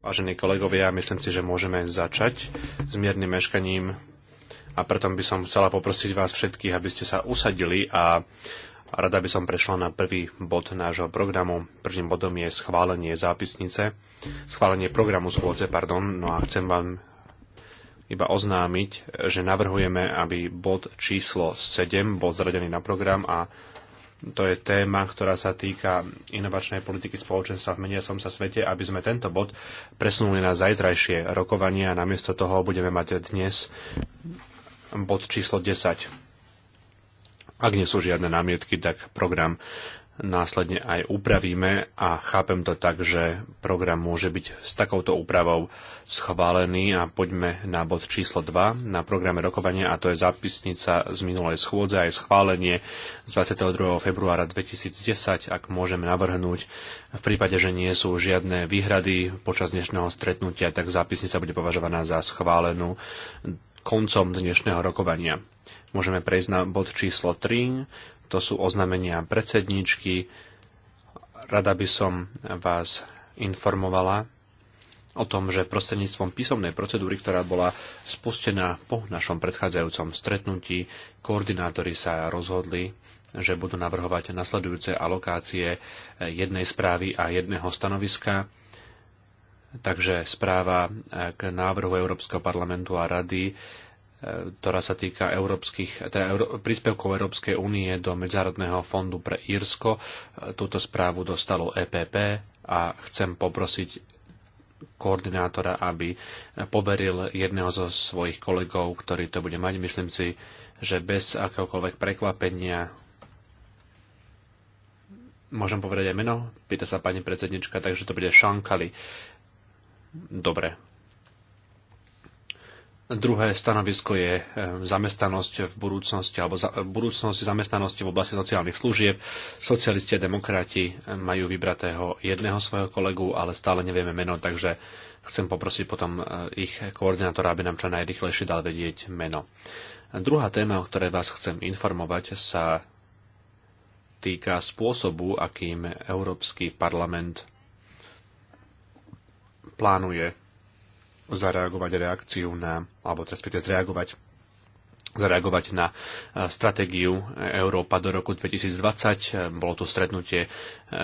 Vážení kolegovia, myslím si, že môžeme začať s miernym meškaním a preto by som chcela poprosiť vás všetkých, aby ste sa usadili a rada by som prešla na prvý bod nášho programu. Prvým bodom je schválenie zápisnice, schválenie programu schôdze, pardon, no a chcem vám iba oznámiť, že navrhujeme, aby bod číslo 7 bol zradený na program a to je téma, ktorá sa týka inovačnej politiky spoločenstva v meniacom sa svete, aby sme tento bod presunuli na zajtrajšie rokovanie a namiesto toho budeme mať dnes bod číslo 10. Ak nie sú žiadne námietky, tak program následne aj upravíme a chápem to tak, že program môže byť s takouto úpravou schválený a poďme na bod číslo 2 na programe rokovania a to je zápisnica z minulej schôdze aj schválenie z 22. februára 2010, ak môžeme navrhnúť. V prípade, že nie sú žiadne výhrady počas dnešného stretnutia, tak zápisnica bude považovaná za schválenú koncom dnešného rokovania. Môžeme prejsť na bod číslo 3 to sú oznamenia predsedníčky. Rada by som vás informovala o tom, že prostredníctvom písomnej procedúry, ktorá bola spustená po našom predchádzajúcom stretnutí, koordinátori sa rozhodli, že budú navrhovať nasledujúce alokácie eh, jednej správy a jedného stanoviska. Takže správa eh, k návrhu Európskeho parlamentu a rady E, ktorá sa týka európskych, teda euro, príspevkov Európskej únie do Medzárodného fondu pre Írsko. E, túto správu dostalo EPP a chcem poprosiť koordinátora, aby poveril jedného zo svojich kolegov, ktorý to bude mať. Myslím si, že bez akéhokoľvek prekvapenia môžem povedať aj meno, pýta sa pani predsednička, takže to bude Šankali. Dobre, Druhé stanovisko je eh, zamestnanosť v budúcnosti alebo za, budúcnosti zamestnanosti v oblasti sociálnych služieb. Socialisti a demokrati eh, majú vybratého jedného svojho kolegu, ale stále nevieme meno, takže chcem poprosiť potom eh, ich koordinátora, aby nám čo najrychlejšie dal vedieť meno. Druhá téma, o ktorej vás chcem informovať, sa týka spôsobu, akým Európsky parlament plánuje zareagovať reakciu na, alebo respektíve zreagovať zareagovať na e, stratégiu Európa do roku 2020. E, bolo tu stretnutie, e,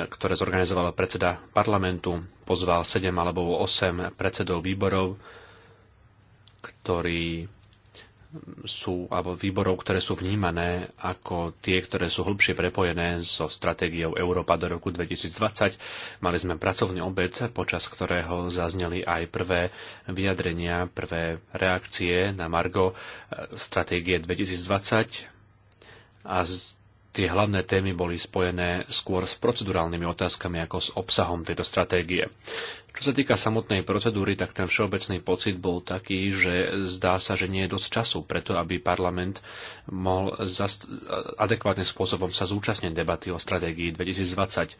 ktoré zorganizovala predseda parlamentu. Pozval 7 alebo 8 predsedov výborov, ktorí sú, alebo výborov, ktoré sú vnímané ako tie, ktoré sú hlbšie prepojené so stratégiou Európa do roku 2020. Mali sme pracovný obed, počas ktorého zazneli aj prvé vyjadrenia, prvé reakcie na Margo eh, stratégie 2020 a z tie hlavné témy boli spojené skôr s procedurálnymi otázkami ako s obsahom tejto stratégie. Čo sa týka samotnej procedúry, tak ten všeobecný pocit bol taký, že zdá sa, že nie je dosť času preto, aby parlament mohol adekvátnym spôsobom sa zúčastniť debaty o stratégii 2020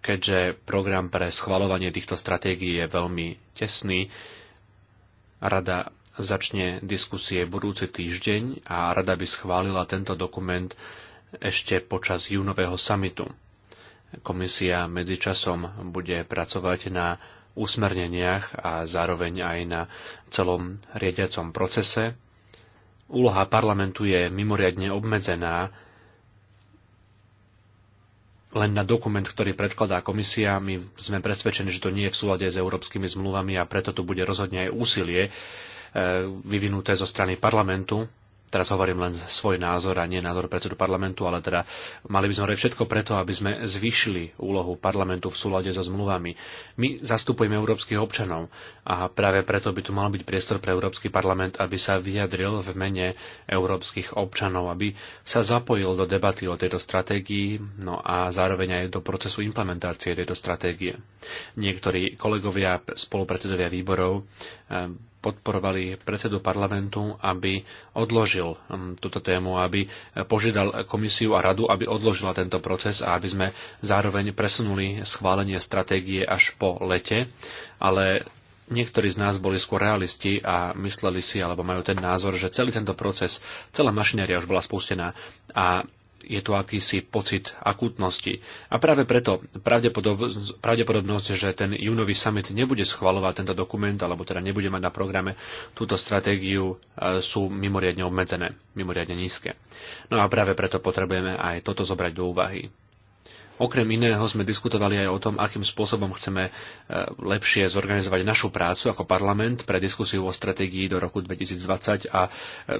keďže program pre schvalovanie týchto stratégií je veľmi tesný, rada začne diskusie budúci týždeň a rada by schválila tento dokument ešte počas júnového samitu. Komisia medzičasom bude pracovať na usmerneniach a zároveň aj na celom riadiacom procese. Úloha parlamentu je mimoriadne obmedzená len na dokument, ktorý predkladá komisia. My sme presvedčení, že to nie je v súlade s európskymi zmluvami a preto tu bude rozhodne aj úsilie E, vyvinuté zo strany parlamentu. Teraz hovorím len svoj názor a nie názor predsedu parlamentu, ale teda mali by sme hovoriť všetko preto, aby sme zvýšili úlohu parlamentu v súlade so zmluvami. My zastupujeme európskych občanov a práve preto by tu mal byť priestor pre Európsky parlament, aby sa vyjadril v mene európskych občanov, aby sa zapojil do debaty o tejto stratégii, no a zároveň aj do procesu implementácie tejto stratégie. Niektorí kolegovia, spolupredsedovia výborov e, podporovali predsedu parlamentu, aby odložil hm, túto tému, aby požiadal komisiu a radu, aby odložila tento proces a aby sme zároveň presunuli schválenie stratégie až po lete. Ale niektorí z nás boli skôr realisti a mysleli si, alebo majú ten názor, že celý tento proces, celá mašinéria už bola spustená a je tu akýsi pocit akútnosti. A práve preto pravdepodobnosť, že ten júnový summit nebude schvalovať tento dokument, alebo teda nebude mať na programe túto stratégiu, e, sú mimoriadne obmedzené, mimoriadne nízke. No a práve preto potrebujeme aj toto zobrať do úvahy. Okrem iného sme diskutovali aj o tom, akým spôsobom chceme e, lepšie zorganizovať našu prácu ako parlament pre diskusiu o stratégii do roku 2020 a e,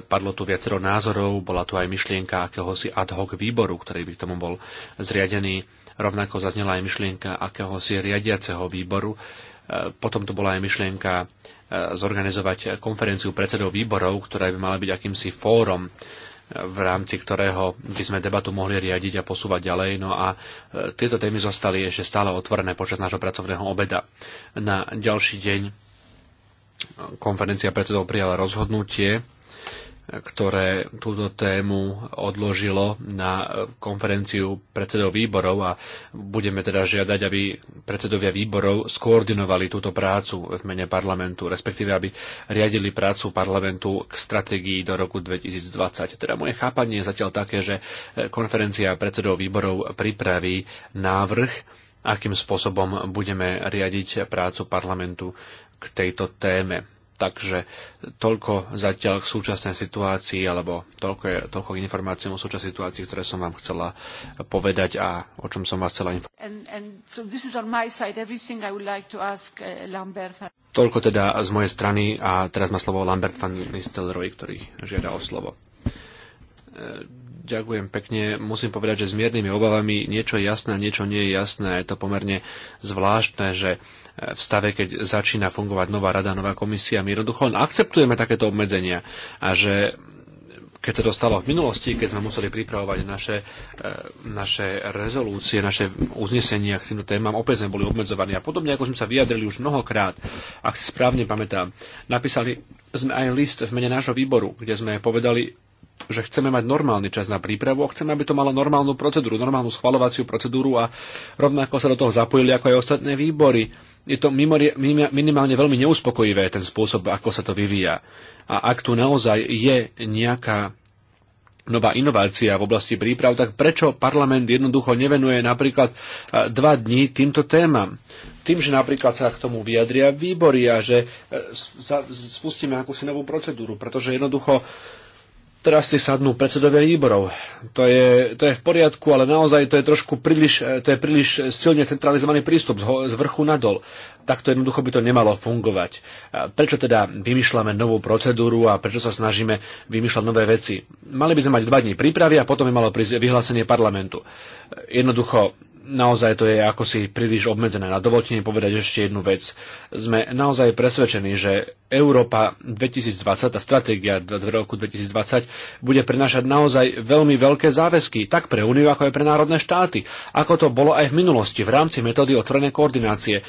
padlo tu viacero názorov, bola tu aj myšlienka akéhosi ad hoc výboru, ktorý by k tomu bol zriadený. Rovnako zaznela aj myšlienka akéhosi riadiaceho výboru. E, potom tu bola aj myšlienka zorganizovať konferenciu predsedov výborov, ktorá by mala byť akýmsi fórom v rámci ktorého by sme debatu mohli riadiť a posúvať ďalej. No a e, tieto témy zostali ešte stále otvorené počas nášho pracovného obeda. Na ďalší deň e, konferencia predsedov prijala rozhodnutie, ktoré túto tému odložilo na e, konferenciu predsedov výborov a budeme teda žiadať, aby predsedovia výborov skoordinovali túto prácu v mene parlamentu, respektíve aby riadili prácu parlamentu k stratégii do roku 2020. Teda moje chápanie je zatiaľ také, že e, konferencia predsedov výborov pripraví návrh, akým spôsobom budeme riadiť prácu parlamentu k tejto téme Takže toľko zatiaľ k súčasnej situácii, alebo toľko, je, toľko informácií o súčasnej situácii, ktoré som vám chcela povedať a o čom som vás chcela informovať. Uh, toľko teda z mojej strany a teraz má slovo Lambert van Nistelrooy, ktorý žiada o slovo. E, ďakujem pekne. Musím povedať, že s miernymi obavami niečo je jasné, niečo nie je jasné. Je to pomerne zvláštne, že v stave, keď začína fungovať nová rada, nová komisia. My jednoducho akceptujeme takéto obmedzenia a že keď sa to stalo v minulosti, keď sme museli pripravovať naše, eh, naše rezolúcie, naše uznesenia k týmto témam, opäť sme boli obmedzovaní. A podobne ako sme sa vyjadrili už mnohokrát, ak si správne pamätám, napísali sme aj list v mene nášho výboru, kde sme povedali, že chceme mať normálny čas na prípravu a chceme, aby to malo normálnu procedúru, normálnu schvalovaciu procedúru a rovnako sa do toho zapojili ako aj ostatné výbory je to minimálne veľmi neuspokojivé, ten spôsob, ako sa to vyvíja. A ak tu naozaj je nejaká nová inovácia v oblasti príprav, tak prečo parlament jednoducho nevenuje napríklad dva dní týmto témam? Tým, že napríklad sa k tomu vyjadria výbory a že e, spustíme akúsi novú procedúru, pretože jednoducho uh, Teraz si sadnú predsedovia výborov. To je, to je v poriadku, ale naozaj to je trošku príliš, e, to je príliš silne centralizovaný prístup z vrchu nadol. Takto jednoducho by to nemalo fungovať. E, prečo teda vymýšľame novú procedúru a prečo sa snažíme vymýšľať nové veci? Mali by sme mať dva dní prípravy a potom by malo prísť vyhlásenie parlamentu. E, jednoducho naozaj to je ako si príliš obmedzené. A dovolte mi povedať ešte jednu vec. Sme naozaj presvedčení, že Európa 2020, tá stratégia v roku 2020, bude prinášať naozaj veľmi veľké záväzky, tak pre Úniu, ako aj pre národné štáty. Ako to bolo aj v minulosti, v rámci metódy otvorenej koordinácie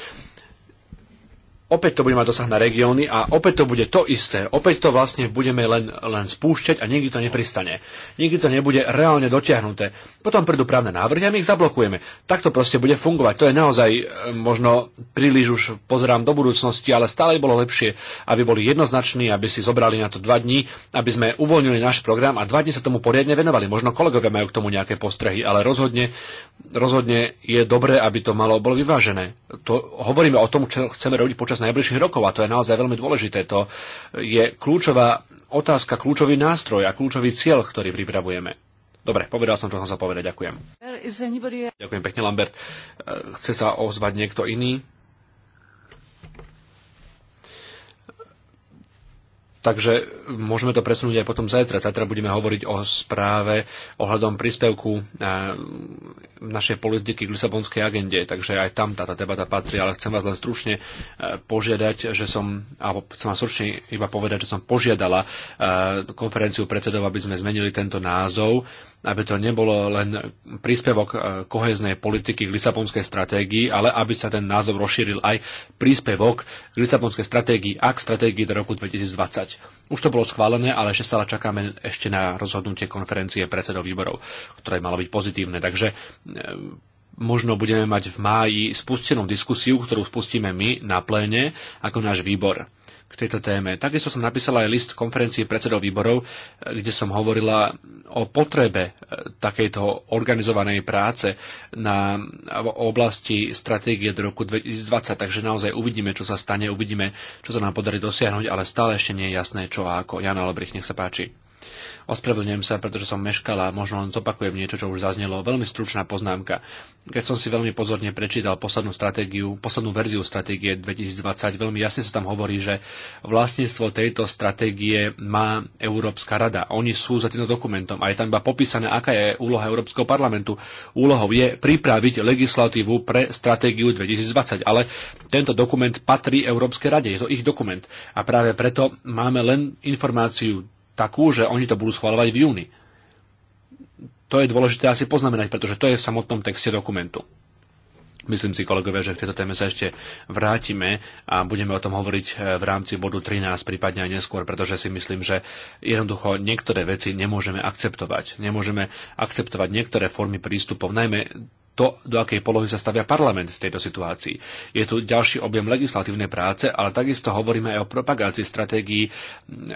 opäť to bude mať dosah na regióny a opäť to bude to isté. Opäť to vlastne budeme len, len spúšťať a nikdy to nepristane. Nikdy to nebude reálne dotiahnuté. Potom prídu právne návrhy a my ich zablokujeme. Tak to proste bude fungovať. To je naozaj e, možno príliš už pozerám do budúcnosti, ale stále bolo lepšie, aby boli jednoznační, aby si zobrali na to dva dní, aby sme uvoľnili náš program a dva dní sa tomu poriadne venovali. Možno kolegovia majú k tomu nejaké postrehy, ale rozhodne, rozhodne je dobré, aby to malo bolo vyvážené. To, hovoríme o tom, čo chceme robiť počas najbližších rokov a to je naozaj veľmi dôležité. To je kľúčová otázka, kľúčový nástroj a kľúčový cieľ, ktorý pripravujeme. Dobre, povedal som, čo som sa povedať. Ďakujem. Ďakujem pekne, Lambert. E, chce sa ozvať niekto iný? Takže môžeme to presunúť aj potom zajtra. Zajtra budeme hovoriť o správe ohľadom príspevku e, našej politiky k Lisabonskej agende, takže aj tam táto debata patrí, ale chcem vás len stručne e, požiadať, že som, alebo chcem vás stručne iba povedať, že som požiadala e, konferenciu predsedov, aby sme zmenili tento názov aby to nebolo len príspevok e, koheznej politiky k Lisabonskej stratégii, ale aby sa ten názov rozšíril aj príspevok k Lisabonskej stratégii a k stratégii do roku 2020. Už to bolo schválené, ale ešte stále čakáme ešte na rozhodnutie konferencie predsedov výborov, ktoré malo byť pozitívne. Takže e, možno budeme mať v máji spustenú diskusiu, ktorú spustíme my na pléne ako náš výbor k tejto téme. Takisto som napísala aj list konferencie predsedov výborov, eh, kde som hovorila o potrebe eh, takejto organizovanej práce na oblasti stratégie do roku 2020, takže naozaj uvidíme, čo sa stane, uvidíme, čo sa nám podarí dosiahnuť, ale stále ešte nie je jasné, čo a ako. Jan Albrecht, nech sa páči. Ospravedlňujem sa, pretože som meškala a možno len zopakujem niečo, čo už zaznelo. Veľmi stručná poznámka. Keď som si veľmi pozorne prečítal poslednú stratégiu, poslednú verziu stratégie 2020, veľmi jasne sa tam hovorí, že vlastníctvo tejto stratégie má Európska rada. Oni sú za týmto dokumentom a je tam iba popísané, aká je úloha Európskeho parlamentu. Úlohou je pripraviť legislatívu pre stratégiu 2020, ale tento dokument patrí Európskej rade, je to ich dokument. A práve preto máme len informáciu takú, že oni to budú schváľovať v júni. To je dôležité asi poznamenať, pretože to je v samotnom texte dokumentu. Myslím si, kolegovia, že k tejto téme sa ešte vrátime a budeme o tom hovoriť eh, v rámci bodu 13, prípadne aj neskôr, pretože si myslím, že jednoducho niektoré veci nemôžeme akceptovať. Nemôžeme akceptovať niektoré formy prístupov, najmä to, do akej polohy sa stavia parlament v tejto situácii. Je tu ďalší objem legislatívnej práce, ale takisto hovoríme aj o propagácii stratégií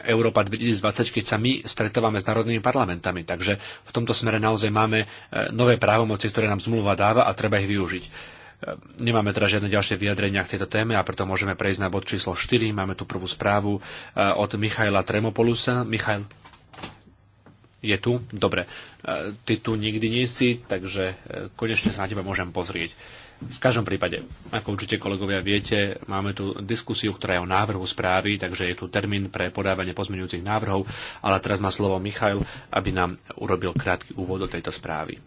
Európa 2020, keď sa my stretávame s národnými parlamentami. Takže v tomto smere naozaj máme e, nové právomoci, ktoré nám zmluva dáva a treba ich využiť. E, nemáme teda žiadne ďalšie vyjadrenia k tejto téme a preto môžeme prejsť na bod číslo 4. Máme tu prvú správu e, od Michaila Tremopolusa. Michail, je tu? Dobre. E, ty tu nikdy nie si, takže e, konečne sa na teba môžem pozrieť. V každom prípade, ako určite kolegovia viete, máme tu diskusiu, ktorá je o návrhu správy, takže je tu termín pre podávanie pozmeňujúcich návrhov, ale teraz má slovo Michal, aby nám urobil krátky úvod do tejto správy.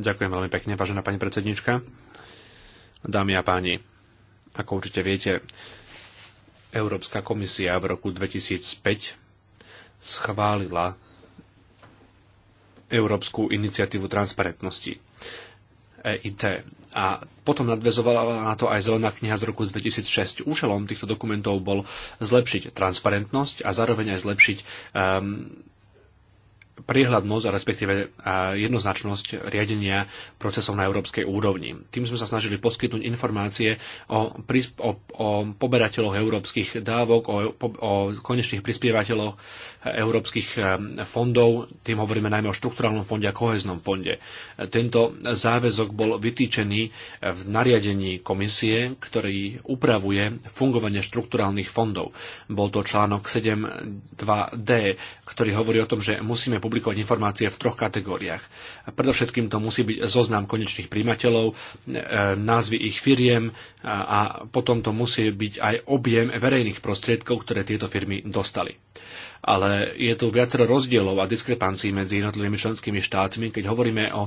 Ďakujem veľmi pekne, vážená pani predsednička. Dámy a páni, ako určite viete, Európska komisia v roku 2005 schválila Európsku iniciatívu transparentnosti EIT. A potom nadvezovala na to aj Zelená kniha z roku 2006. Účelom týchto dokumentov bol zlepšiť transparentnosť a zároveň aj zlepšiť um, priehľadnosť a respektíve jednoznačnosť riadenia procesov na európskej úrovni. Tým sme sa snažili poskytnúť informácie o, o, o poberateľoch európskych dávok, o, o konečných prispievateľoch e, európskych e, fondov. Tým hovoríme najmä o štrukturálnom fonde a koheznom fonde. Tento záväzok bol vytýčený v nariadení komisie, ktorý upravuje fungovanie štrukturálnych fondov. Bol to článok 7.2d, ktorý hovorí o tom, že musíme publikovať informácie v troch kategóriách. Predovšetkým to musí byť zoznam konečných príjmateľov, e, názvy ich firiem a potom to musí byť aj objem verejných prostriedkov, ktoré tieto firmy dostali ale je tu viacero rozdielov a diskrepancií medzi jednotlivými členskými štátmi, keď hovoríme o,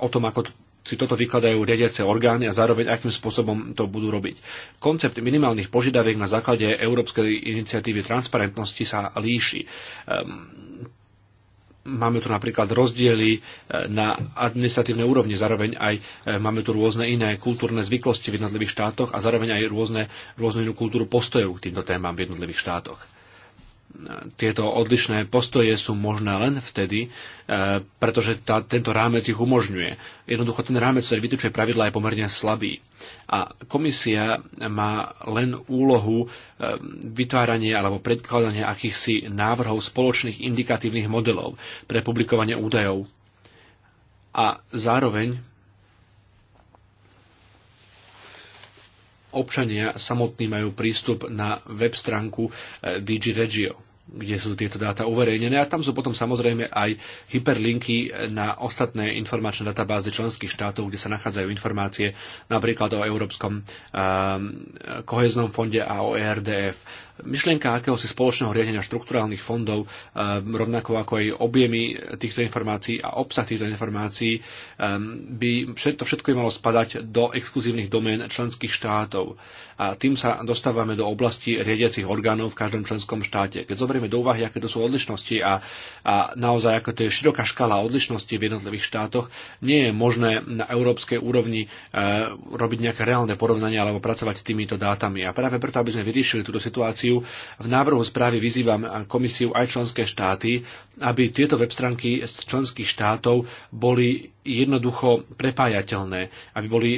o tom, ako si toto vykladajú riadiace orgány a zároveň akým spôsobom to budú robiť. Koncept minimálnych požiadaviek na základe Európskej iniciatívy transparentnosti sa líši. Ehm, Máme tu napríklad rozdiely e, na administratívnej úrovni, zároveň aj e, máme tu rôzne iné kultúrne zvyklosti v jednotlivých štátoch a zároveň aj rôzne, rôznu inú kultúru postojov k týmto témam v jednotlivých štátoch e, tieto odlišné postoje sú možné len vtedy, pretože tá, tento rámec ich umožňuje. Jednoducho ten rámec, ktorý vytúčuje pravidla, je pomerne slabý. A komisia má len úlohu e, vytvárania alebo predkladania akýchsi návrhov spoločných indikatívnych modelov pre publikovanie údajov. A zároveň občania samotní majú prístup na web stránku e, DigiRegio kde sú tieto dáta uverejnené a tam sú potom samozrejme aj hyperlinky na ostatné informačné databázy členských štátov, kde sa nachádzajú informácie napríklad o Európskom um, koheznom fonde a o ERDF. Myšlienka akéhosi spoločného riadenia štrukturálnych fondov, eh, rovnako ako aj objemy týchto informácií a obsah týchto informácií, eh, by to všetko by malo spadať do exkluzívnych domén členských štátov. A tým sa dostávame do oblasti riadiacich orgánov v každom členskom štáte. Keď zoberieme do úvahy, aké to sú odlišnosti a, a naozaj ako to je široká škala odlišností v jednotlivých štátoch, nie je možné na európskej úrovni e, robiť nejaké reálne porovnania alebo pracovať s týmito dátami. A práve preto, aby sme vyriešili túto situáciu, komisiu. V návrhu správy vyzývam komisiu aj členské štáty, aby tieto web stránky z členských štátov boli jednoducho prepájateľné, aby boli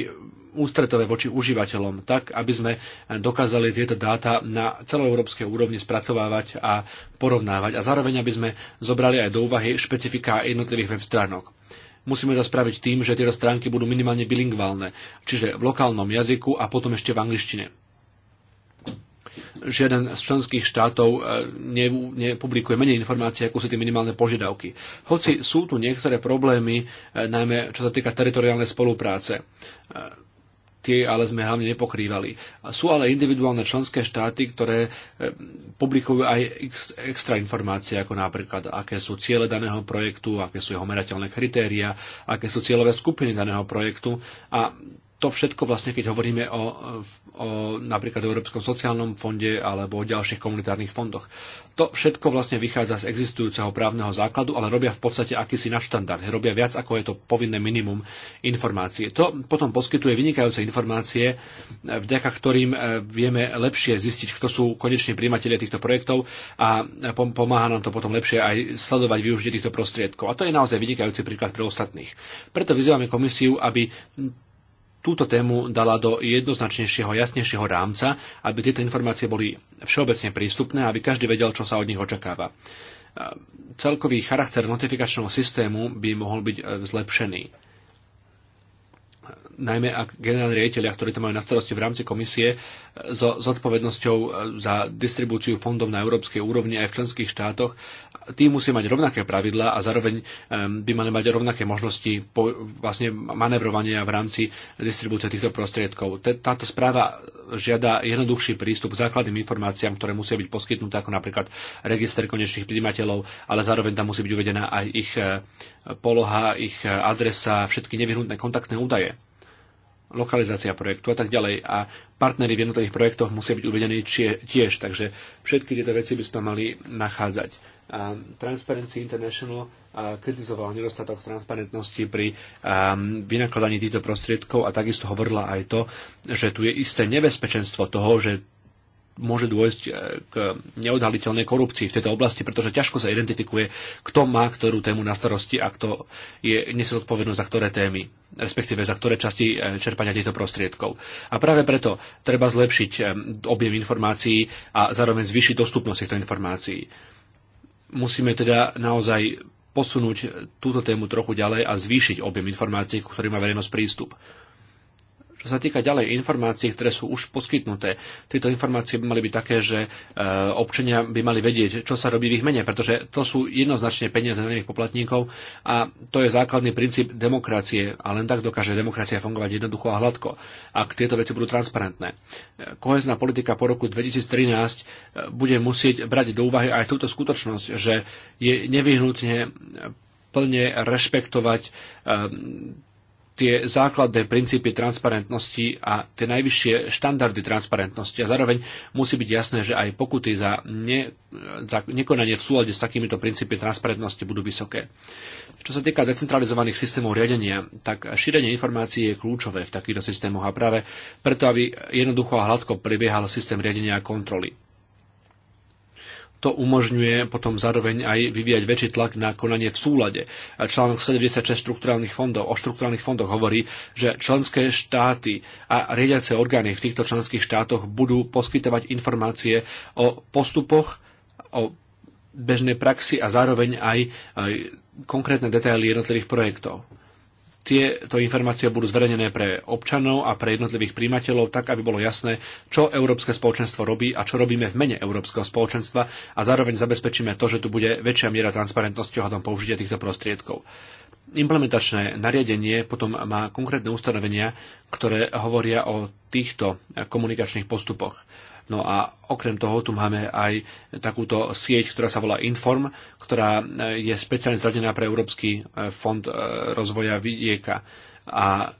ústretové voči užívateľom, tak aby sme dokázali tieto dáta na celoeurópskej úrovni spracovávať a porovnávať a zároveň aby sme zobrali aj do úvahy špecifika jednotlivých web stránok musíme to spraviť tým, že tieto stránky budú minimálne bilingválne, čiže v lokálnom jazyku a potom ešte v angličtine žiaden z členských štátov e, nepublikuje menej informácií, ako sú tie minimálne požiadavky. Hoci sú tu niektoré problémy, e, najmä čo sa týka teritoriálnej spolupráce e, tie ale sme hlavne nepokrývali. Sú ale individuálne členské štáty, ktoré publikujú aj extra informácie, ako napríklad, aké sú ciele daného projektu, aké sú jeho merateľné kritéria, aké sú cieľové skupiny daného projektu a to všetko vlastne, keď hovoríme o, o napríklad o Európskom sociálnom fonde alebo o ďalších komunitárnych fondoch. To všetko vlastne vychádza z existujúceho právneho základu, ale robia v podstate akýsi na štandard. Robia viac, ako je to povinné minimum informácie. To potom poskytuje vynikajúce informácie, vďaka ktorým e, vieme lepšie zistiť, kto sú koneční príjimatelia týchto projektov a e, pomáha nám to potom lepšie aj sledovať využitie týchto prostriedkov. A to je naozaj vynikajúci príklad pre ostatných. Preto vyzývame komisiu, aby túto tému dala do jednoznačnejšieho, jasnejšieho rámca, aby tieto informácie boli všeobecne prístupné, aby každý vedel, čo sa od nich očakáva. Celkový charakter notifikačného systému by mohol byť e, zlepšený najmä ak generálni riaditeľia, ktorí to majú na starosti v rámci komisie, e, so zodpovednosťou e, za distribúciu fondov na európskej úrovni aj v členských štátoch, tí musí mať rovnaké pravidlá a zároveň e, by mali mať rovnaké možnosti po, vlastne manevrovania v rámci distribúcie týchto prostriedkov. Táto správa žiada jednoduchší prístup k základným informáciám, ktoré musia byť poskytnuté, ako napríklad register konečných príjimateľov, ale zároveň tam musí byť uvedená aj ich poloha, ich adresa, všetky nevyhnutné kontaktné údaje lokalizácia projektu a tak ďalej. A partnery v jednotlivých projektoch musia byť uvedení tiež, takže všetky tieto veci by sme mali nachádzať. Transparency International kritizoval nedostatok transparentnosti pri vynakladaní týchto prostriedkov a takisto hovorila aj to, že tu je isté nebezpečenstvo toho, že môže dôjsť e, k neodhaliteľnej korupcii v tejto oblasti, pretože ťažko sa identifikuje, kto má ktorú tému na starosti a kto je, nesie za ktoré témy, respektíve za ktoré časti e, čerpania týchto prostriedkov. A práve preto treba zlepšiť e, objem informácií a zároveň zvýšiť dostupnosť týchto informácií. Musíme teda naozaj posunúť túto tému trochu ďalej a zvýšiť objem informácií, ku ktorým má verejnosť prístup. Čo sa týka ďalej informácií, ktoré sú už poskytnuté, tieto informácie by mali byť také, že e, občania by mali vedieť, čo sa robí v ich mene, pretože to sú jednoznačne peniaze daných poplatníkov a to je základný princíp demokracie a len tak dokáže demokracia fungovať jednoducho a hladko, ak tieto veci budú transparentné. E, kohezná politika po roku 2013 e, bude musieť brať do úvahy aj túto skutočnosť, že je nevyhnutne plne rešpektovať tie základné princípy transparentnosti a tie najvyššie štandardy transparentnosti. A zároveň musí byť jasné, že aj pokuty za, ne, za nekonanie v súlade s takýmito princípy transparentnosti budú vysoké. Čo sa týka decentralizovaných systémov riadenia, tak šírenie informácií je kľúčové v takýchto systémoch a práve preto, aby jednoducho a hladko prebiehal systém riadenia a kontroly to umožňuje potom zároveň aj vyvíjať väčší tlak na konanie v súlade. Článok 76 štruktúrálnych fondov o štruktúrálnych fondoch hovorí, že členské štáty a riadiace orgány v týchto členských štátoch budú poskytovať informácie o postupoch, o bežnej praxi a zároveň aj konkrétne detaily jednotlivých projektov. Tieto informácie budú zverejnené pre občanov a pre jednotlivých príjimateľov tak, aby bolo jasné, čo Európske spoločenstvo robí a čo robíme v mene Európskeho spoločenstva a zároveň zabezpečíme to, že tu bude väčšia miera transparentnosti ohľadom použitia týchto prostriedkov. Implementačné nariadenie potom má konkrétne ustanovenia, ktoré hovoria o týchto komunikačných postupoch. No a okrem toho tu máme aj takúto sieť, ktorá sa volá Inform, ktorá e, je speciálne zradená pre Európsky e, fond e, rozvoja vidieka. A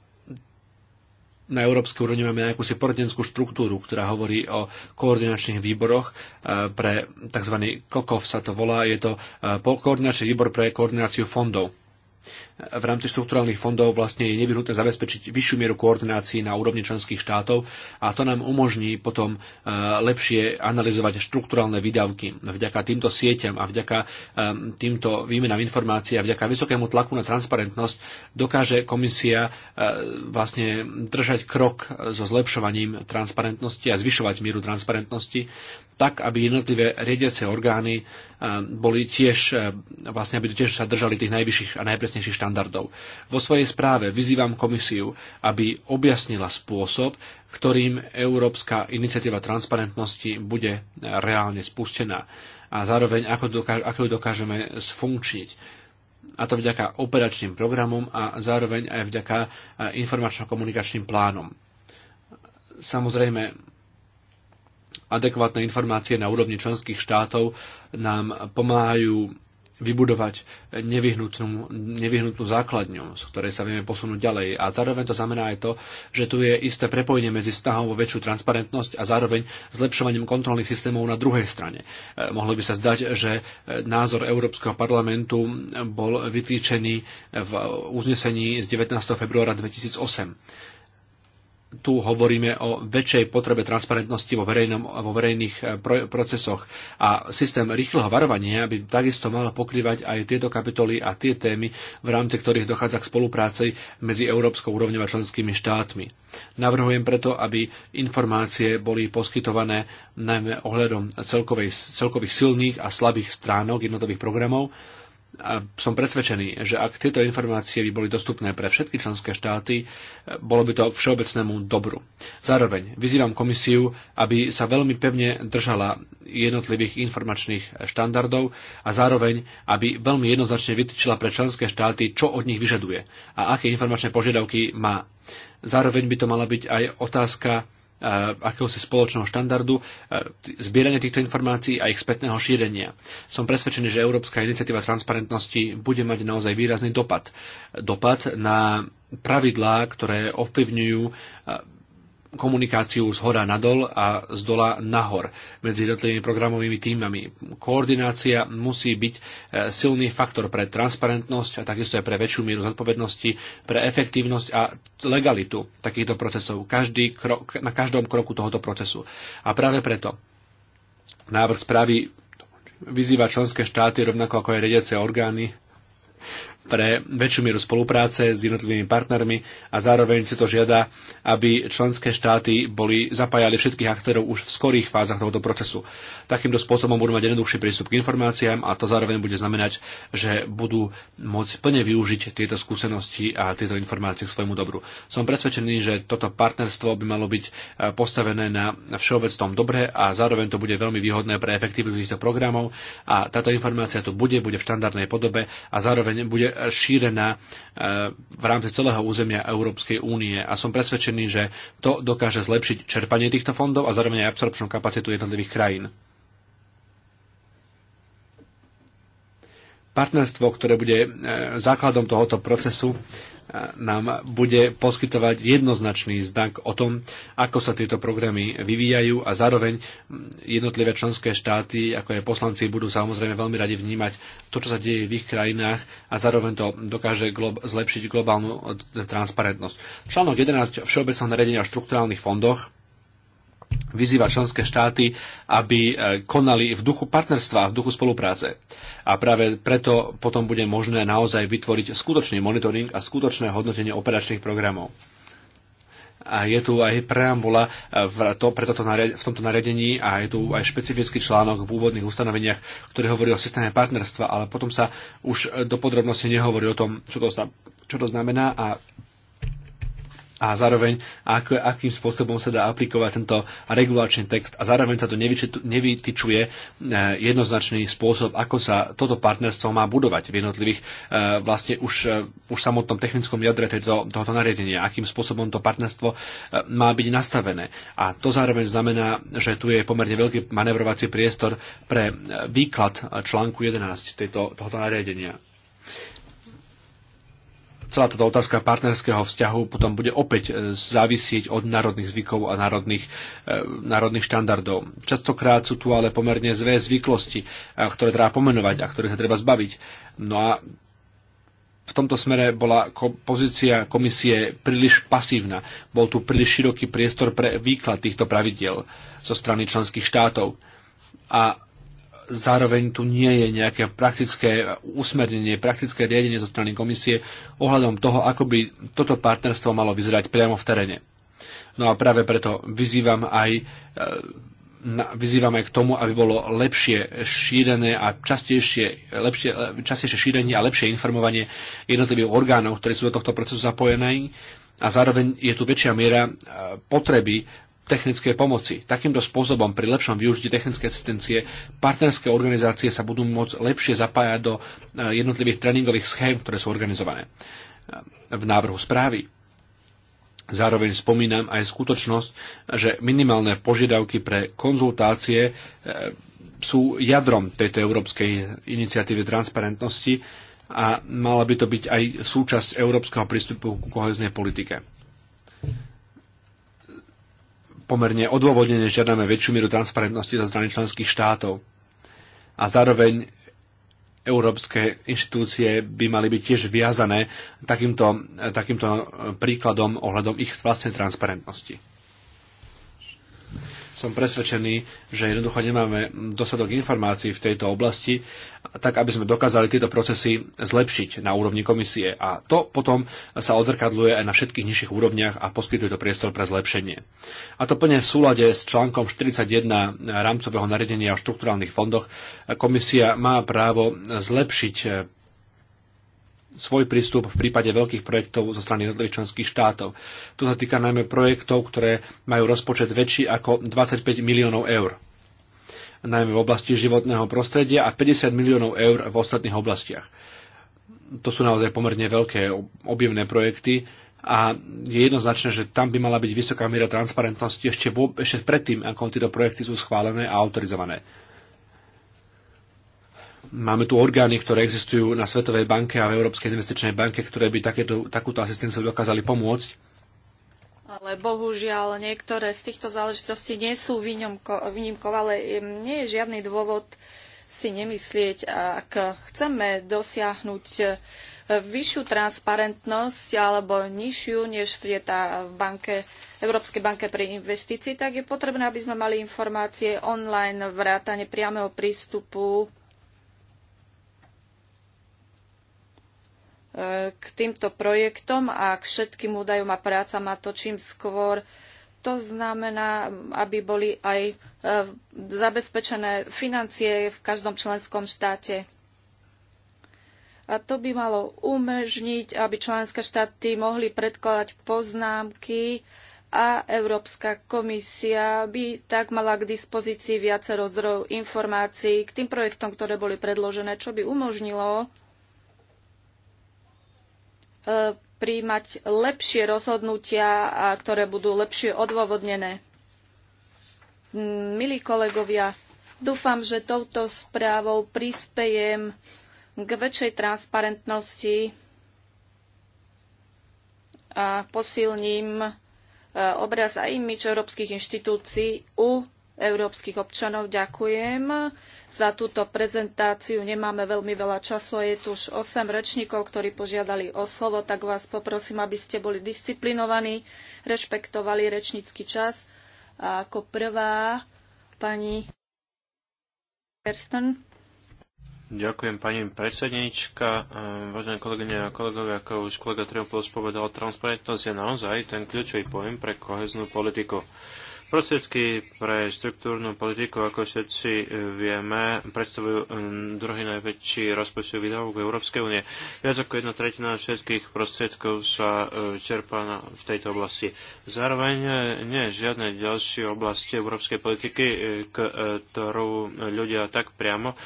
na európskej úrovni máme nejakúsi poradenskú štruktúru, ktorá hovorí o koordinačných výboroch pre tzv. KOKOV sa to volá, je to koordinačný výbor pre koordináciu fondov v rámci štrukturálnych fondov vlastne je nevyhnutné zabezpečiť vyššiu mieru koordinácií na úrovni členských štátov a to nám umožní potom e, lepšie analyzovať štrukturálne výdavky. Vďaka týmto sieťam a vďaka e, týmto výmenám informácií a vďaka vysokému tlaku na transparentnosť dokáže komisia e, vlastne držať krok so zlepšovaním transparentnosti a zvyšovať mieru transparentnosti tak, aby jednotlivé riediace orgány boli tiež, vlastne aby tiež sa držali tých najvyšších a najpresnejších štandardov štandardov. Vo svojej správe vyzývam komisiu, aby objasnila spôsob, ktorým Európska iniciatíva transparentnosti bude reálne spustená a zároveň ako, dokáž- ako ju dokážeme sfunkčniť a to vďaka operačným programom a zároveň aj vďaka e, informačno-komunikačným plánom. Samozrejme, adekvátne informácie na úrovni členských štátov nám pomáhajú vybudovať nevyhnutnú, nevyhnutnú základňu, z ktorej sa vieme posunúť ďalej. A zároveň to znamená aj to, že tu je isté prepojenie medzi snahou o väčšiu transparentnosť a zároveň zlepšovaním kontrolných systémov na druhej strane. E, mohlo by sa zdať, že názor Európskeho parlamentu bol vytýčený v uznesení z 19. februára 2008 tu hovoríme o väčšej potrebe transparentnosti vo, verejnom, vo verejných eh, pro, procesoch a systém rýchleho varovania by takisto mal pokrývať aj tieto kapitoly a tie témy, v rámci ktorých dochádza k spolupráci medzi Európskou úrovňou a členskými štátmi. Navrhujem preto, aby informácie boli poskytované najmä ohľadom celkových silných a slabých stránok jednotových programov, a som presvedčený, že ak tieto informácie by boli dostupné pre všetky členské štáty, bolo by to k všeobecnému dobru. Zároveň vyzývam komisiu, aby sa veľmi pevne držala jednotlivých informačných štandardov a zároveň, aby veľmi jednoznačne vytýčila pre členské štáty, čo od nich vyžaduje a aké informačné požiadavky má. Zároveň by to mala byť aj otázka Eh, akéhosi spoločného štandardu, eh, zbierania týchto informácií a ich spätného šírenia. Som presvedčený, že Európska iniciatíva transparentnosti bude mať naozaj výrazný dopad. Dopad na pravidlá, ktoré ovplyvňujú eh, komunikáciu z hora nadol a z dola nahor medzi jednotlivými programovými týmami. Koordinácia musí byť e, silný faktor pre transparentnosť a takisto aj pre väčšiu mieru zodpovednosti, pre efektívnosť a legalitu takýchto procesov každý krok, na každom kroku tohoto procesu. A práve preto návrh správy vyzýva členské štáty, rovnako ako aj riadiace orgány, pre väčšiu mieru spolupráce s jednotlivými partnermi a zároveň si to žiada, aby členské štáty boli zapájali všetkých aktérov už v skorých fázach tohoto procesu. Takýmto spôsobom budú mať jednoduchší prístup k informáciám a to zároveň bude znamenať, že budú môcť plne využiť tieto skúsenosti a tieto informácie k svojmu dobru. Som presvedčený, že toto partnerstvo by malo byť e, postavené na všeobecnom dobre a zároveň to bude veľmi výhodné pre efektivitu týchto programov a táto informácia tu bude, bude v štandardnej podobe a zároveň bude šírená e, v rámci celého územia Európskej únie a som presvedčený, že to dokáže zlepšiť čerpanie týchto fondov a zároveň aj absorpčnú kapacitu jednotlivých krajín. Partnerstvo, ktoré bude e, základom tohoto procesu, nám bude poskytovať jednoznačný znak o tom, ako sa tieto programy vyvíjajú a zároveň jednotlivé členské štáty, ako aj poslanci, budú samozrejme veľmi radi vnímať to, čo sa deje v ich krajinách a zároveň to dokáže glob- zlepšiť globálnu transparentnosť. Článok 11 Všeobecného nariadenia o štruktúrálnych fondoch vyzýva členské štáty, aby e, konali v duchu partnerstva, v duchu spolupráce. A práve preto potom bude možné naozaj vytvoriť skutočný monitoring a skutočné hodnotenie operačných programov. A je tu aj preambula e, v, to, pre toto nariad, v tomto nariadení a je tu aj špecifický článok v úvodných ustanoveniach, ktorý hovorí o systéme partnerstva, ale potom sa už e, do podrobnosti nehovorí o tom, čo to, čo to znamená a a zároveň ako, akým spôsobom sa dá aplikovať tento regulačný text a zároveň sa tu nevytyčuje e, jednoznačný spôsob, ako sa toto partnerstvo má budovať v jednotlivých e, vlastne už, e, už samotnom technickom jadre tejto, tohoto nariadenia, akým spôsobom to partnerstvo má byť nastavené. A to zároveň znamená, že tu je pomerne veľký manevrovací priestor pre výklad článku 11 tejto, tohoto nariadenia celá táto otázka partnerského vzťahu potom bude opäť e, závisieť od národných zvykov a národných, e, národných štandardov. Častokrát sú tu ale pomerne zvé zvyklosti, e, ktoré treba pomenovať a ktoré sa treba zbaviť. No a v tomto smere bola pozícia komisie príliš pasívna. Bol tu príliš široký priestor pre výklad týchto pravidiel zo strany členských štátov. A zároveň tu nie je nejaké praktické usmernenie, praktické riadenie zo strany komisie ohľadom toho, ako by toto partnerstvo malo vyzerať priamo v teréne. No a práve preto vyzývam aj, e, vyzývam aj k tomu, aby bolo lepšie šírené a častejšie, lepšie, e, častejšie šírenie a lepšie informovanie jednotlivých orgánov, ktorí sú do tohto procesu zapojení a zároveň je tu väčšia miera e, potreby technickej pomoci. Takýmto spôsobom pri lepšom využití technickej asistencie partnerské organizácie sa budú môcť lepšie zapájať do eh, jednotlivých tréningových schém, ktoré sú organizované eh, v návrhu správy. Zároveň spomínam aj skutočnosť, že minimálne požiadavky pre konzultácie eh, sú jadrom tejto európskej iniciatívy transparentnosti a mala by to byť aj súčasť európskeho prístupu k koheznej politike pomerne odôvodnené žiadame väčšiu mieru transparentnosti zo strany členských štátov. A zároveň európske inštitúcie by mali byť tiež viazané takýmto, takýmto príkladom ohľadom ich vlastnej transparentnosti som presvedčený, že jednoducho nemáme dosadok informácií v tejto oblasti, tak aby sme dokázali tieto procesy zlepšiť na úrovni komisie. A to potom sa odzrkadluje aj na všetkých nižších úrovniach a poskytuje to priestor pre zlepšenie. A to plne v súlade s článkom 41 rámcového nariadenia o štruktúrálnych fondoch komisia má právo zlepšiť svoj prístup v prípade veľkých projektov zo strany jednotlivých členských štátov. Tu sa týka najmä projektov, ktoré majú rozpočet väčší ako 25 miliónov eur najmä v oblasti životného prostredia a 50 miliónov eur v ostatných oblastiach. To sú naozaj pomerne veľké objemné projekty a je jednoznačné, že tam by mala byť vysoká miera transparentnosti ešte, ešte predtým, ako tieto projekty sú schválené a autorizované. Máme tu orgány, ktoré existujú na Svetovej banke a v Európskej investičnej banke, ktoré by takéto, takúto asistenciu dokázali pomôcť. Ale bohužiaľ niektoré z týchto záležitostí nie sú výnimkov, ale nie je žiadny dôvod si nemyslieť, ak chceme dosiahnuť e, vyššiu transparentnosť alebo nižšiu, než je tá v banke, Európskej banke pre investícii, tak je potrebné, aby sme mali informácie online, vrátane priameho prístupu k týmto projektom a k všetkým údajom a práca má to čím skôr. To znamená, aby boli aj e, zabezpečené financie v každom členskom štáte. A to by malo umožniť, aby členské štáty mohli predkladať poznámky a Európska komisia by tak mala k dispozícii viacero zdrojov informácií k tým projektom, ktoré boli predložené, čo by umožnilo príjmať lepšie rozhodnutia, a ktoré budú lepšie odôvodnené. Milí kolegovia, dúfam, že touto správou prispejem k väčšej transparentnosti a posilním eh, obraz a imič európskych inštitúcií u európskych občanov. Ďakujem za túto prezentáciu. Nemáme veľmi veľa času a je tu už 8 rečníkov, ktorí požiadali o slovo, tak vás poprosím, aby ste boli disciplinovaní, rešpektovali rečnícky čas. A ako prvá pani Kersten. Ďakujem pani predsednička. Ehm, vážené kolegyne a kolegovia, ako už kolega Triopoulos povedal, transparentnosť je naozaj ten kľúčový pojem pre koheznú politiku. Prostriedky pre štruktúrnu politiku, ako všetci e, vieme, predstavujú e, druhý najväčší rozpočet výdavok Európskej únie. Viac ako jedna tretina všetkých prostriedkov sa e, čerpá v tejto oblasti. Zároveň nie je žiadne ďalšie oblasti európskej politiky, ktorú ľudia tak priamo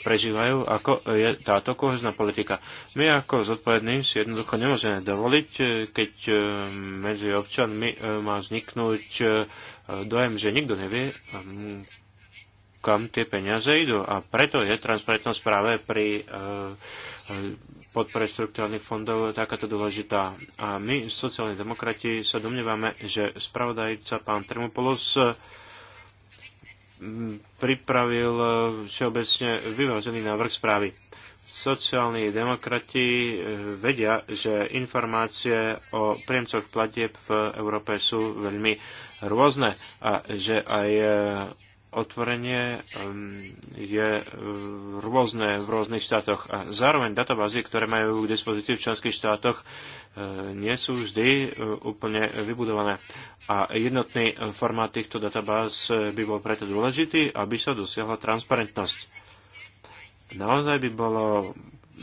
prežívajú, ako je táto kohezná politika. My ako zodpovední si jednoducho nemôžeme dovoliť, keď medzi občanmi má vzniknúť dojem, že nikto nevie, mm, kam tie peniaze idú. A preto je transparentnosť práve pri eh, podpore štruktúrnych fondov takáto dôležitá. A my, sociálni demokrati, sa domnievame, že spravodajca pán Tremopolos mm, pripravil eh, všeobecne vyvážený návrh správy. Sociálni demokrati eh, vedia, že informácie o príjemcoch platieb v Európe sú veľmi rôzne a že aj e, otvorenie je e, rôzne v rôznych štátoch. A zároveň databázy, ktoré majú k dispozícii v členských štátoch, e, nie sú vždy úplne vybudované. A jednotný formát týchto databáz by bol preto dôležitý, aby sa dosiahla transparentnosť. Naozaj by bolo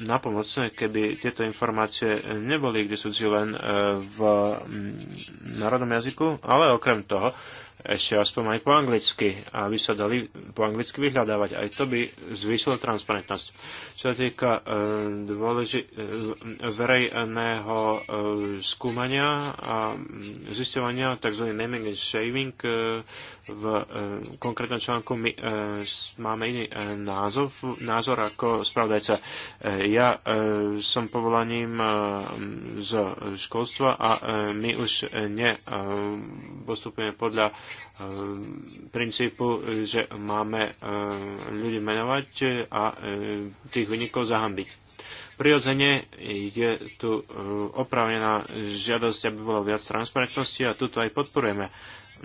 napomocné, keby tieto informácie neboli k disúcii len e, v národnom jazyku, ale okrem toho ešte aspoň aj po anglicky, aby sa dali po anglicky vyhľadávať. Aj to by zvýšilo transparentnosť. Čo sa týka e, dôleži- e, verejného e, skúmania a mm, zistovania, tzv. naming and shaving, v konkrétnom článku my máme iný názov, názor ako spravodajca. Ja som povolaním z školstva a my už nepostupujeme podľa Eh, princípu, že máme eh, ľudí menovať a eh, tých vynikov zahambiť. Prirodzene je tu opravnená žiadosť, aby bolo viac transparentnosti a tuto aj podporujeme.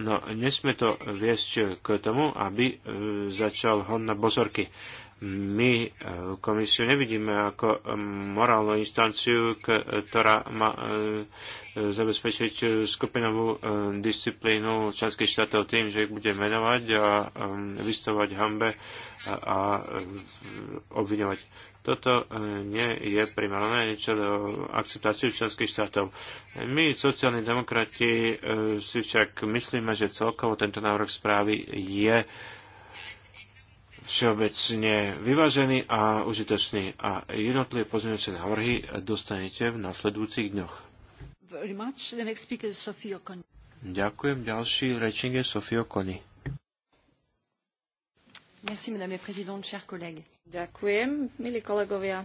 No nesme to viesť k tomu, aby začal hon na bozorky my e, komisiu nevidíme ako e, morálnu instanciu, ktorá má e, zabezpečiť skupinovú disciplínu členských štátov tým, že ich bude menovať a vystovať hambe a obviňovať. Toto nie je primárne niečo do akceptáciu členských štátov. My, sociálni demokrati, si však myslíme, že celkovo tento návrh správy je všeobecne vyvážený a užitočný. A jednotlivé pozmeňujúce návrhy dostanete v nasledujúcich dňoch. Ďakujem. Ďalší rečník je Sofio Koni. Merci, madame la présidente, chers collègues. Ďakujem, milí kolegovia.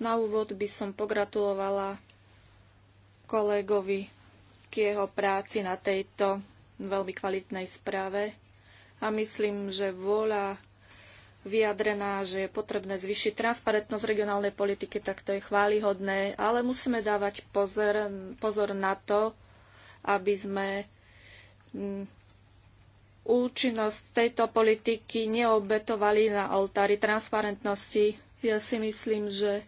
Na úvod by som pogratulovala kolegovi k jeho práci na tejto veľmi kvalitnej správe a myslím, že vôľa vyjadrená, že je potrebné zvýšiť transparentnosť regionálnej politiky, tak to je chválihodné, ale musíme dávať pozor, pozor na to, aby sme mm, účinnosť tejto politiky neobetovali na oltári transparentnosti. Ja si myslím, že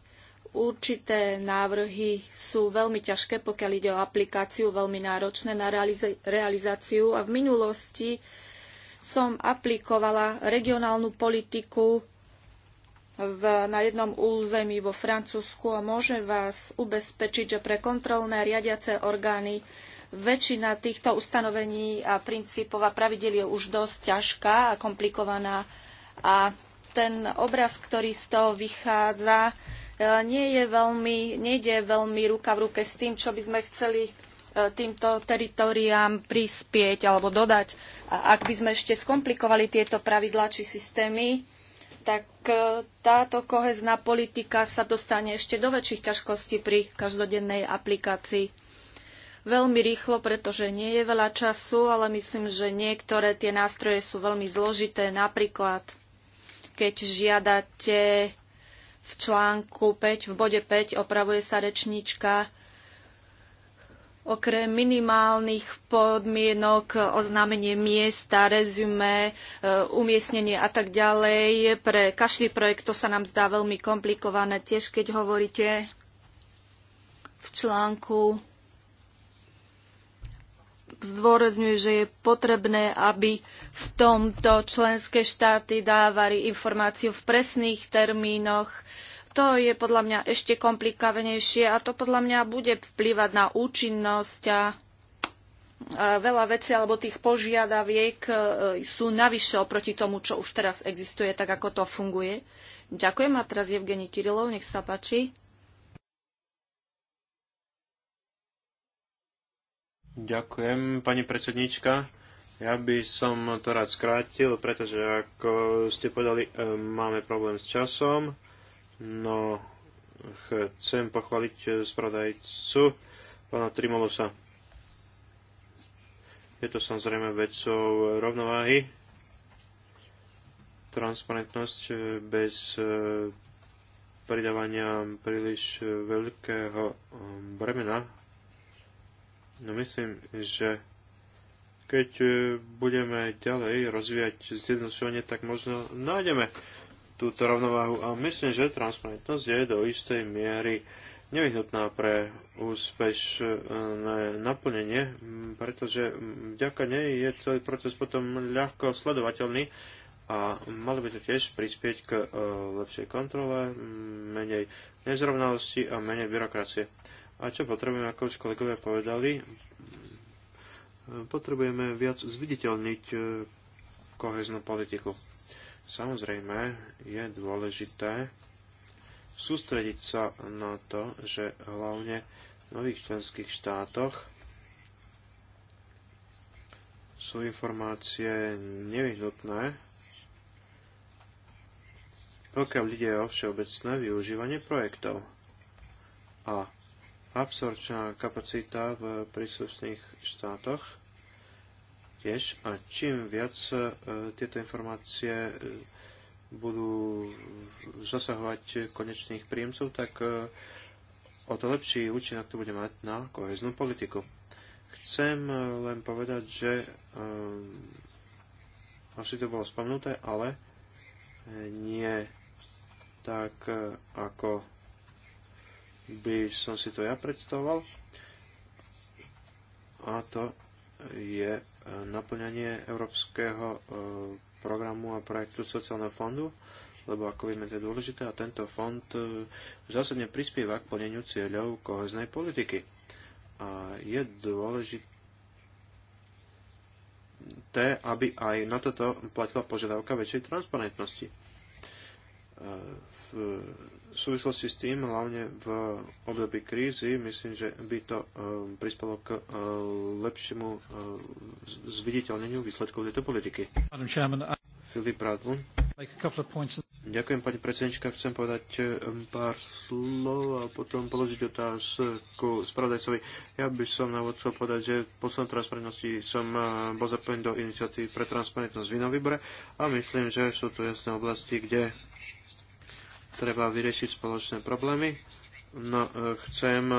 určité návrhy sú veľmi ťažké, pokiaľ ide o aplikáciu, veľmi náročné na realizáciu a v minulosti som aplikovala regionálnu politiku v, na jednom území vo Francúzsku a môžem vás ubezpečiť, že pre kontrolné a riadiace orgány väčšina týchto ustanovení a princípov a pravidel je už dosť ťažká a komplikovaná a ten obraz, ktorý z toho vychádza, e, nie je veľmi, nejde veľmi ruka v ruke s tým, čo by sme chceli E, týmto teritoriám prispieť alebo dodať. A ak by sme ešte skomplikovali tieto pravidlá či systémy, tak e, táto kohezná politika sa dostane ešte do väčších ťažkostí pri každodennej aplikácii. Veľmi rýchlo, pretože nie je veľa času, ale myslím, že niektoré tie nástroje sú veľmi zložité. Napríklad, keď žiadate v článku 5, v bode 5, opravuje sa rečníčka, Okrem minimálnych podmienok, oznámenie miesta, rezume, e, umiestnenie a tak ďalej. Pre každý projekt to sa nám zdá veľmi komplikované, tiež keď hovoríte v článku zdôrazňuje, že je potrebné, aby v tomto členské štáty dávali informáciu v presných termínoch, to je podľa mňa ešte komplikavenejšie a to podľa mňa bude vplývať na účinnosť a veľa vecí alebo tých požiadaviek e, sú navyše oproti tomu, čo už teraz existuje, tak ako to funguje. Ďakujem a teraz Evgeni Kirilov, nech sa páči. Ďakujem, pani predsednička. Ja by som to rád skrátil, pretože ako ste povedali, e, máme problém s časom No, chcem pochváliť eh, spravodajcu pána Trimolosa. Je to samozrejme vecou rovnováhy. Transparentnosť eh, bez eh, pridávania príliš veľkého bremena. No myslím, že keď budeme ďalej rozvíjať zjednodušovanie, tak možno nájdeme túto rovnováhu a myslím, že transparentnosť je do istej miery nevyhnutná pre úspešné naplnenie, pretože vďaka nej je celý proces potom ľahko sledovateľný a mali by to tiež prispieť k e, lepšej kontrole, menej nezrovnalosti a menej byrokracie. A čo potrebujeme, ako už kolegovia povedali, potrebujeme viac zviditeľniť e, koheznú politiku. Samozrejme, je dôležité sústrediť sa na to, že hlavne v nových členských štátoch sú informácie nevyhnutné, pokiaľ ide o všeobecné využívanie projektov a absorčná kapacita v príslušných štátoch tiež. A čím viac e, tieto informácie e, budú zasahovať konečných príjemcov, tak e, o to lepší účinok to bude mať na koheznú politiku. Chcem len povedať, že asi to bolo spomnuté, ale nie tak, ako by som si to ja predstavoval. A to je e, naplňanie európskeho e, programu a projektu sociálneho fondu, lebo ako vieme, to je dôležité a tento fond e, zásadne prispieva k plneniu cieľov koheznej politiky. A je dôležité, aby aj na toto platila požiadavka väčšej transparentnosti v v súvislosti s tým, hlavne v období krízy, myslím, že by to eh, prispelo k eh, lepšiemu eh, zviditeľneniu výsledkov tejto politiky. Filip Radlund. Ďakujem, pani predsednička. Chcem povedať pár slov a potom položiť otázku spravodajcovi. Ja by som na úvod chcel povedať, že v poslednom transparentnosti som bol zapojený do iniciatívy pre transparentnosť v inom výbore a myslím, že sú tu jasné oblasti, kde treba vyriešiť spoločné problémy. No, e, chcem e,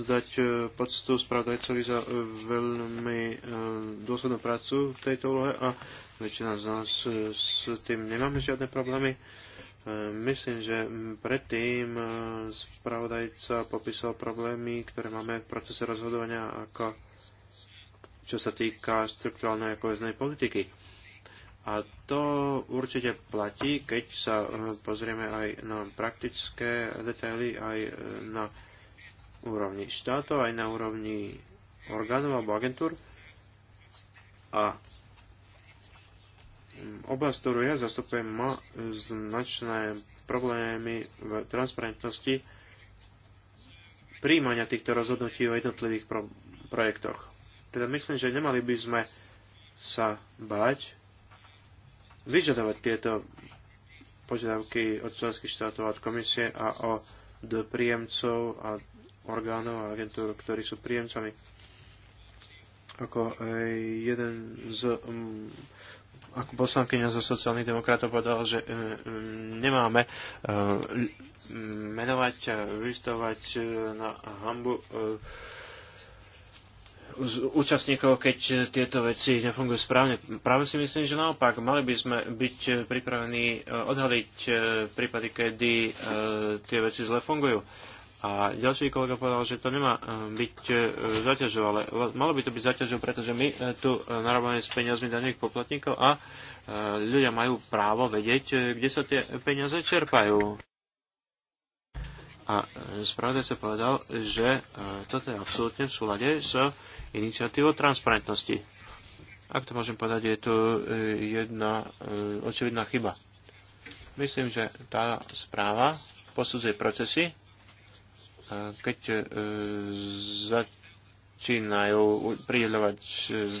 vzdať e, poctu spravodajcovi za veľmi dôslednú prácu v tejto úlohe a väčšina z nás s tým nemáme žiadne problémy. Myslím, že predtým spravodajca popísal problémy, ktoré máme v procese rozhodovania, ako čo sa týka štruktúrálnej a politiky a to určite platí, keď sa eh, pozrieme aj na praktické detaily, aj eh, na úrovni štátov, aj na úrovni orgánov alebo agentúr. A mm, oblasť, ktorú ja zastupujem, má značné problémy v transparentnosti príjmania týchto rozhodnutí o jednotlivých pro- projektoch. Teda myslím, že nemali by sme sa báť vyžadovať tieto požiadavky od členských štátov, od komisie a od príjemcov a orgánov a agentúr, ktorí sú príjemcami. Ako jeden z mm, ako poslankyňa zo sociálnych demokratov povedal, že e, mm, nemáme e, menovať, vystavať e, na hambu účastníkov, keď tieto veci nefungujú správne. Práve si myslím, že naopak, mali by sme byť pripravení e, odhaliť e, prípady, kedy e, tie veci zle fungujú. A ďalší kolega povedal, že to nemá byť zaťažou, ale malo by to byť zaťažou, pretože my tu narábame s peniazmi daných poplatníkov a ľudia majú právo vedieť, kde sa tie peniaze čerpajú. A spravodaj sa povedal, že toto je absolútne v súlade s so iniciatívu transparentnosti. Ak to môžem povedať, je tu e, jedna e, očividná chyba. Myslím, že tá správa posudzuje procesy, e, keď začínajú pridelovať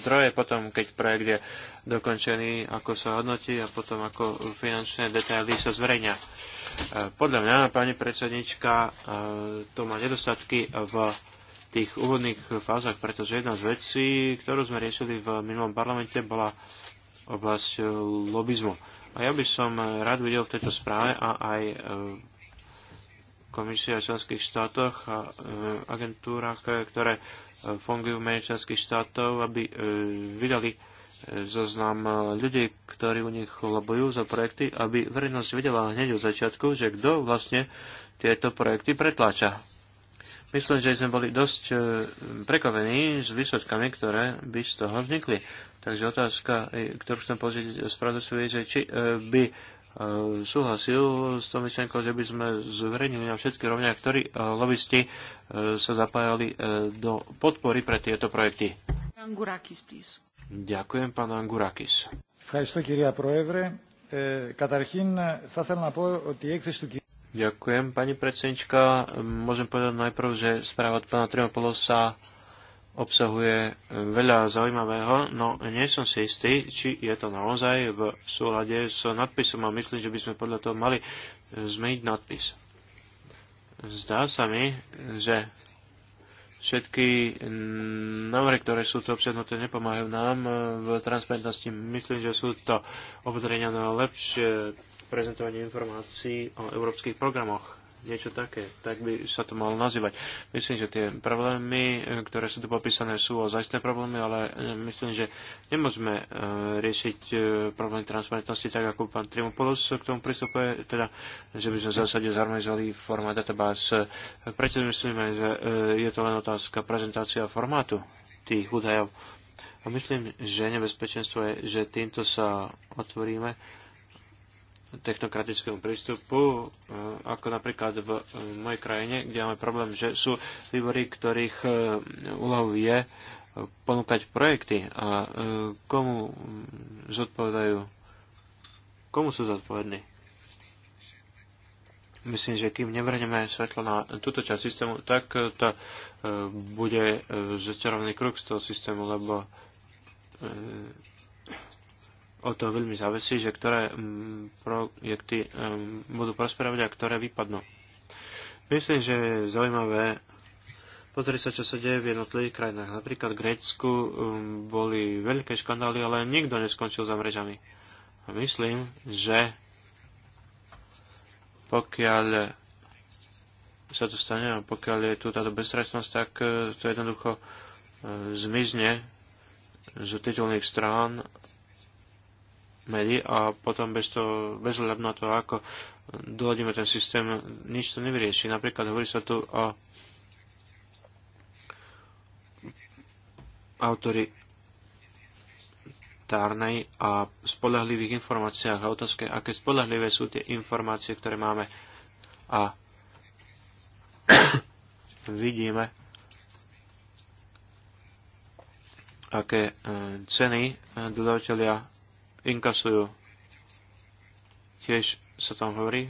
zdroje, potom keď projekt je dokončený, ako sa hodnotí a potom ako finančné detaily sa zverejňa. Podľa mňa, pani predsednička, to má nedostatky v tých úvodných fázach, pretože jedna z vecí, ktorú sme riešili v minulom parlamente, bola oblasť e, lobizmu. A ja by som rád videl v tejto správe a aj e, komisia v členských štátoch a e, agentúrach, ktoré fungujú v členských štátov, aby vydali zoznam ľudí, ktorí u nich lobujú za projekty, aby verejnosť vedela hneď od začiatku, že kto vlastne tieto projekty pretláča. Myslím, že sme boli dosť e, prekovení s výsledkami, ktoré by z toho vznikli. Takže otázka, e, ktorú chcem z spravodajcu, je, že či e, by súhlasil s tom myšlenkou, že by sme zverejnili na všetky rovňa, ktorí lobbysti sa zapájali do podpory pre tieto projekty. Angurakis, please. Ďakujem, pán Angurakis. Ďakujem, pán Angurakis. Ďakujem, pani predsednička. Môžem povedať najprv, že správa od pána Trimopolosa obsahuje veľa zaujímavého, no nie som si istý, či je to naozaj v súlade s nadpisom a myslím, že by sme podľa toho mali zmeniť nadpis. Zdá sa mi, že všetky návrhy, ktoré sú tu obsiadnuté, nepomáhajú nám v transparentnosti. Myslím, že sú to opatrenia na lepšie prezentovanie informácií o európskych programoch niečo také, tak by sa to malo nazývať. Myslím, že tie problémy, ktoré sú tu popísané, sú ozajstné problémy, ale e, myslím, že nemôžeme e, riešiť e, problémy transparentnosti tak, ako pán Trimopoulos k tomu pristupuje, teda, že by sme v zásade zharmonizovali formát databáz. Prečo myslíme, že je to len otázka prezentácia formátu tých údajov. A myslím, že nebezpečenstvo je, že týmto sa otvoríme technokratickému prístupu, e, ako napríklad v e, mojej krajine, kde máme problém, že sú výbory, ktorých e, úlohou je ponúkať projekty a komu zodpovedajú, komu sú zodpovední. Myslím, že kým nevrhneme svetlo na túto časť systému, tak to bude začarovný kruk z toho systému, lebo o to veľmi závisí, že ktoré mm, projekty mm, budú prosperovať a ktoré vypadnú. Myslím, že je zaujímavé pozrieť sa, čo sa deje v jednotlivých krajinách. Napríklad v Grécku mm, boli veľké škandály, ale nikto neskončil za mrežami. A myslím, že pokiaľ sa to stane a pokiaľ je tu táto bezstresnosť, tak eh, to jednoducho eh, zmizne z titulných strán médií a potom bez toho, bez na to, ako doladíme ten systém, nič to nevyrieši. Napríklad hovorí sa tu o tárnej a spolahlivých informáciách a otázke, aké spolahlivé sú tie informácie, ktoré máme a vidíme, aké e, ceny e, dodavateľia inkasujú. Tiež sa tam hovorí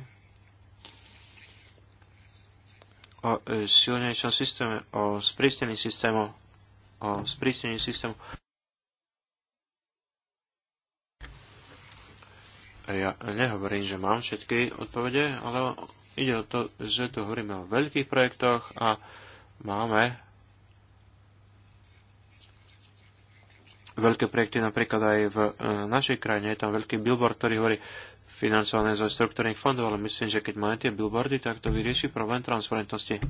o e, silnejšom systéme, o sprísnení systému, o sprísnení systému. Ja nehovorím, že mám všetky odpovede, ale ide o to, že tu hovoríme o veľkých projektoch a máme veľké projekty, napríklad aj v e, našej krajine. Je tam veľký billboard, ktorý hovorí financované zo štruktúrnych fondov, ale myslím, že keď máme tie billboardy, tak to vyrieši problém transparentnosti.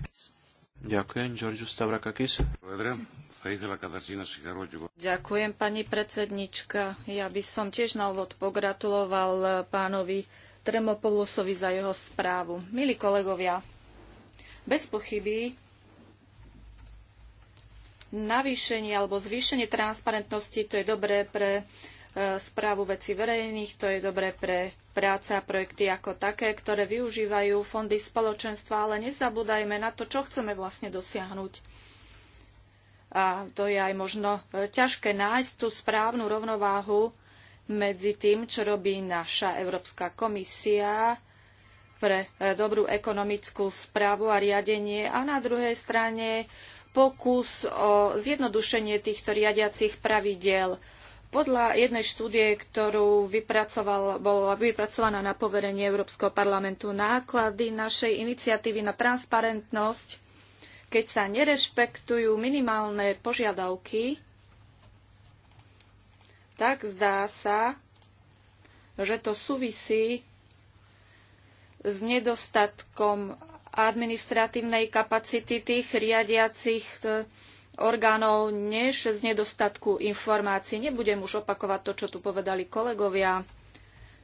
Ďakujem, Georgiu Stavrakakis. Ďakujem, pani predsednička. Ja by som tiež na úvod pogratuloval pánovi Tremopoulosovi za jeho správu. Milí kolegovia, bez pochyby navýšenie alebo zvýšenie transparentnosti, to je dobré pre e, správu veci verejných, to je dobré pre práce a projekty ako také, ktoré využívajú fondy spoločenstva, ale nezabúdajme na to, čo chceme vlastne dosiahnuť. A to je aj možno e, ťažké nájsť tú správnu rovnováhu medzi tým, čo robí naša Európska komisia pre e, dobrú ekonomickú správu a riadenie a na druhej strane pokus o zjednodušenie týchto riadiacich pravidiel. Podľa jednej štúdie, ktorú vypracoval, bola vypracovaná na poverenie Európskeho parlamentu, náklady našej iniciatívy na transparentnosť, keď sa nerešpektujú minimálne požiadavky, tak zdá sa, že to súvisí s nedostatkom administratívnej kapacity tých riadiacich e, orgánov, než z nedostatku informácií. Nebudem už opakovať to, čo tu povedali kolegovia,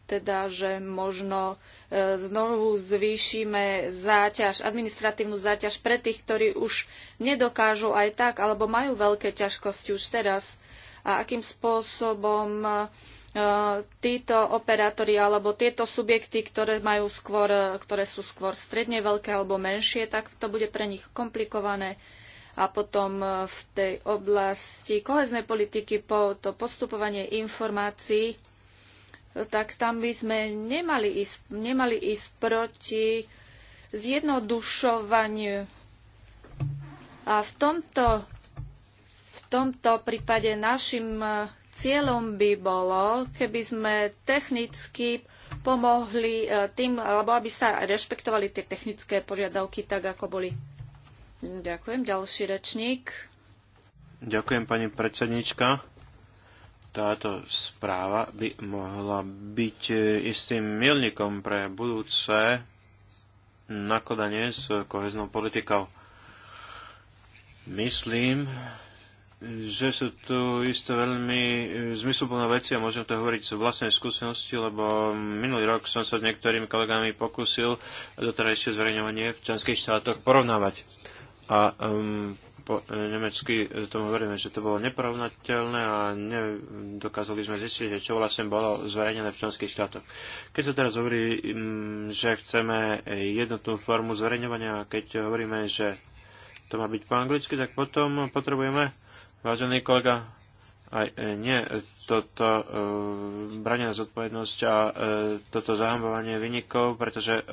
teda, že možno e, znovu zvýšime záťaž, administratívnu záťaž pre tých, ktorí už nedokážu aj tak, alebo majú veľké ťažkosti už teraz. A akým spôsobom e, E, títo operátori alebo tieto subjekty, ktoré, majú skôr, ktoré sú skôr stredne veľké alebo menšie, tak to bude pre nich komplikované. A potom e, v tej oblasti koheznej politiky po to postupovanie informácií, e, tak tam by sme nemali ísť, nemali ísť proti zjednodušovaniu. A v tomto, v tomto prípade našim Cieľom by bolo, keby sme technicky pomohli e, tým, alebo aby sa rešpektovali tie technické požiadavky tak, ako boli. Ďakujem. Ďalší rečník. Ďakujem, pani predsednička. Táto správa by mohla byť e, istým milníkom pre budúce nakladanie s koheznou politikou. Myslím, že sú tu isto veľmi e, zmysluplné veci a môžem to hovoriť z vlastnej skúsenosti, lebo minulý rok som sa s niektorými kolegami pokúsil doterajšie zverejňovanie v členských štátoch porovnávať. A um, po e, nemecky tomu hovoríme, že to bolo neporovnateľné a nedokázali sme zistiť, čo vlastne bolo zverejnené v členských štátoch. Keď sa teraz hovorí, že chceme jednotnú formu zverejňovania, keď hovoríme, že to má byť po anglicky, tak potom potrebujeme Vážený kolega, aj e, nie, toto e, na zodpovednosť a e, toto zahambovanie vynikov, pretože e,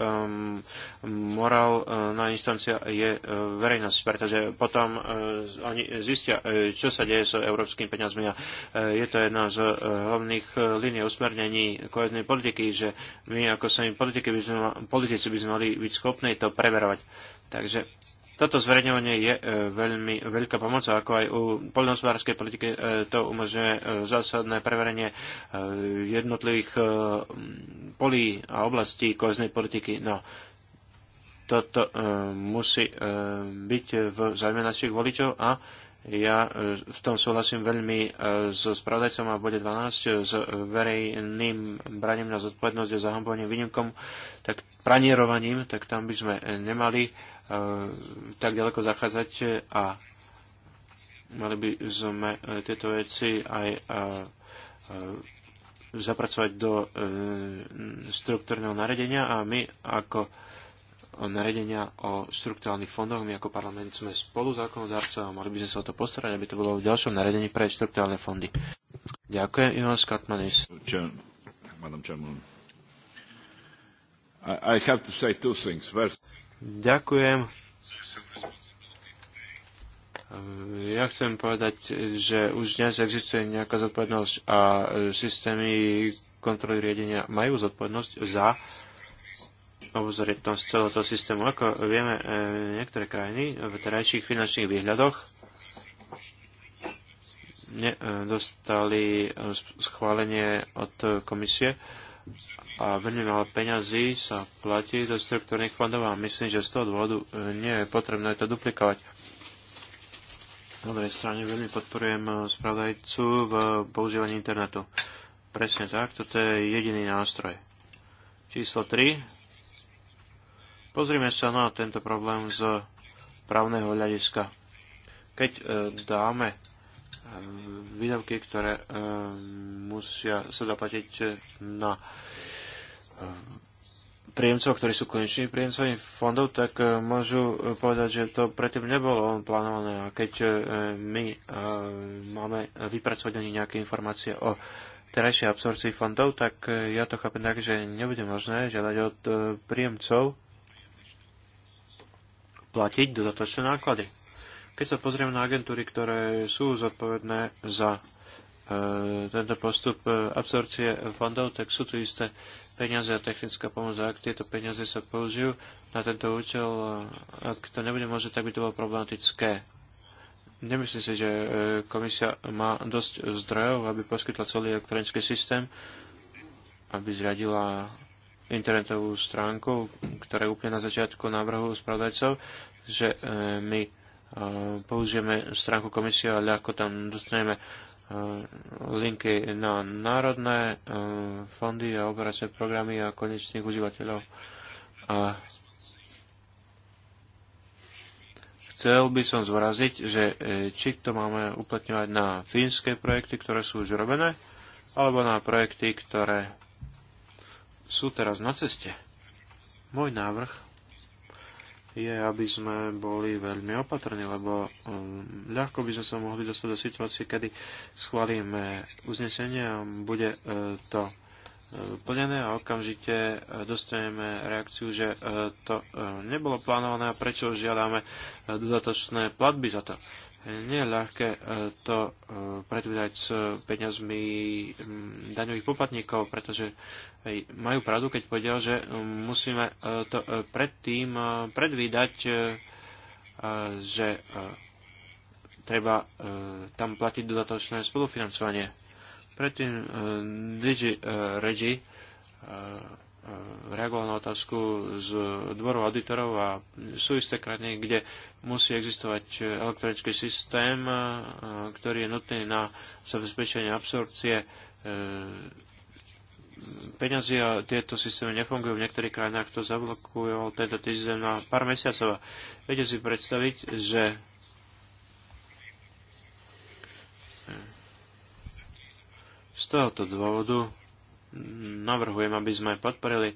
morál e, na instancia je e, verejnosť, pretože potom e, oni zistia, e, čo sa deje s európskym peniazmi a e, je to jedna z e, hlavných e, línií usmernení koheznej politiky, že my ako sami politici by sme mali byť schopní to preverovať. Takže toto zverejňovanie je e, veľmi veľká pomoc, ako aj u poľnohospodárskej politike to umožňuje e, zásadné preverenie e, jednotlivých polí a oblastí koheznej politiky. No, toto musí byť v zájme našich voličov a ja v tom súhlasím veľmi so spravodajcom a bode 12 s verejným braním na zodpovednosť a zahambovaním výnimkom, tak pranierovaním, tak tam by sme nemali E, tak ďaleko zachádzať a mali by sme e, tieto veci aj e, zapracovať do štruktúrneho naredenia a my ako naredenia o štruktúrnych fondoch. My ako parlament sme spolu zákonodárca a mali by sme sa o to postarať, aby to bolo v ďalšom naredení pre štruktúrne fondy. Ďakujem, Ivan Skatmanis. Madam Chairman, I have to say two things. First, Ďakujem. Ja chcem povedať, že už dnes existuje nejaká zodpovednosť a systémy kontroly riadenia majú zodpovednosť za obzretnosť celého toho systému. Ako vieme, e, niektoré krajiny v terajších finančných výhľadoch dostali e, schválenie od komisie a veľmi veľa peňazí sa platí do štruktúrnych fondov a myslím, že z toho dôvodu e, nie je potrebné to duplikovať. Na druhej strane veľmi podporujem e, spravodajcu v používaní internetu. Presne tak, toto je jediný nástroj. Číslo 3. Pozrime sa na tento problém z právneho hľadiska. Keď e, dáme výdavky, ktoré eh, musia sa zaplatiť na eh, príjemcov, ktorí sú koneční príjemcovi fondov, tak eh, môžu povedať, že to predtým nebolo plánované. A keď my máme vypracovať ani nejaké informácie o terajšej absorcii fondov, tak ja to chápem tak, že nebude možné žiadať od príjemcov platiť dodatočné náklady. Keď sa pozrieme na agentúry, ktoré sú zodpovedné za e, tento postup e, absorcie fondov, tak sú tu isté peniaze a technická pomoc. A ak tieto peniaze sa použijú na tento účel, e, ak to nebude možné, tak by to bolo problematické. Nemyslím si, že komisia má dosť zdrojov, aby poskytla celý elektronický systém, aby zriadila internetovú stránku, ktorá je úplne na začiatku návrhu spravodajcov, že my použijeme stránku komisie, ale ako tam dostaneme e, linky na národné e, fondy a operačné programy a konečných užívateľov. A chcel by som zvraziť, že e, či to máme uplatňovať na fínske projekty, ktoré sú už robené, alebo na projekty, ktoré sú teraz na ceste. Môj návrh je, aby sme boli veľmi opatrní, lebo um, ľahko by sme sa mohli dostať do situácie, kedy schválime uznesenie a bude e, to e, plnené a okamžite e, dostaneme reakciu, že to nebolo plánované a prečo žiadame dodatočné platby za to nie je ľahké e, to e, predvídať s peniazmi daňových poplatníkov, pretože majú pravdu, keď povedal, že e, musíme to predtým predvídať, že treba tam platiť dodatočné spolufinancovanie. Predtým Digi Regi E, reagoval na otázku z dvoru auditorov a sú isté krajiny, kde musí existovať elektronický systém, e, ktorý je nutný na zabezpečenie absorpcie e, peňazí a tieto systémy nefungujú. V niektorých krajinách to zablokujú tento týždeň na pár mesiacov. Viete si predstaviť, že z tohoto dôvodu navrhujem, aby sme podporili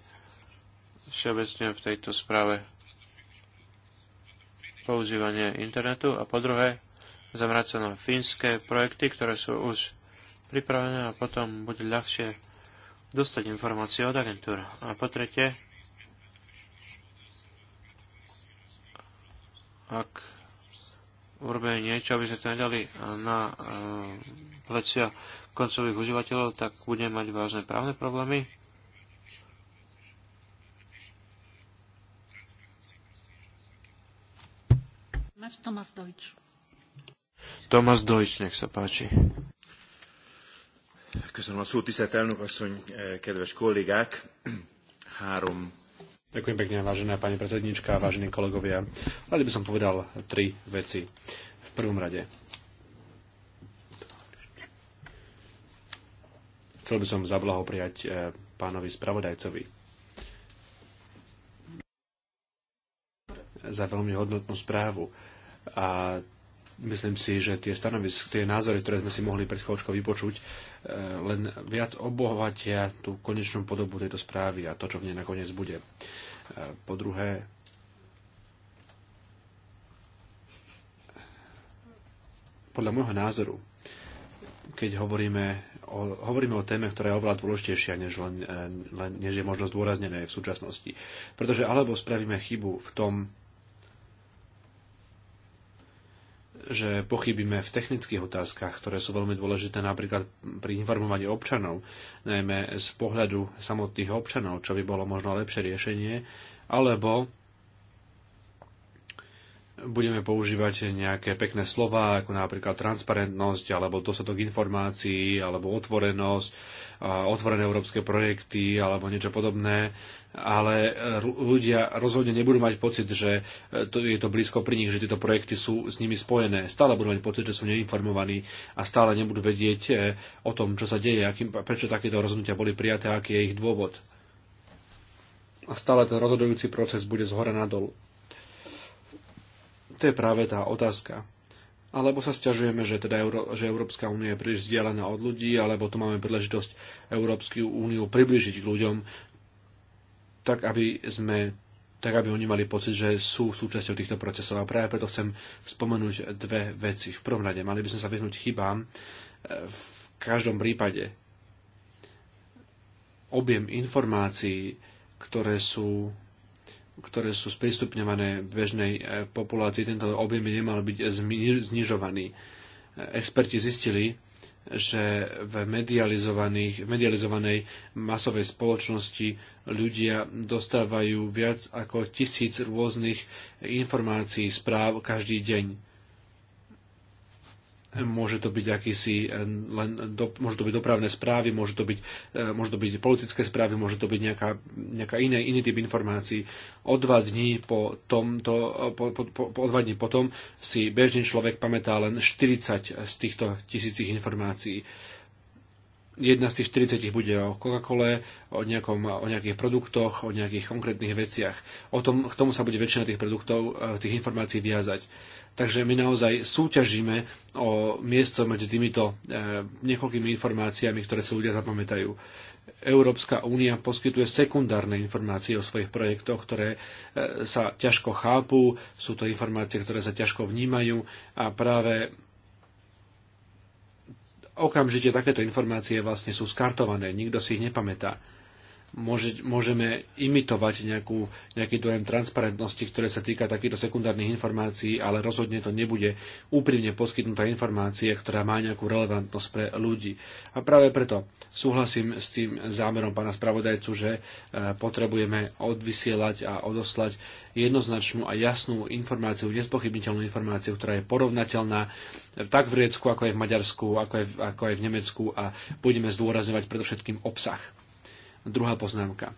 všeobecne v tejto správe používanie internetu a po druhé zamerať sa na fínske projekty, ktoré sú už pripravené a potom bude ľahšie dostať informácie od agentúr. A po tretie, ak urobíme niečo, aby sme to nedali na eh, plecia koncových užívateľov, tak budeme mať vážne právne problémy. Tomas Deutsch. Tomas Deutsch, nech sa páči. Köszönöm a szót, tisztelt elnök asszony, kedves kollégák. Három Ďakujem pekne, vážená pani predsednička, vážení kolegovia. Rád by som povedal tri veci. V prvom rade, Chcel by som zablahopriať e, pánovi spravodajcovi za veľmi hodnotnú správu. A myslím si, že tie stanovisk, tie názory, ktoré sme si mohli pred chvíľočkou vypočuť, e, len viac obohatia tú konečnú podobu tejto správy a to, čo v nej nakoniec bude. E, po druhé, podľa môjho názoru keď hovoríme o, hovoríme o téme, ktorá je oveľa dôležitejšia, než, len, e, len, než je možno zdôraznené v súčasnosti. Pretože alebo spravíme chybu v tom, že pochybíme v technických otázkach, ktoré sú veľmi dôležité napríklad pri informovaní občanov, najmä z pohľadu samotných občanov, čo by bolo možno lepšie riešenie, alebo budeme používať nejaké pekné slova, ako napríklad transparentnosť, alebo dostatok informácií, alebo otvorenosť, otvorené európske projekty, alebo niečo podobné, ale ľudia rozhodne nebudú mať pocit, že e, to, je to blízko pri nich, že tieto projekty sú s nimi spojené. Stále budú mať pocit, že sú neinformovaní a stále nebudú vedieť e, o tom, čo sa deje, akým, prečo takéto rozhodnutia boli prijaté, aký je ich dôvod. A stále ten rozhodujúci proces bude z hora nadol to je práve tá otázka. Alebo sa sťažujeme, že, teda Euró- že Európska únia je príliš vzdialená od ľudí, alebo tu máme príležitosť Európsku úniu približiť k ľuďom, tak aby sme tak aby oni mali pocit, že sú súčasťou týchto procesov. A práve preto chcem spomenúť dve veci. V prvom rade, mali by sme sa vyhnúť chybám e, v každom prípade. Objem informácií, ktoré sú ktoré sú sprístupňované bežnej eh, populácii, tento objem by nemal byť znižovaný. Eh, experti zistili, že v medializovanej masovej spoločnosti ľudia dostávajú viac ako tisíc rôznych informácií, správ každý deň Môže to byť akýsi, eh, len do, môžu to byť dopravné správy, môže to byť, eh, môže to byť politické správy, môže to byť nejaká, nejaká iné, iný typ informácií. O dva dní po tomto, eh, po, po, po, o dva dní potom si bežný človek pamätá len 40 z týchto tisícich informácií. Jedna z tých 40 bude o Coca-Cole, o, nejakom, o nejakých produktoch, o nejakých konkrétnych veciach. O tom, k tomu sa bude väčšina tých produktov, tých informácií viazať Takže my naozaj súťažíme o miesto medzi týmito e, niekoľkými informáciami, ktoré si ľudia zapamätajú. Európska únia poskytuje sekundárne informácie o svojich projektoch, ktoré e, sa ťažko chápú, sú to informácie, ktoré sa ťažko vnímajú a práve okamžite takéto informácie vlastne sú skartované, nikto si ich nepamätá môže, môžeme imitovať nejakú, nejaký dojem transparentnosti, ktoré sa týka takýchto sekundárnych informácií, ale rozhodne to nebude úprimne poskytnutá informácia, ktorá má nejakú relevantnosť pre ľudí. A práve preto súhlasím s tým zámerom pána spravodajcu, že e, potrebujeme odvysielať a odoslať jednoznačnú a jasnú informáciu, nespochybniteľnú informáciu, ktorá je porovnateľná e, tak v Riecku, ako aj v Maďarsku, ako aj v, ako aj v Nemecku a budeme zdôrazňovať predovšetkým obsah. Druhá poznámka.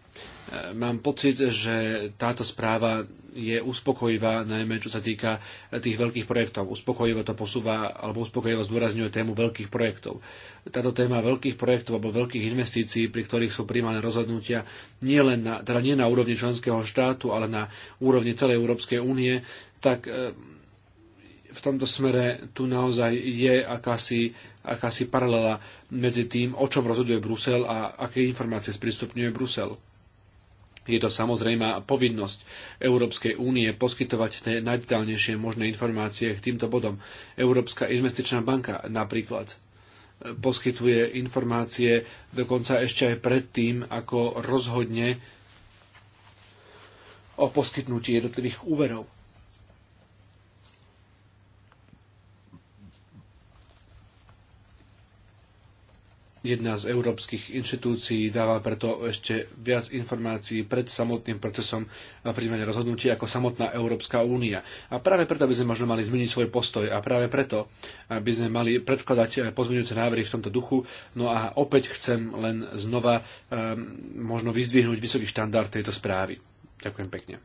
E, mám pocit, že táto správa je uspokojivá, najmä čo sa týka tých veľkých projektov. Uspokojivo to posúva, alebo uspokojivo zdôrazňuje tému veľkých projektov. Táto téma veľkých projektov alebo veľkých investícií, pri ktorých sú príjmané rozhodnutia nie, len na, teda nie na úrovni členského štátu, ale na úrovni celej Európskej únie, tak e, v tomto smere tu naozaj je akási akási paralela medzi tým, o čom rozhoduje Brusel a aké informácie sprístupňuje Brusel. Je to samozrejme povinnosť Európskej únie poskytovať tie najdetálnejšie možné informácie k týmto bodom. Európska investičná banka napríklad e, poskytuje informácie dokonca ešte aj predtým, ako rozhodne o poskytnutí jednotlivých úverov. Jedna z európskych inštitúcií dáva preto ešte viac informácií pred samotným procesom príjmania rozhodnutí ako samotná Európska únia. A práve preto by sme možno mali zmeniť svoj postoj a práve preto by sme mali predkladať eh, pozmeňujúce návrhy v tomto duchu. No a opäť chcem len znova um, možno vyzdvihnúť vysoký štandard tejto správy. Ďakujem pekne.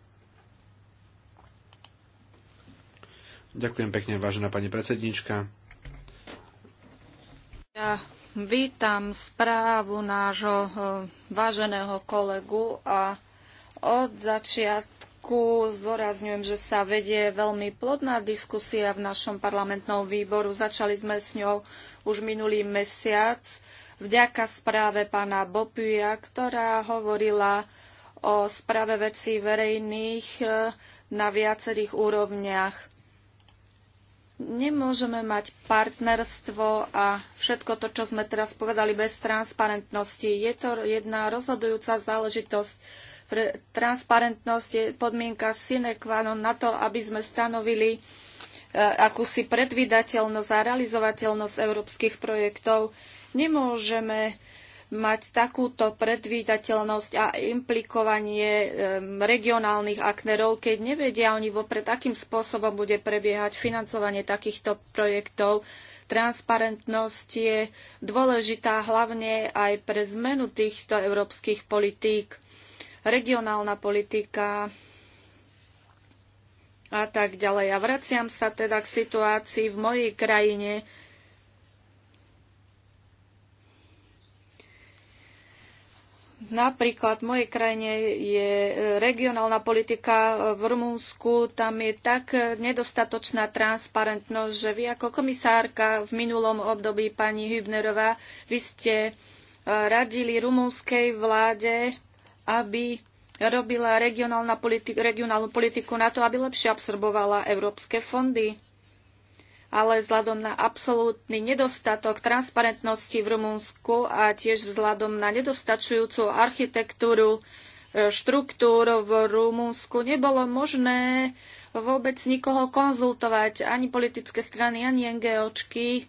Ďakujem pekne, vážená pani predsednička. Ja Vítam správu nášho eh, váženého kolegu a od začiatku zdôrazňujem, že sa vedie veľmi plodná diskusia v našom parlamentnom výboru. Začali sme s ňou už minulý mesiac vďaka správe pána Bopuja, ktorá hovorila o správe vecí verejných eh, na viacerých úrovniach. Nemôžeme mať partnerstvo a všetko to, čo sme teraz povedali, bez transparentnosti. Je to jedna rozhodujúca záležitosť. Pre transparentnosť je podmienka sine qua non na to, aby sme stanovili e, akúsi predvydateľnosť a realizovateľnosť európskych projektov. Nemôžeme mať takúto predvídateľnosť a implikovanie regionálnych aknerov, keď nevedia oni vopred, akým spôsobom bude prebiehať financovanie takýchto projektov. Transparentnosť je dôležitá hlavne aj pre zmenu týchto európskych politík. Regionálna politika a tak ďalej. A vraciam sa teda k situácii v mojej krajine, Napríklad v mojej krajine je e, regionálna politika v Rumúnsku, tam je tak nedostatočná transparentnosť, že vy ako komisárka v minulom období pani Hübnerová, vy ste e, radili rumúnskej vláde, aby robila regionálnu politiku na to, aby lepšie absorbovala európske fondy ale vzhľadom na absolútny nedostatok transparentnosti v Rumunsku a tiež vzhľadom na nedostačujúcu architektúru e, štruktúr v Rumunsku nebolo možné vôbec nikoho konzultovať, ani politické strany, ani NGOčky.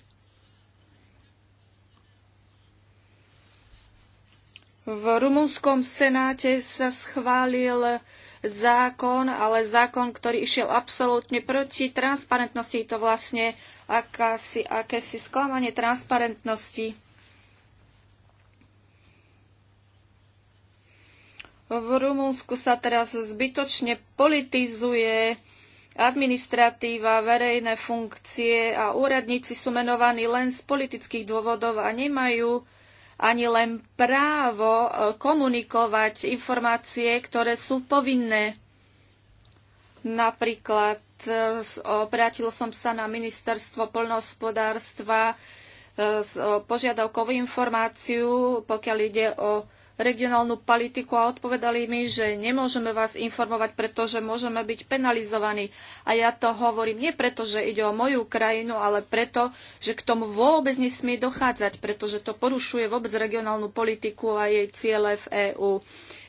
V rumunskom senáte sa schválil zákon, ale zákon, ktorý išiel absolútne proti transparentnosti. Je to vlastne akási, akési sklamanie transparentnosti. V Rumúnsku sa teraz zbytočne politizuje administratíva, verejné funkcie a úradníci sú menovaní len z politických dôvodov a nemajú ani len právo e, komunikovať informácie, ktoré sú povinné. Napríklad e, obrátil som sa na ministerstvo poľnohospodárstva e, s požiadavkou informáciu, pokiaľ ide o regionálnu politiku a odpovedali mi, že nemôžeme vás informovať, pretože môžeme byť penalizovaní. A ja to hovorím nie preto, že ide o moju krajinu, ale preto, že k tomu vôbec nesmie dochádzať, pretože to porušuje vôbec regionálnu politiku a jej ciele v EÚ.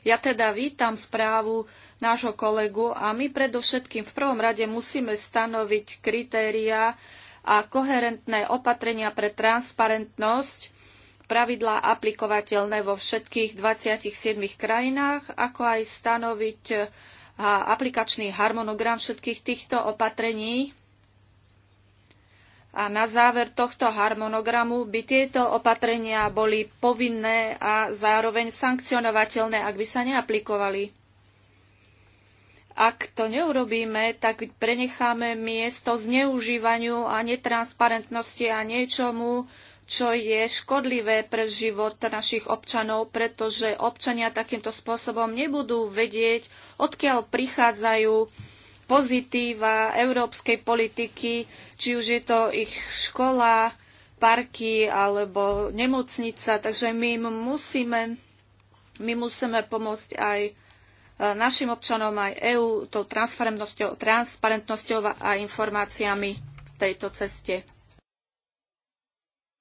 Ja teda vítam správu nášho kolegu a my predovšetkým v prvom rade musíme stanoviť kritériá a koherentné opatrenia pre transparentnosť pravidlá aplikovateľné vo všetkých 27 krajinách, ako aj stanoviť eh, aplikačný harmonogram všetkých týchto opatrení. A na záver tohto harmonogramu by tieto opatrenia boli povinné a zároveň sankcionovateľné, ak by sa neaplikovali. Ak to neurobíme, tak prenecháme miesto zneužívaniu a netransparentnosti a niečomu, čo je škodlivé pre život našich občanov, pretože občania takýmto spôsobom nebudú vedieť, odkiaľ prichádzajú pozitíva európskej politiky, či už je to ich škola, parky alebo nemocnica. Takže my im musíme, my musíme pomôcť aj e, našim občanom, aj EÚ tou transparentnosťou, transparentnosťou a informáciami v tejto ceste.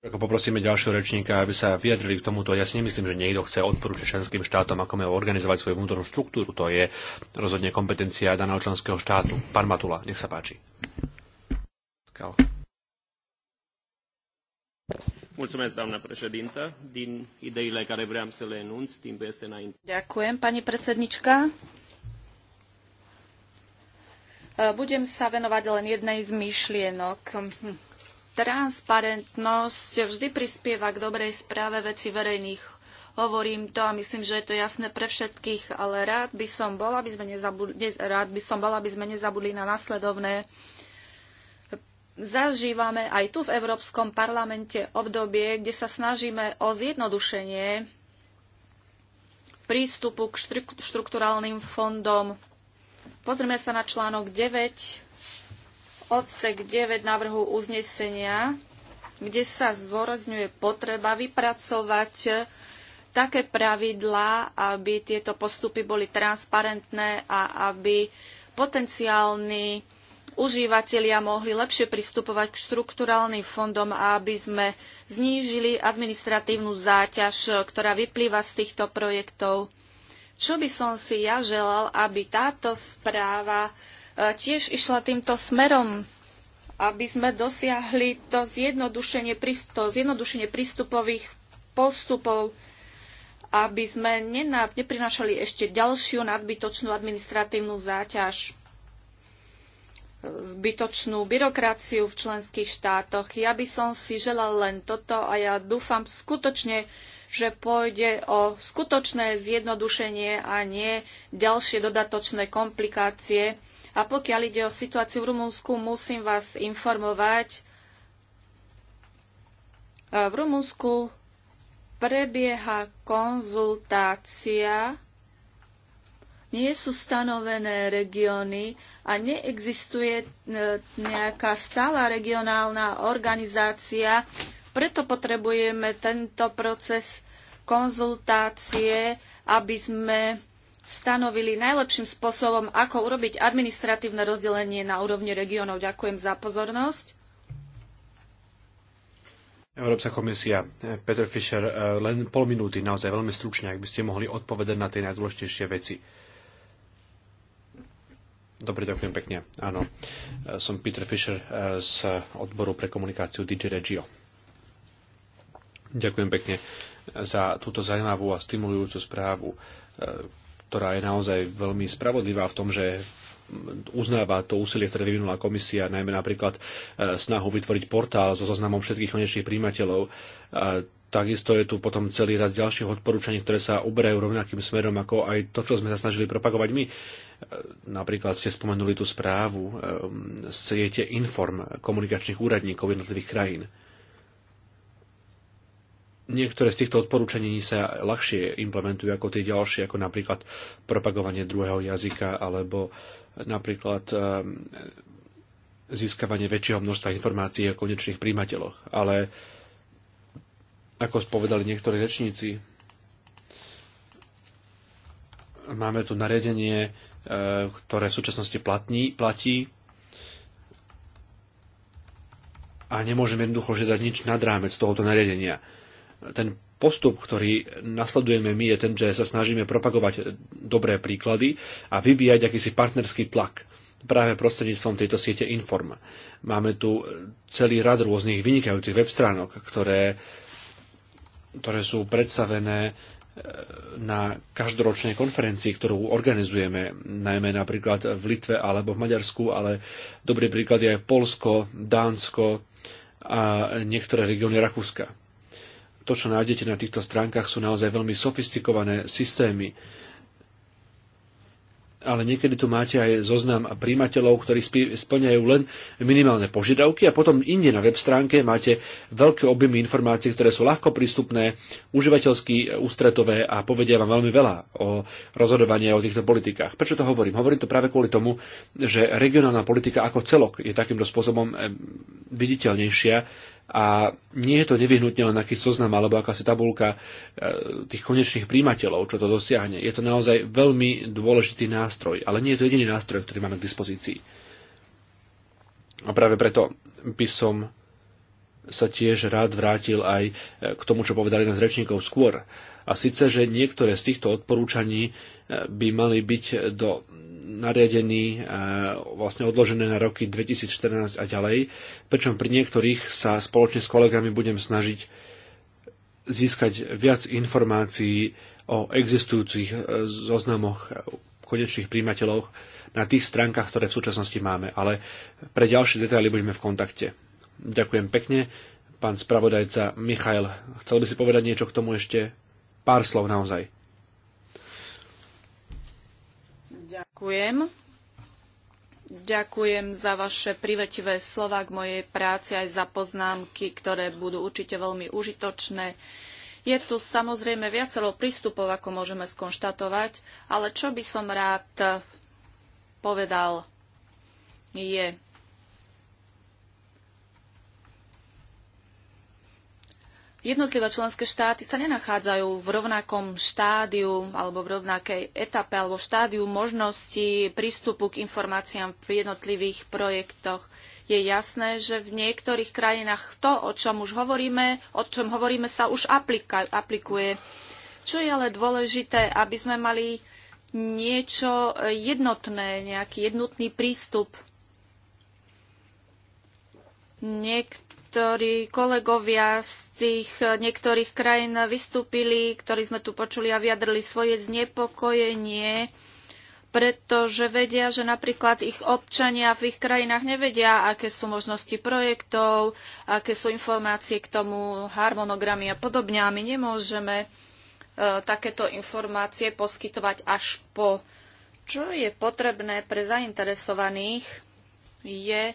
Ako poprosíme ďalšieho rečníka, aby sa vyjadrili k tomuto. Ja si nemyslím, že niekto chce odporúčať členským štátom, ako majú organizovať svoju vnútornú štruktúru. To je rozhodne kompetencia daného členského štátu. Pán Matula, nech sa páči. Kau. Mulțumesc, doamna președintă. Din ideile care vreau să le enunț, timpul este înainte. Ďakujem, pani predsednička. Budem sa venovať len jednej z myšlienok. Hm transparentnosť vždy prispieva k dobrej správe veci verejných. Hovorím to a myslím, že je to jasné pre všetkých, ale rád by som bol, aby sme nezabudli, rád by som bol, aby sme nezabudli na nasledovné. Zažívame aj tu v Európskom parlamente obdobie, kde sa snažíme o zjednodušenie prístupu k štruk- štrukturálnym fondom. Pozrieme sa na článok 9 odsek 9 návrhu uznesenia, kde sa zdôrazňuje potreba vypracovať také pravidlá, aby tieto postupy boli transparentné a aby potenciálni užívateľia mohli lepšie pristupovať k štrukturálnym fondom a aby sme znížili administratívnu záťaž, ktorá vyplýva z týchto projektov. Čo by som si ja želal, aby táto správa E, tiež išla týmto smerom, aby sme dosiahli to zjednodušenie, to zjednodušenie prístupových postupov, aby sme neprinašali ešte ďalšiu nadbytočnú administratívnu záťaž e, zbytočnú byrokraciu v členských štátoch. Ja by som si želal len toto a ja dúfam skutočne, že pôjde o skutočné zjednodušenie a nie ďalšie dodatočné komplikácie, a pokiaľ ide o situáciu v Rumunsku, musím vás informovať. E, v Rumunsku prebieha konzultácia, nie sú stanovené regióny a neexistuje e, nejaká stála regionálna organizácia, preto potrebujeme tento proces konzultácie, aby sme stanovili najlepším spôsobom, ako urobiť administratívne rozdelenie na úrovni regiónov. Ďakujem za pozornosť. Európska komisia, Peter Fischer, eh, len pol minúty, naozaj veľmi stručne, ak by ste mohli odpovedať na tie najdôležitejšie veci. Dobre, ďakujem pekne. Áno, eh, som Peter Fischer eh, z odboru pre komunikáciu DigiRegio. Ďakujem pekne za túto zaujímavú a stimulujúcu správu ktorá je naozaj veľmi spravodlivá v tom, že uznáva to úsilie, ktoré vyvinula komisia, najmä napríklad e, snahu vytvoriť portál so zoznamom všetkých konečných príjimateľov. E, takisto je tu potom celý rad ďalších odporúčaní, ktoré sa uberajú rovnakým smerom ako aj to, čo sme sa snažili propagovať my. E, napríklad ste spomenuli tú správu siete inform komunikačných úradníkov jednotlivých krajín niektoré z týchto odporúčaní sa ľahšie implementujú ako tie ďalšie, ako napríklad propagovanie druhého jazyka alebo napríklad ehm, získavanie väčšieho množstva informácií o konečných príjmateľoch. Ale ako spovedali niektorí rečníci, máme tu nariadenie, ehm, ktoré v súčasnosti platní, platí a nemôžeme jednoducho žiadať nič nad rámec tohoto nariadenia ten postup, ktorý nasledujeme my, je ten, že sa snažíme propagovať dobré príklady a vyvíjať akýsi partnerský tlak práve prostredníctvom tejto siete Inform. Máme tu celý rad rôznych vynikajúcich web stránok, ktoré, ktoré sú predstavené e, na každoročnej konferencii, ktorú organizujeme, najmä napríklad v Litve alebo v Maďarsku, ale dobrý príklad je aj Polsko, Dánsko a niektoré regióny Rakúska to, čo nájdete na týchto stránkach, sú naozaj veľmi sofistikované systémy. Ale niekedy tu máte aj zoznam príjimateľov, ktorí splňajú len minimálne požiadavky a potom inde na web stránke máte veľké objemy informácií, ktoré sú ľahko prístupné, užívateľsky ústretové a povedia vám veľmi veľa o rozhodovaní o týchto politikách. Prečo to hovorím? Hovorím to práve kvôli tomu, že regionálna politika ako celok je takýmto spôsobom eh, viditeľnejšia a nie je to nevyhnutne len aký zoznam alebo akási tabulka e, tých konečných príjimateľov, čo to dosiahne. Je to naozaj veľmi dôležitý nástroj, ale nie je to jediný nástroj, ktorý máme k dispozícii. A práve preto by som sa tiež rád vrátil aj e, k tomu, čo povedali nás rečníkov skôr. A síce, že niektoré z týchto odporúčaní e, by mali byť do nariadení e, vlastne odložené na roky 2014 a ďalej, pričom pri niektorých sa spoločne s kolegami budem snažiť získať viac informácií o existujúcich e, zoznamoch konečných príjimateľov na tých stránkach, ktoré v súčasnosti máme. Ale pre ďalšie detaily budeme v kontakte. Ďakujem pekne. Pán spravodajca Michail, chcel by si povedať niečo k tomu ešte? Pár slov naozaj. Ďakujem. Ďakujem za vaše privetivé slova k mojej práci aj za poznámky, ktoré budú určite veľmi užitočné. Je tu samozrejme viacero prístupov, ako môžeme skonštatovať, ale čo by som rád povedal je, jednotlivé členské štáty sa nenachádzajú v rovnakom štádiu alebo v rovnakej etape alebo v štádiu možnosti prístupu k informáciám pri jednotlivých projektoch. Je jasné, že v niektorých krajinách to, o čom už hovoríme, o čom hovoríme, sa už aplika- aplikuje. Čo je ale dôležité, aby sme mali niečo jednotné, nejaký jednotný prístup. Niekto niektorí kolegovia z tých eh, niektorých krajín vystúpili, ktorí sme tu počuli a vyjadrili svoje znepokojenie, pretože vedia, že napríklad ich občania v ich krajinách nevedia, aké sú možnosti projektov, aké sú informácie k tomu, harmonogramy a podobne. A my nemôžeme e, takéto informácie poskytovať až po. Čo je potrebné pre zainteresovaných, je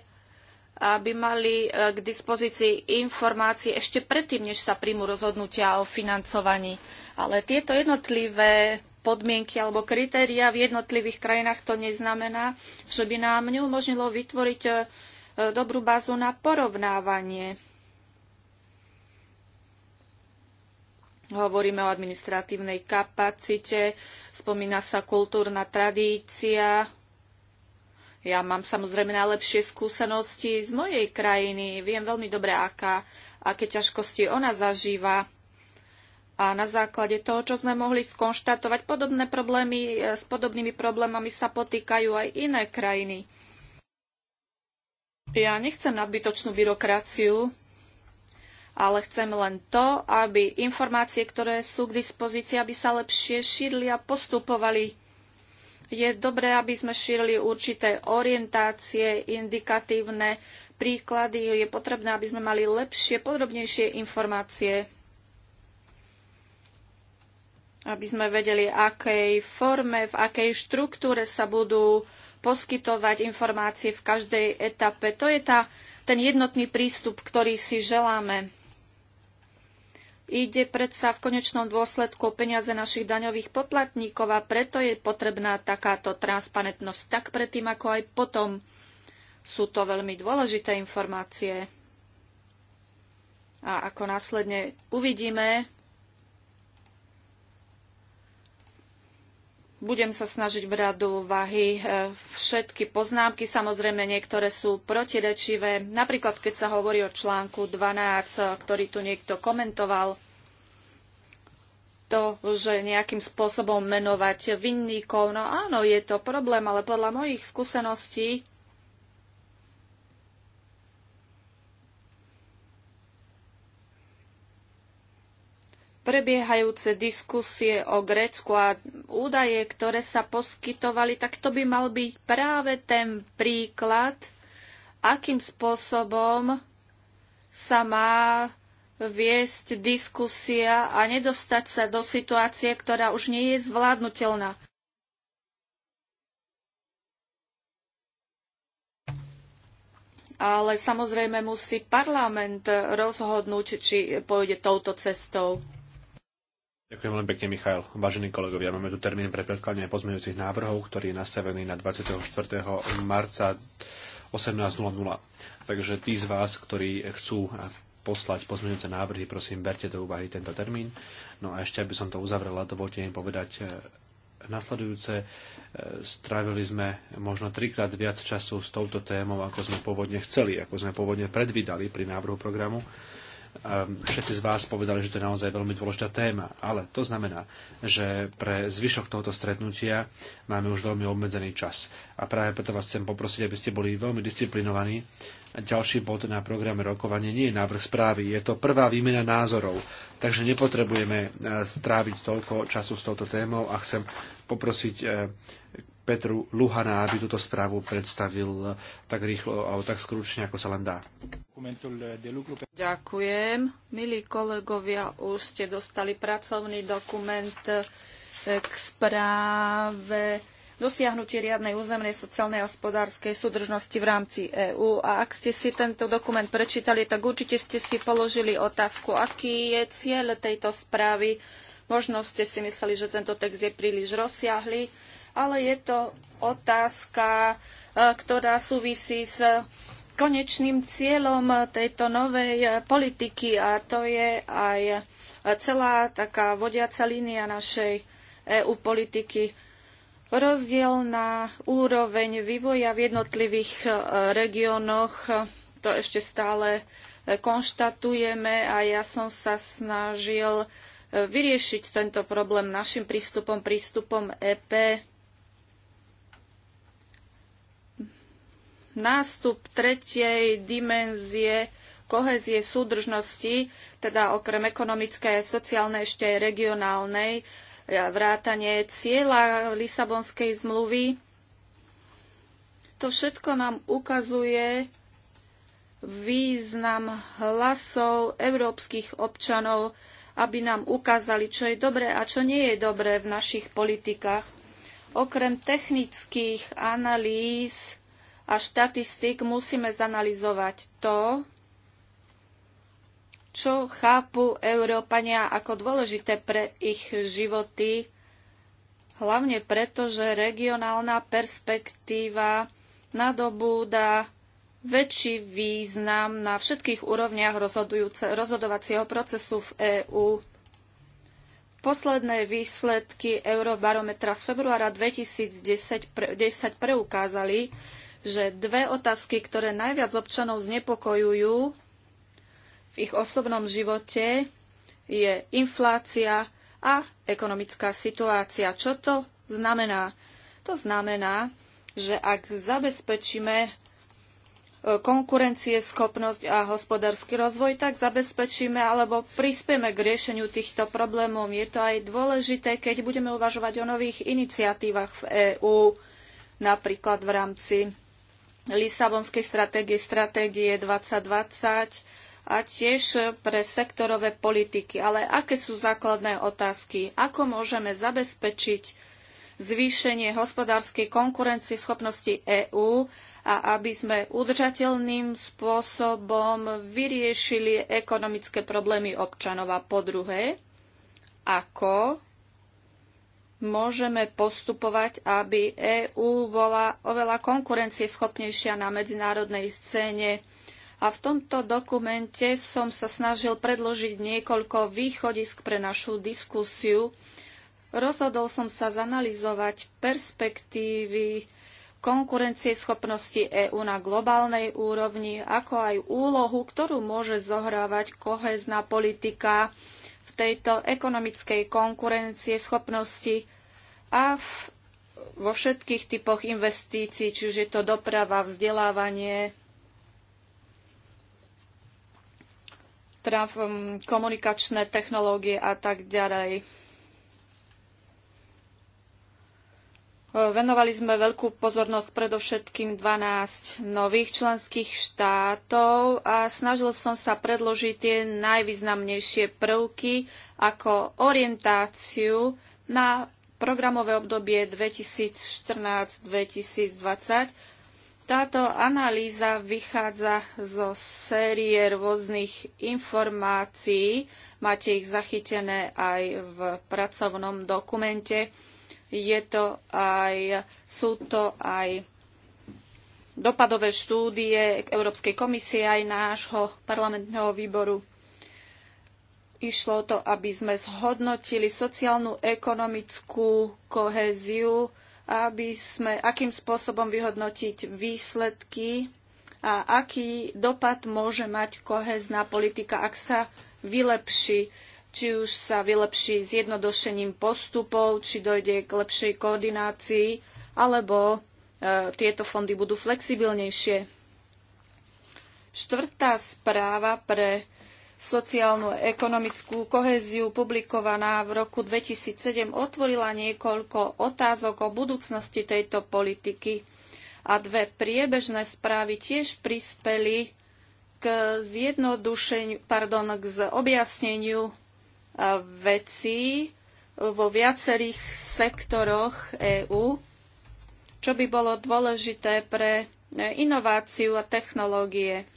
aby mali e, k dispozícii informácie ešte predtým, než sa príjmu rozhodnutia o financovaní. Ale tieto jednotlivé podmienky alebo kritéria v jednotlivých krajinách to neznamená, že by nám neumožnilo vytvoriť e, dobrú bázu na porovnávanie. Hovoríme o administratívnej kapacite, spomína sa kultúrna tradícia, ja mám samozrejme najlepšie skúsenosti z mojej krajiny. Viem veľmi dobre, aká, aké ťažkosti ona zažíva. A na základe toho, čo sme mohli skonštatovať, podobné problémy, e, s podobnými problémami sa potýkajú aj iné krajiny. Ja nechcem nadbytočnú byrokraciu, ale chcem len to, aby informácie, ktoré sú k dispozícii, aby sa lepšie šírili a postupovali je dobré, aby sme šírili určité orientácie, indikatívne príklady. Je potrebné, aby sme mali lepšie, podrobnejšie informácie aby sme vedeli, akej forme, v akej štruktúre sa budú poskytovať informácie v každej etape. To je tá, ten jednotný prístup, ktorý si želáme. Ide predsa v konečnom dôsledku o peniaze našich daňových poplatníkov a preto je potrebná takáto transparentnosť tak predtým, ako aj potom. Sú to veľmi dôležité informácie. A ako následne uvidíme, Budem sa snažiť brať do úvahy e, všetky poznámky, samozrejme niektoré sú protirečivé. Napríklad, keď sa hovorí o článku 12, e, ktorý tu niekto komentoval, to, že nejakým spôsobom menovať vinníkov, no áno, je to problém, ale podľa mojich skúseností prebiehajúce diskusie o Grécku a údaje, ktoré sa poskytovali, tak to by mal byť práve ten príklad, akým spôsobom sa má viesť diskusia a nedostať sa do situácie, ktorá už nie je zvládnutelná. Ale samozrejme musí parlament rozhodnúť, či pôjde touto cestou. Ďakujem veľmi pekne, Michal. Vážení kolegovia, máme tu termín pre predkladanie pozmeňujúcich návrhov, ktorý je nastavený na 24. marca 18.00. Takže tí z vás, ktorí chcú poslať pozmeňujúce návrhy, prosím, berte do úvahy tento termín. No a ešte, aby som to uzavrela, dovolte im povedať e, nasledujúce. E, strávili sme možno trikrát viac času s touto témou, ako sme pôvodne chceli, ako sme pôvodne predvídali pri návrhu programu Všetci z vás povedali, že to je naozaj veľmi dôležitá téma, ale to znamená, že pre zvyšok tohoto stretnutia máme už veľmi obmedzený čas. A práve preto vás chcem poprosiť, aby ste boli veľmi disciplinovaní. Ďalší bod na programe rokovanie nie je návrh správy, je to prvá výmena názorov, takže nepotrebujeme eh, stráviť toľko času s touto témou a chcem poprosiť eh, Petru Luhana, aby túto správu predstavil eh, tak rýchlo alebo tak skručne, ako sa len dá. Ďakujem. Milí kolegovia, už ste dostali pracovný dokument eh, k správe dosiahnutie riadnej územnej, sociálnej a hospodárskej súdržnosti v rámci EÚ. A ak ste si tento dokument prečítali, tak určite ste si položili otázku, aký je cieľ tejto správy. Možno ste si mysleli, že tento text je príliš rozsiahly ale je to otázka, e, ktorá súvisí s konečným cieľom tejto novej politiky a to je aj celá taká vodiaca línia našej EU politiky. Rozdiel na úroveň vývoja v jednotlivých e, regiónoch, to ešte stále e, konštatujeme a ja som sa snažil vyriešiť tento problém našim prístupom, prístupom EP. nástup tretej dimenzie kohezie súdržnosti, teda okrem ekonomickej a sociálnej ešte aj regionálnej, e, vrátanie cieľa Lisabonskej zmluvy. To všetko nám ukazuje význam hlasov európskych občanov, aby nám ukázali, čo je dobré a čo nie je dobré v našich politikách. Okrem technických analýz, a štatistik musíme zanalizovať to, čo chápu Európania ako dôležité pre ich životy, hlavne preto, že regionálna perspektíva nadobúda väčší význam na všetkých úrovniach rozhodovacieho procesu v EÚ. Posledné výsledky Eurobarometra z februára 2010 pre, preukázali, že dve otázky, ktoré najviac občanov znepokojujú v ich osobnom živote, je inflácia a ekonomická situácia. Čo to znamená? To znamená, že ak zabezpečíme e, konkurencieschopnosť a hospodársky rozvoj, tak zabezpečíme alebo prispieme k riešeniu týchto problémov. Je to aj dôležité, keď budeme uvažovať o nových iniciatívach v EÚ, napríklad v rámci Lisabonskej stratégie, stratégie 2020 a tiež pre sektorové politiky. Ale aké sú základné otázky? Ako môžeme zabezpečiť zvýšenie hospodárskej konkurencie schopnosti EÚ a aby sme udržateľným spôsobom vyriešili ekonomické problémy občanov. A po druhé, ako môžeme postupovať, aby EÚ bola oveľa konkurencieschopnejšia na medzinárodnej scéne. A v tomto dokumente som sa snažil predložiť niekoľko východisk pre našu diskusiu. Rozhodol som sa zanalizovať perspektívy konkurencieschopnosti EÚ na globálnej úrovni, ako aj úlohu, ktorú môže zohrávať kohezná politika v tejto ekonomickej konkurencie schopnosti a v, vo všetkých typoch investícií, či už je to doprava, vzdelávanie, traf, um, komunikačné technológie a tak ďalej. Venovali sme veľkú pozornosť predovšetkým 12 nových členských štátov a snažil som sa predložiť tie najvýznamnejšie prvky ako orientáciu na programové obdobie 2014-2020. Táto analýza vychádza zo série rôznych informácií. Máte ich zachytené aj v pracovnom dokumente. Je to aj, sú to aj dopadové štúdie Európskej komisie aj nášho parlamentného výboru. Išlo o to, aby sme zhodnotili sociálnu, ekonomickú koheziu, aby sme, akým spôsobom vyhodnotiť výsledky a aký dopad môže mať kohezná politika, ak sa vylepší či už sa vylepší zjednodušením postupov, či dojde k lepšej koordinácii, alebo e, tieto fondy budú flexibilnejšie. Štvrtá správa pre sociálnu a ekonomickú kohéziu publikovaná v roku 2007 otvorila niekoľko otázok o budúcnosti tejto politiky a dve priebežné správy tiež prispeli k zjednodušeniu, pardon, k objasneniu vecí vo viacerých sektoroch EÚ, čo by bolo dôležité pre e, inováciu a technológie.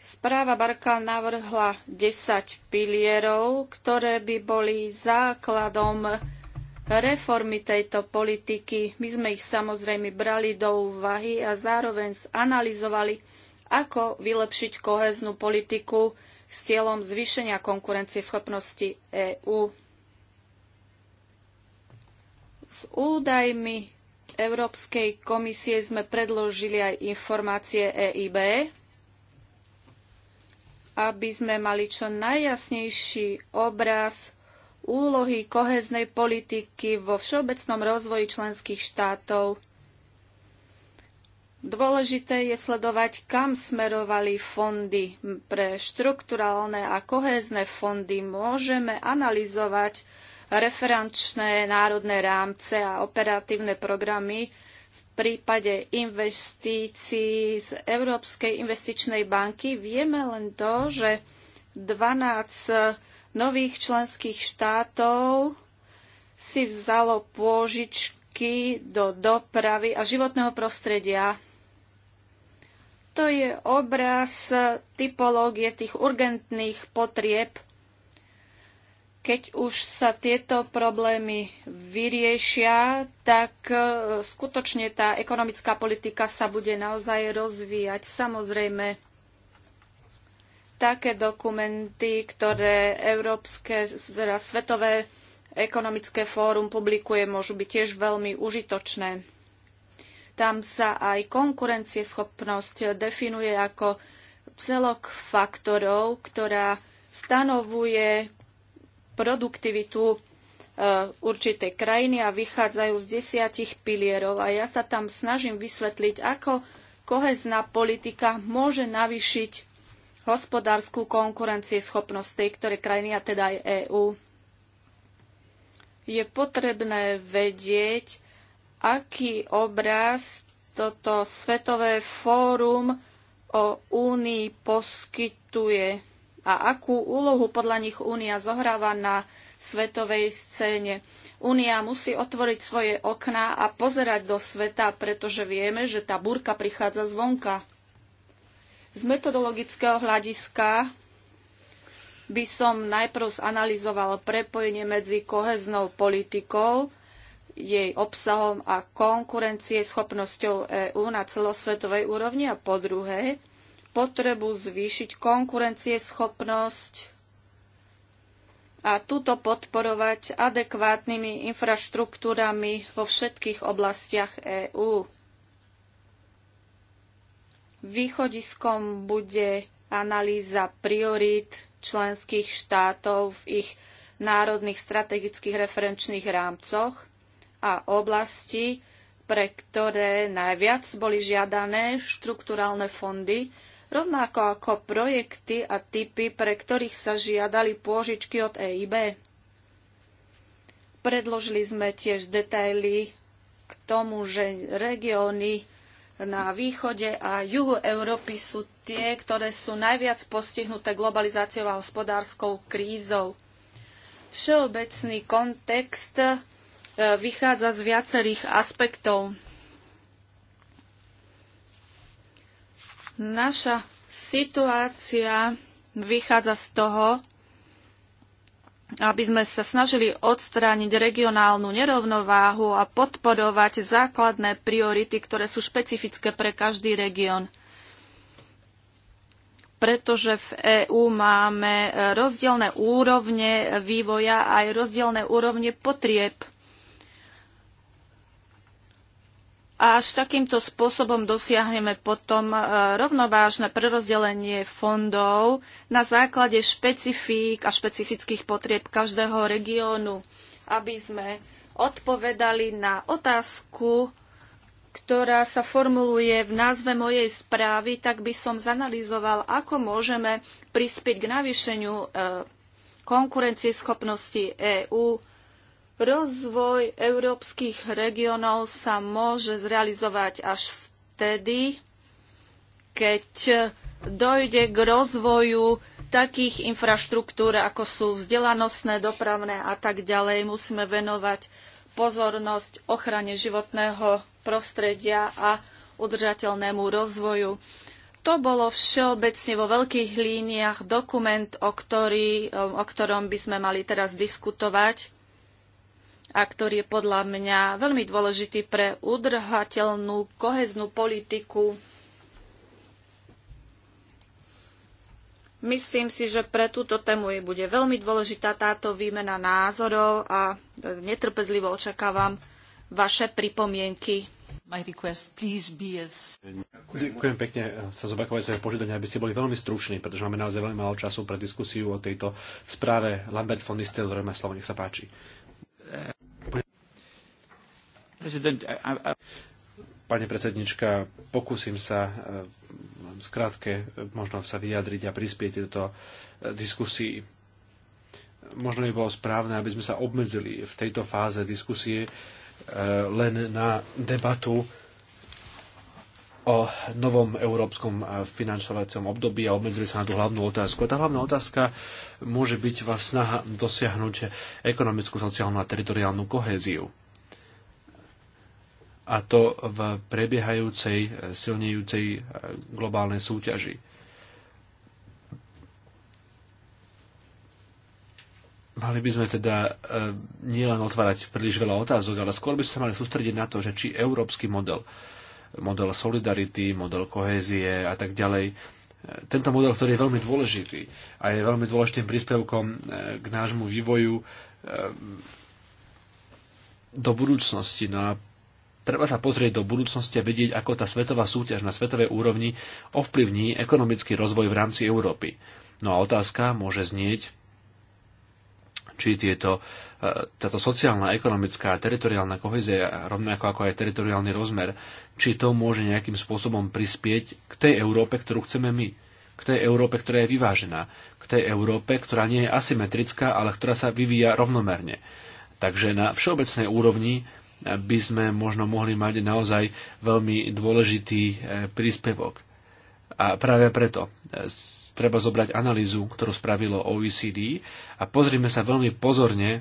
Správa Barka navrhla 10 pilierov, ktoré by boli základom reformy tejto politiky. My sme ich samozrejme brali do úvahy a zároveň zanalizovali, ako vylepšiť koheznú politiku s cieľom zvýšenia konkurencieschopnosti EÚ. S údajmi Európskej komisie sme predložili aj informácie EIB aby sme mali čo najjasnejší obraz úlohy koheznej politiky vo všeobecnom rozvoji členských štátov. Dôležité je sledovať, kam smerovali fondy pre štrukturálne a kohézne fondy. Môžeme analyzovať referenčné národné rámce a operatívne programy, prípade investícií z Európskej investičnej banky vieme len to, že 12 nových členských štátov si vzalo pôžičky do dopravy a životného prostredia. To je obraz typológie tých urgentných potrieb keď už sa tieto problémy vyriešia, tak e, skutočne tá ekonomická politika sa bude naozaj rozvíjať. Samozrejme, také dokumenty, ktoré Európske, teda Svetové ekonomické fórum publikuje, môžu byť tiež veľmi užitočné. Tam sa aj konkurencieschopnosť definuje ako celok faktorov, ktorá stanovuje produktivitu e, určitej krajiny a vychádzajú z desiatich pilierov. A ja sa tam snažím vysvetliť, ako kohezná politika môže navýšiť hospodárskú konkurencieschopnosť tej ktoré krajiny, a teda aj EÚ. Je potrebné vedieť, aký obraz toto Svetové fórum o Únii poskytuje a akú úlohu podľa nich Únia zohráva na svetovej scéne. Únia musí otvoriť svoje okná a pozerať do sveta, pretože vieme, že tá búrka prichádza zvonka. Z metodologického hľadiska by som najprv zanalizoval prepojenie medzi koheznou politikou, jej obsahom a konkurencie schopnosťou EÚ na celosvetovej úrovni a po druhé, potrebu zvýšiť konkurencieschopnosť a túto podporovať adekvátnymi infraštruktúrami vo všetkých oblastiach EÚ. Východiskom bude analýza priorít členských štátov v ich národných strategických referenčných rámcoch a oblasti, pre ktoré najviac boli žiadané štrukturálne fondy rovnako ako projekty a typy, pre ktorých sa žiadali pôžičky od EIB. Predložili sme tiež detaily k tomu, že regióny na východe a juhu Európy sú tie, ktoré sú najviac postihnuté globalizáciou a hospodárskou krízou. Všeobecný kontext e, vychádza z viacerých aspektov. Naša situácia vychádza z toho, aby sme sa snažili odstrániť regionálnu nerovnováhu a podporovať základné priority, ktoré sú špecifické pre každý región. Pretože v EÚ máme rozdielne úrovne vývoja a aj rozdielne úrovne potrieb. A až takýmto spôsobom dosiahneme potom e, rovnovážne prerozdelenie fondov na základe špecifík a špecifických potrieb každého regiónu, aby sme odpovedali na otázku, ktorá sa formuluje v názve mojej správy, tak by som zanalizoval, ako môžeme prispieť k navýšeniu e, konkurencieschopnosti EÚ Rozvoj európskych regiónov sa môže zrealizovať až vtedy, keď dojde k rozvoju takých infraštruktúr, ako sú vzdelanostné, dopravné a tak ďalej. Musíme venovať pozornosť ochrane životného prostredia a udržateľnému rozvoju. To bolo všeobecne vo veľkých líniách dokument, o, ktorý, o ktorom by sme mali teraz diskutovať a ktorý je podľa mňa veľmi dôležitý pre udrhateľnú koheznú politiku. Myslím si, že pre túto tému je bude veľmi dôležitá táto výmena názorov a netrpezlivo očakávam vaše pripomienky. Request, as... Ďakujem pekne sa zopakovať svoje požiadanie, aby ste boli veľmi struční, pretože máme naozaj veľmi málo času pre diskusiu o tejto správe. Lambert von Nistelrooy slovo, nech sa páči. Pani predsednička, pokúsim sa e, skrátke možno sa vyjadriť a prispieť tejto e, diskusii. Možno by bolo správne, aby sme sa obmedzili v tejto fáze diskusie e, len na debatu o novom európskom finančovacom období a obmedzili sa na tú hlavnú otázku. A tá hlavná otázka môže byť vás snaha dosiahnuť ekonomickú, sociálnu a teritoriálnu kohéziu a to v prebiehajúcej silnejúcej e, globálnej súťaži. Mali by sme teda e, nielen otvárať príliš veľa otázok, ale skôr by sme sa mali sústrediť na to, že či európsky model, model solidarity, model kohézie a tak ďalej, e, tento model, ktorý je veľmi dôležitý a je veľmi dôležitým príspevkom k nášmu vývoju do budúcnosti. No a Treba sa pozrieť do budúcnosti a vidieť, ako tá svetová súťaž na svetovej úrovni ovplyvní ekonomický rozvoj v rámci Európy. No a otázka môže znieť, či tieto, e, táto sociálna, ekonomická a teritoriálna kohezia, rovnako ako aj teritoriálny rozmer, či to môže nejakým spôsobom prispieť k tej Európe, ktorú chceme my. K tej Európe, ktorá je vyvážená. K tej Európe, ktorá nie je asymetrická, ale ktorá sa vyvíja rovnomerne. Takže na všeobecnej úrovni by sme možno mohli mať naozaj veľmi dôležitý e, príspevok. A práve preto e, treba zobrať analýzu, ktorú spravilo OECD a pozrime sa veľmi pozorne,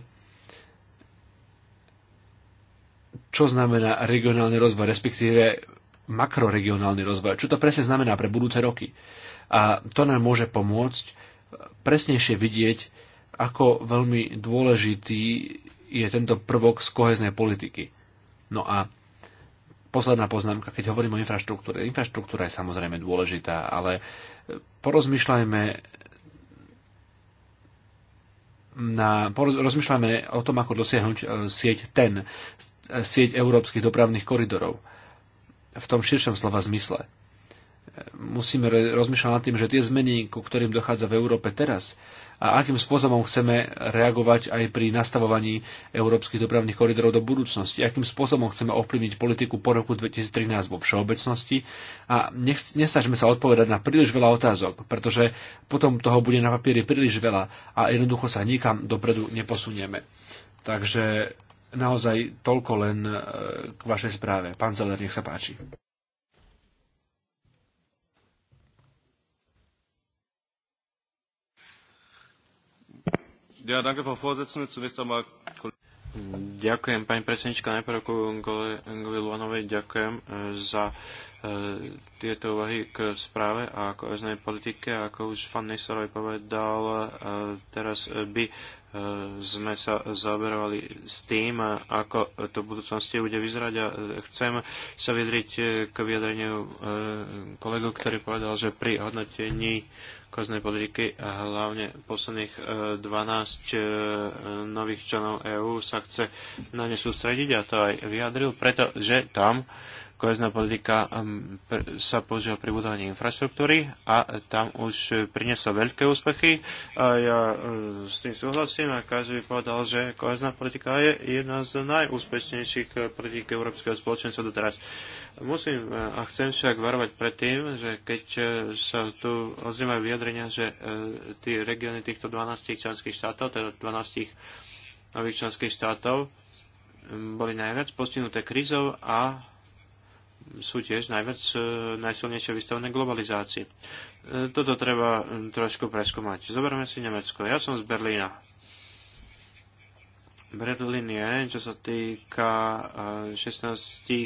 čo znamená regionálny rozvoj, respektíve makroregionálny rozvoj, čo to presne znamená pre budúce roky. A to nám môže pomôcť e, presnejšie vidieť, ako veľmi dôležitý je tento prvok z koheznej politiky. No a posledná poznámka, keď hovorím o infraštruktúre. Infraštruktúra je samozrejme dôležitá, ale e, porozmýšľajme na, porozmýšľajme o tom, ako dosiahnuť e, sieť TEN, e, sieť európskych dopravných koridorov v tom širšom slova zmysle musíme rozmýšľať nad tým, že tie zmeny, ku ktorým dochádza v Európe teraz a akým spôsobom chceme reagovať aj pri nastavovaní európskych dopravných koridorov do budúcnosti, akým spôsobom chceme ovplyvniť politiku po roku 2013 vo všeobecnosti a nech, nesnažme sa odpovedať na príliš veľa otázok, pretože potom toho bude na papieri príliš veľa a jednoducho sa nikam dopredu neposunieme. Takže naozaj toľko len e, k vašej správe. Pán Zeller, nech sa páči. Ďakujem, pani predsednička. Najprv kolegovi Luanovej ďakujem e, za e, tieto úvahy k správe a k oznej politike. Ako už fan Nisaroj povedal, e, teraz by sme sa zaoberovali s tým, ako to v budúcnosti bude vyzerať a chcem sa vyjadriť k vyjadreniu e, kolegu, ktorý povedal, že pri hodnotení koznej politiky a hlavne posledných 12 e, e, nových členov EÚ sa chce na ne sústrediť a to aj vyjadril, pretože tam kohezná politika sa používa pri budovaní infraštruktúry a tam už priniesla veľké úspechy. A ja e, s tým súhlasím a každý by povedal, že kohezná politika je jedna z najúspešnejších politik Európskeho spoločenstva doteraz. Musím e, a chcem však varovať pred tým, že keď e, sa tu ozývajú vyjadrenia, že tie regióny týchto 12 členských štátov, teda 12 nových členských štátov, boli najviac postihnuté krízou a sú tiež najviac e, najsilnejšie vystavené globalizácii. E, toto treba trošku preskúmať. Zoberme si Nemecko. Ja som z Berlína. Berlín je, čo sa týka 16 e,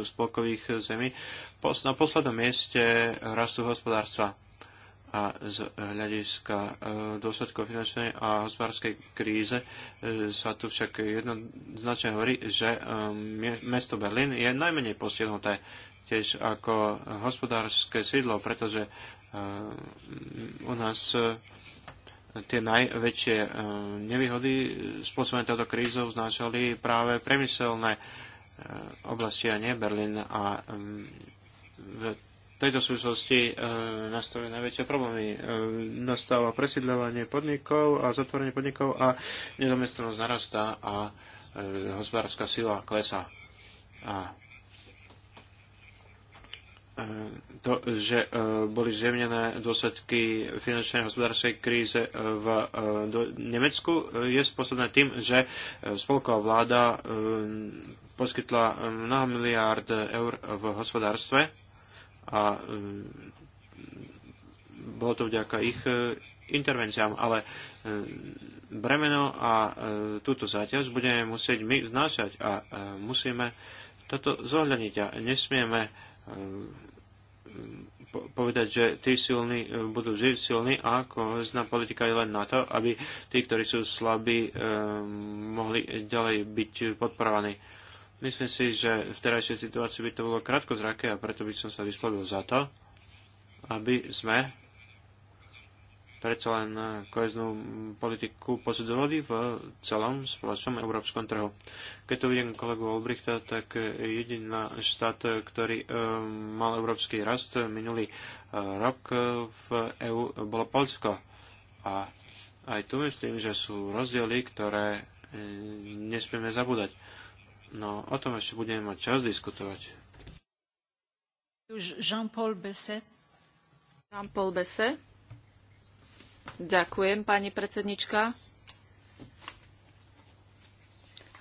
spolkových zemí, na poslednom mieste rastu hospodárstva a z hľadiska e, dôsledkov finančnej a hospodárskej kríze e, sa tu však jednoznačne hovorí, že e, mesto Berlín je najmenej postihnuté tiež ako hospodárske sídlo, pretože u nás tie najväčšie nevýhody spôsobené touto krízou znášali práve priemyselné oblasti a nie Berlín a v v tejto súvislosti e, nastali najväčšie problémy. E, nastáva presídľovanie podnikov a zatvorenie podnikov a nezamestnanosť narastá a e, hospodárska sila klesá. A e, to, že e, boli zjemnené dôsledky finančnej a hospodárskej kríze e, v Nemecku, je spôsobné tým, že spolková vláda poskytla mnoho miliárd eur v hospodárstve a e, bolo to vďaka ich e, intervenciám, ale e, bremeno a túto záťaž budeme musieť my vznášať a musíme toto zohľadniť a nesmieme povedať, že tí silní budú žiť silní a kohezná politika je len na to, aby tí, ktorí sú slabí, mohli ďalej byť podporovaní Myslím si, že v terajšej situácii by to bolo zrake a preto by som sa vyslovil za to, aby sme predsa len koheznú politiku posudzovali v celom spoločnom európskom trhu. Keď tu vidím kolegu Olbrichta, tak jediná štát, ktorý e, mal európsky rast minulý e, rok v EÚ, bolo Polsko. A aj tu myslím, že sú rozdiely, ktoré e, nesmieme zabúdať. No, o tom ešte budeme mať čas diskutovať. Jean-Paul Besset. Jean-Paul Besset. Ďakujem, pani predsednička.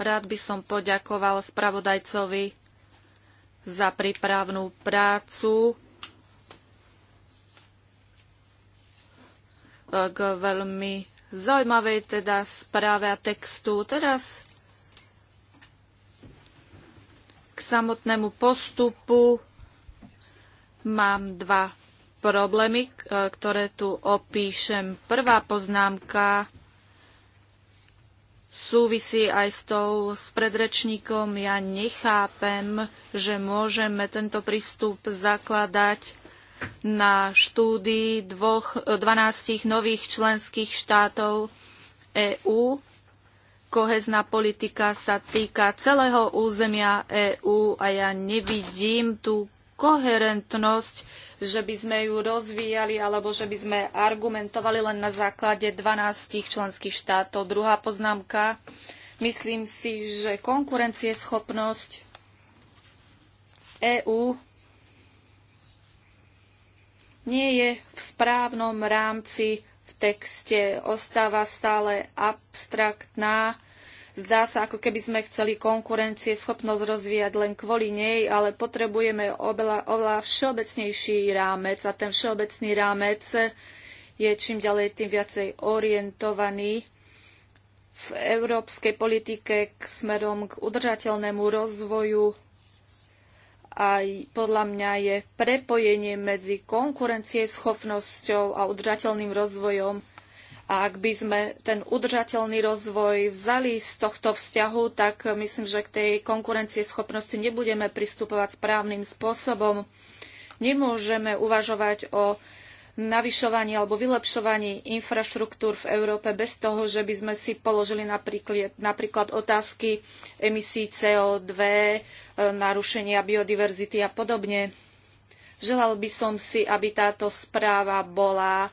Rád by som poďakoval spravodajcovi za prípravnú prácu k veľmi zaujímavej teda správe a textu. Teraz K samotnému postupu mám dva problémy, e, ktoré tu opíšem. Prvá poznámka súvisí aj s tou s predrečníkom. Ja nechápem, že môžeme tento prístup zakladať na štúdii dvoch, 12 e, nových členských štátov EÚ kohezná politika sa týka celého územia EÚ a ja nevidím tú koherentnosť, že by sme ju rozvíjali alebo že by sme argumentovali len na základe 12 členských štátov. Druhá poznámka. Myslím si, že konkurencieschopnosť EÚ nie je v správnom rámci v texte, ostáva stále abstraktná Zdá sa, ako keby sme chceli konkurencie schopnosť rozvíjať len kvôli nej, ale potrebujeme oveľa, oveľa všeobecnejší rámec a ten všeobecný rámec je čím ďalej tým viacej orientovaný v európskej politike k smerom k udržateľnému rozvoju a podľa mňa je prepojenie medzi konkurencieschopnosťou a udržateľným rozvojom a ak by sme ten udržateľný rozvoj vzali z tohto vzťahu, tak myslím, že k tej konkurencie schopnosti nebudeme pristupovať správnym spôsobom. Nemôžeme uvažovať o navyšovaní alebo vylepšovaní infraštruktúr v Európe bez toho, že by sme si položili napríklad, napríklad otázky emisí CO2, e, narušenia biodiverzity a podobne. Želal by som si, aby táto správa bola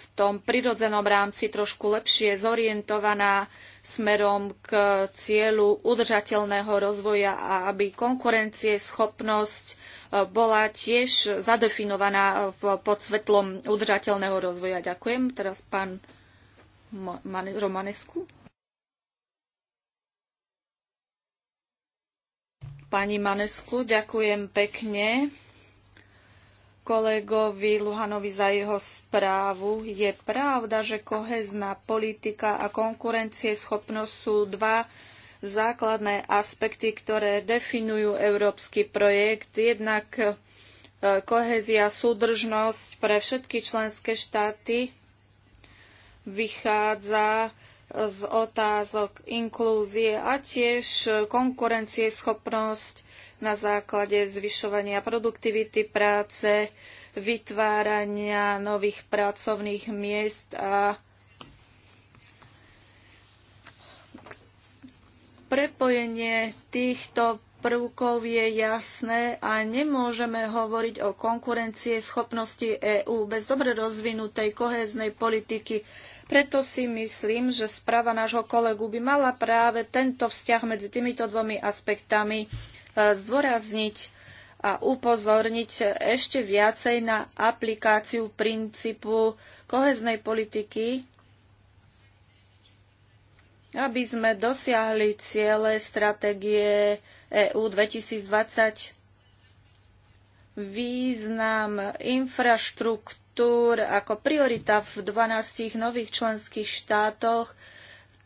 v tom prirodzenom rámci trošku lepšie zorientovaná smerom k cieľu udržateľného rozvoja a aby konkurencie, schopnosť e, bola tiež zadefinovaná e, pod svetlom udržateľného rozvoja. Ďakujem. Teraz pán Romanesku. Pani Manesku, ďakujem pekne kolegovi Luhanovi za jeho správu. Je pravda, že kohezná politika a konkurencieschopnosť sú dva základné aspekty, ktoré definujú európsky projekt. Jednak e, kohezia, súdržnosť pre všetky členské štáty vychádza z otázok inklúzie a tiež konkurencieschopnosť na základe zvyšovania produktivity práce, vytvárania nových pracovných miest a prepojenie týchto prvkov je jasné a nemôžeme hovoriť o konkurencie schopnosti EÚ bez dobre rozvinutej kohéznej politiky. Preto si myslím, že správa nášho kolegu by mala práve tento vzťah medzi týmito dvomi aspektami zdôrazniť a upozorniť ešte viacej na aplikáciu princípu koheznej politiky, aby sme dosiahli ciele stratégie EU 2020. Význam infraštruktúr ako priorita v 12 nových členských štátoch.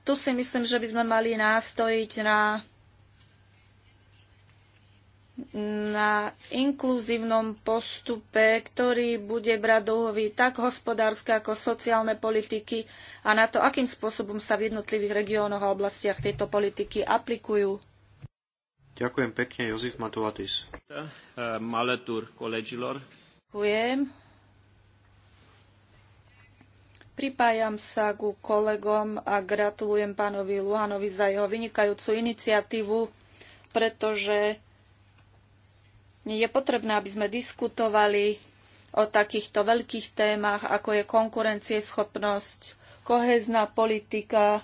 Tu si myslím, že by sme mali nástojiť na na inkluzívnom postupe, ktorý bude brať do úhovy tak hospodárske ako sociálne politiky a na to, akým spôsobom sa v jednotlivých regiónoch a oblastiach tejto politiky aplikujú. Ďakujem pekne, Jozif Matulatis. Maletur kolegilor. Ďakujem. Pripájam sa ku kolegom a gratulujem pánovi Luhanovi za jeho vynikajúcu iniciatívu, pretože je potrebné, aby sme diskutovali o takýchto veľkých témach, ako je konkurencieschopnosť, kohezná politika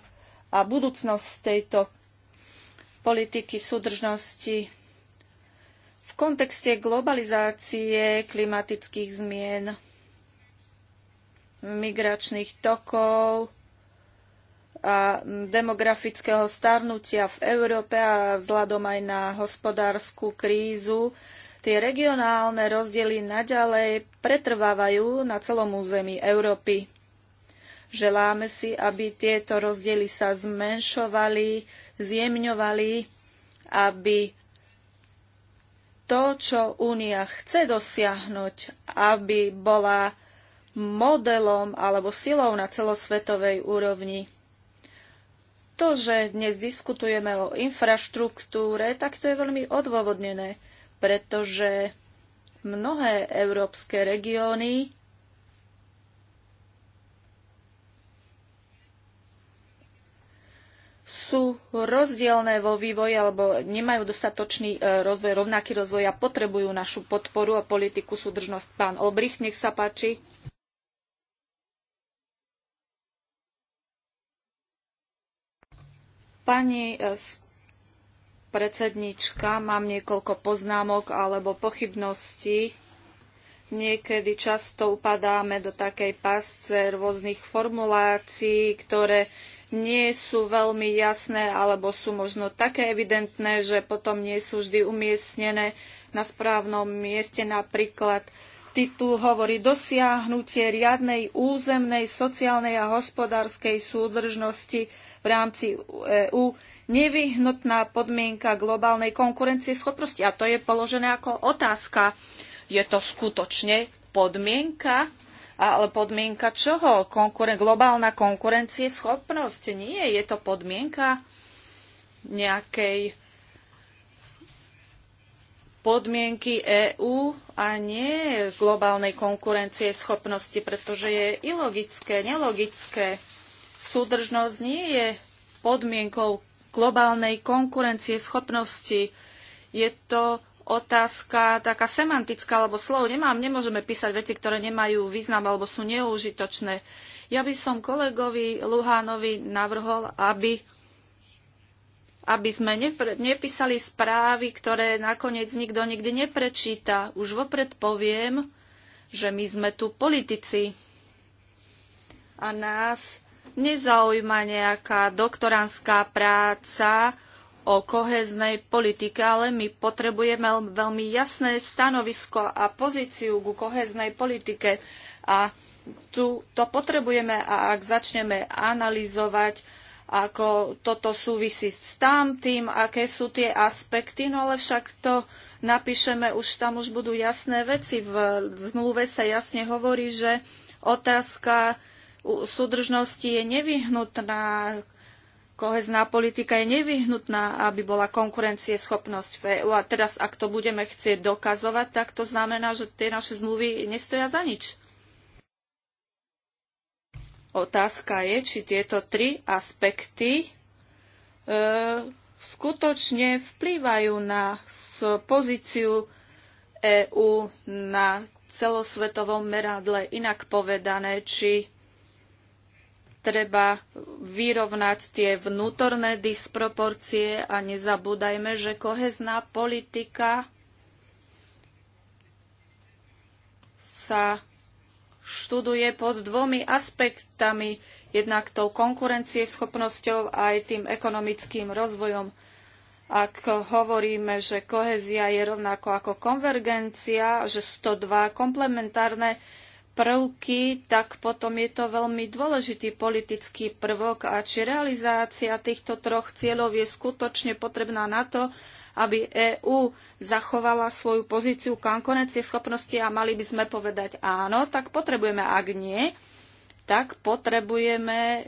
a budúcnosť tejto politiky súdržnosti. V kontexte globalizácie, klimatických zmien, migračných tokov a demografického starnutia v Európe a vzhľadom aj na hospodárskú krízu Tie regionálne rozdiely naďalej pretrvávajú na celom území Európy. Želáme si, aby tieto rozdiely sa zmenšovali, zjemňovali, aby to, čo Únia chce dosiahnuť, aby bola modelom alebo silou na celosvetovej úrovni. To, že dnes diskutujeme o infraštruktúre, tak to je veľmi odôvodnené pretože mnohé európske regióny sú rozdielne vo vývoji alebo nemajú dostatočný e, rozvoj, rovnaký rozvoj a potrebujú našu podporu a politiku súdržnosť. Pán Olbricht, nech sa páči. Pani e, predsednička, mám niekoľko poznámok alebo pochybností. Niekedy často upadáme do takej pasce rôznych formulácií, ktoré nie sú veľmi jasné alebo sú možno také evidentné, že potom nie sú vždy umiestnené na správnom mieste. Napríklad titul hovorí dosiahnutie riadnej územnej, sociálnej a hospodárskej súdržnosti v rámci EÚ nevyhnutná podmienka globálnej konkurencie schopnosti. A to je položené ako otázka. Je to skutočne podmienka? Ale podmienka čoho? Konkuren- globálna konkurencie schopnosť? Nie, je to podmienka nejakej podmienky EÚ a nie globálnej konkurencie schopnosti, pretože je ilogické, nelogické. Súdržnosť nie je podmienkou globálnej konkurencie schopnosti. Je to otázka taká semantická, alebo slovo nemám, nemôžeme písať veci, ktoré nemajú význam alebo sú neužitočné. Ja by som kolegovi Luhánovi navrhol, aby, aby sme nepre, nepísali správy, ktoré nakoniec nikto nikdy neprečíta. Už vopred poviem, že my sme tu politici a nás nezaujíma nejaká doktorandská práca o koheznej politike, ale my potrebujeme veľmi jasné stanovisko a pozíciu ku koheznej politike a tu to potrebujeme a ak začneme analyzovať, ako toto súvisí s tam tým, aké sú tie aspekty, no ale však to napíšeme, už tam už budú jasné veci. V zmluve sa jasne hovorí, že otázka súdržnosti je nevyhnutná, kohezná politika je nevyhnutná, aby bola konkurencieschopnosť v EU. A teraz, ak to budeme chcieť dokazovať, tak to znamená, že tie naše zmluvy nestoja za nič. Otázka je, či tieto tri aspekty e, skutočne vplývajú na pozíciu EÚ na celosvetovom meradle, inak povedané, či treba vyrovnať tie vnútorné disproporcie a nezabúdajme, že kohezná politika sa študuje pod dvomi aspektami, jednak tou konkurencieschopnosťou a aj tým ekonomickým rozvojom. Ak hovoríme, že kohezia je rovnako ako konvergencia, že sú to dva komplementárne prvky, tak potom je to veľmi dôležitý politický prvok a či realizácia týchto troch cieľov je skutočne potrebná na to, aby EÚ zachovala svoju pozíciu konkurencie schopnosti a mali by sme povedať áno, tak potrebujeme, ak nie, tak potrebujeme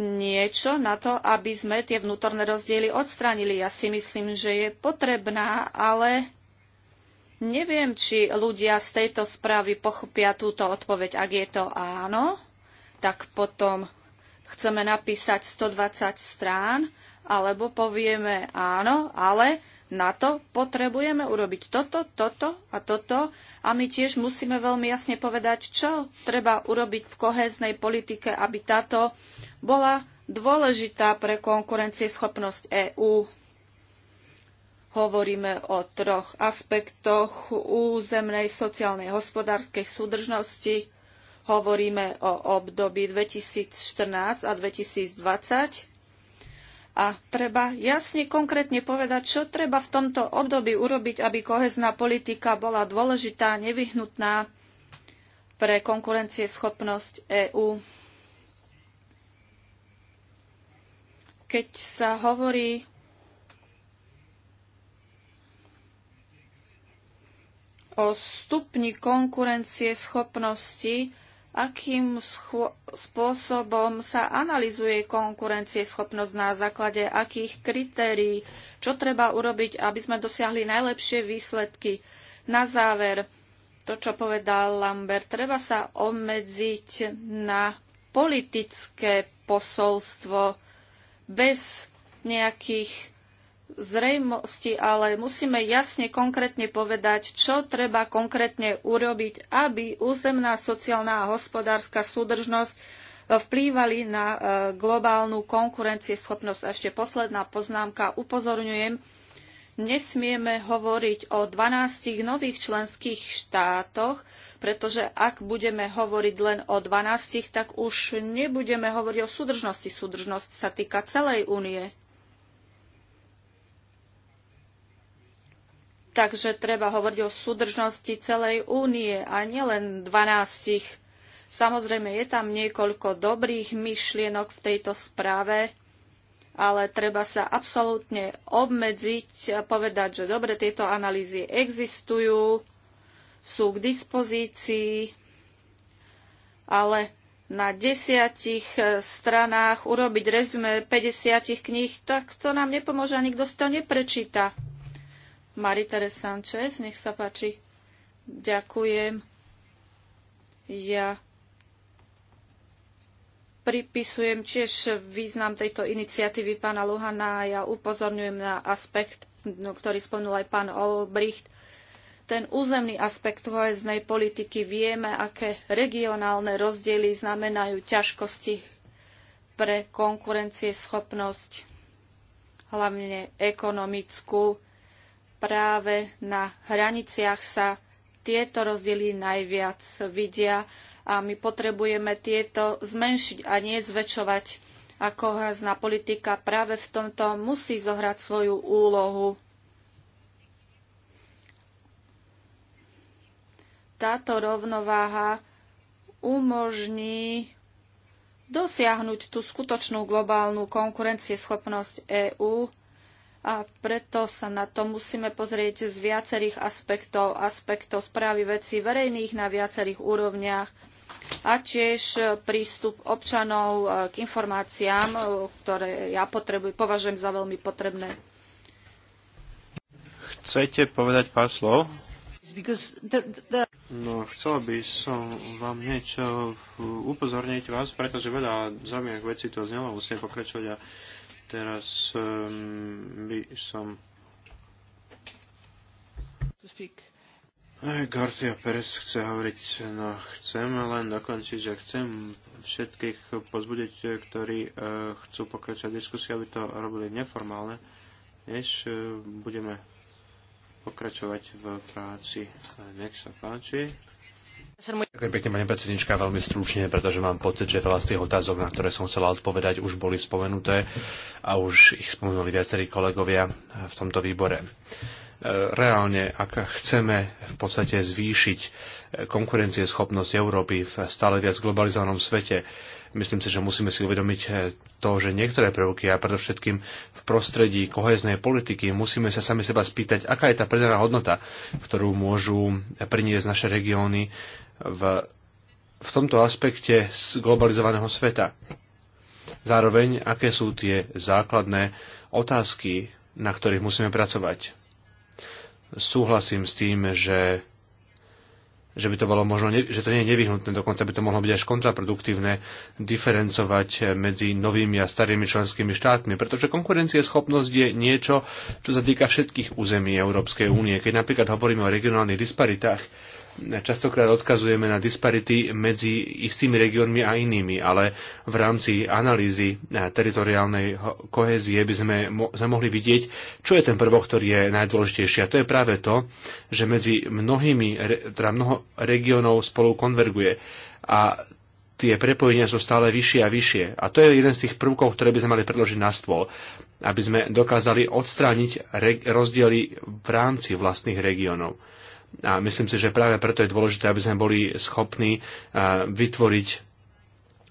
niečo na to, aby sme tie vnútorné rozdiely odstránili. Ja si myslím, že je potrebná, ale Neviem, či ľudia z tejto správy pochopia túto odpoveď. Ak je to áno, tak potom chceme napísať 120 strán, alebo povieme áno, ale na to potrebujeme urobiť toto, toto a toto. A my tiež musíme veľmi jasne povedať, čo treba urobiť v kohéznej politike, aby táto bola dôležitá pre konkurencieschopnosť EÚ hovoríme o troch aspektoch územnej, sociálnej, hospodárskej súdržnosti. Hovoríme o období 2014 a 2020. A treba jasne konkrétne povedať, čo treba v tomto období urobiť, aby kohezná politika bola dôležitá, nevyhnutná pre konkurencieschopnosť EÚ. Keď sa hovorí o stupni konkurencie schopnosti, akým spôsobom sa analizuje schopnosť na základe akých kritérií, čo treba urobiť, aby sme dosiahli najlepšie výsledky. Na záver, to, čo povedal Lambert, treba sa obmedziť na politické posolstvo bez nejakých zrejmosti, ale musíme jasne konkrétne povedať, čo treba konkrétne urobiť, aby územná, sociálna a hospodárska súdržnosť eh, vplývali na eh, globálnu konkurencieschopnosť. A ešte posledná poznámka. Upozorňujem, nesmieme hovoriť o 12 nových členských štátoch, pretože ak budeme hovoriť len o 12, tak už nebudeme hovoriť o súdržnosti. Súdržnosť sa týka celej únie. Takže treba hovoriť o súdržnosti celej únie a nielen 12. Samozrejme, je tam niekoľko dobrých myšlienok v tejto správe, ale treba sa absolútne obmedziť a povedať, že dobre, tieto analýzy existujú, sú k dispozícii, ale na desiatich stranách urobiť rezume 50 kníh, tak to nám nepomôže a nikto si to neprečíta. Maritere Sanchez. Nech sa páči. Ďakujem. Ja pripisujem tiež význam tejto iniciatívy pána Luhana a ja upozorňujem na aspekt, no, ktorý spomenul aj pán Olbricht, ten územný aspekt hojeznej politiky vieme, aké regionálne rozdiely znamenajú ťažkosti pre konkurencieschopnosť, hlavne ekonomickú práve na hraniciach sa tieto rozdiely najviac vidia a my potrebujeme tieto zmenšiť a nie zväčšovať. A koházna politika práve v tomto musí zohrať svoju úlohu. Táto rovnováha umožní dosiahnuť tú skutočnú globálnu konkurencieschopnosť EÚ a preto sa na to musíme pozrieť z viacerých aspektov, aspektov správy vecí verejných na viacerých úrovniach a tiež prístup občanov e, k informáciám, e, ktoré ja potrebuj, považujem za veľmi potrebné. Chcete povedať pár slov? No, chcel by som vám niečo upozorniť vás, pretože veľa zaujímavých vecí to znelo, musíme pokračovať a Teraz um, by som... Aj Garcia Perez chce hovoriť, no chcem len dokončiť, že chcem všetkých pozbudiť, ktorí uh, chcú pokračovať diskusiu, aby to robili neformálne, než uh, budeme pokračovať v práci. Nech sa páči. Ďakujem pekne, pani predsednička, veľmi stručne, pretože mám pocit, že veľa z tých otázok, na ktoré som chcela odpovedať, už boli spomenuté a už ich spomenuli viacerí kolegovia v tomto výbore. E, reálne, ak chceme v podstate zvýšiť konkurencieschopnosť Európy v stále viac globalizovanom svete, myslím si, že musíme si uvedomiť e, to, že niektoré prvky a predovšetkým v prostredí koheznej politiky musíme sa sami seba spýtať, aká je tá predaná hodnota, ktorú môžu priniesť naše regióny v, v tomto aspekte z globalizovaného sveta. Zároveň, aké sú tie základné otázky, na ktorých musíme pracovať. Súhlasím s tým, že že by to bolo možno, že to nie je nevyhnutné, dokonca by to mohlo byť až kontraproduktívne diferencovať medzi novými a starými členskými štátmi, pretože konkurencieschopnosť je niečo, čo sa týka všetkých území Európskej únie. Keď napríklad hovoríme o regionálnych disparitách, Častokrát odkazujeme na disparity medzi istými regiónmi a inými, ale v rámci analýzy eh, teritoriálnej kohezie by sme, sa mohli vidieť, čo je ten prvok, ktorý je najdôležitejší. A to je práve to, že medzi mnohými, teda mnoho regiónov spolu konverguje. A tie prepojenia sú stále vyššie a vyššie. A to je jeden z tých prvkov, ktoré by sme mali predložiť na stôl, aby sme dokázali odstrániť rozdiely v rámci vlastných regiónov. A myslím si, že práve preto je dôležité, aby sme boli schopní vytvoriť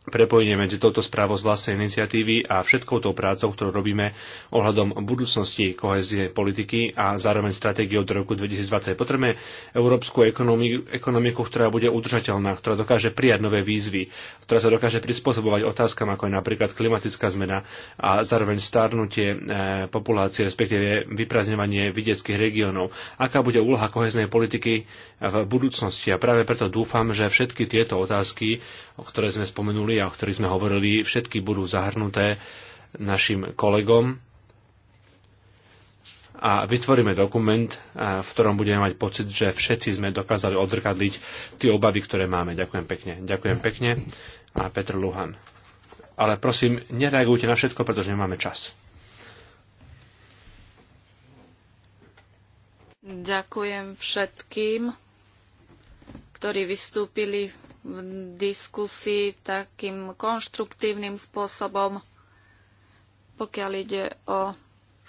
prepojenie medzi touto správou z vlastnej iniciatívy a všetkou tou prácou, ktorú robíme ohľadom budúcnosti kohezie politiky a zároveň stratégiou do roku 2020. Potrebujeme európsku ekonomiku, ekonomiku, ktorá bude udržateľná, ktorá dokáže prijať nové výzvy, ktorá sa dokáže prispôsobovať otázkam, ako je napríklad klimatická zmena a zároveň starnutie e, populácie, respektíve vyprazňovanie vidieckých regiónov. Aká bude úloha koheznej politiky v budúcnosti? A práve preto dúfam, že všetky tieto otázky, o ktoré sme spomenuli, správy, o ktorých sme hovorili, všetky budú zahrnuté našim kolegom a vytvoríme dokument, v ktorom budeme mať pocit, že všetci sme dokázali odzrkadliť tie obavy, ktoré máme. Ďakujem pekne. Ďakujem pekne. A Petr Luhan. Ale prosím, nereagujte na všetko, pretože nemáme čas. Ďakujem všetkým, ktorí vystúpili v diskusii takým konštruktívnym spôsobom, pokiaľ ide o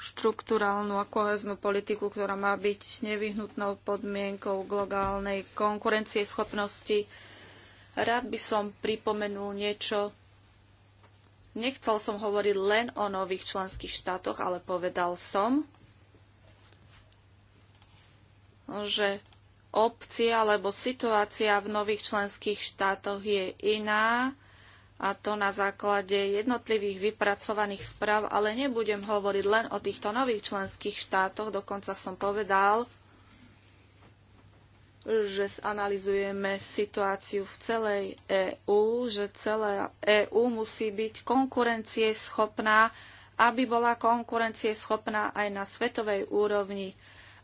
štruktúrálnu a koheznú politiku, ktorá má byť nevyhnutnou podmienkou globálnej konkurencie schopnosti. Rád by som pripomenul niečo. Nechcel som hovoriť len o nových členských štátoch, ale povedal som, že obcie alebo situácia v nových členských štátoch je iná a to na základe jednotlivých vypracovaných správ, ale nebudem hovoriť len o týchto nových členských štátoch, dokonca som povedal, že analizujeme situáciu v celej EÚ, že celá EÚ musí byť konkurencieschopná, aby bola konkurencieschopná aj na svetovej úrovni.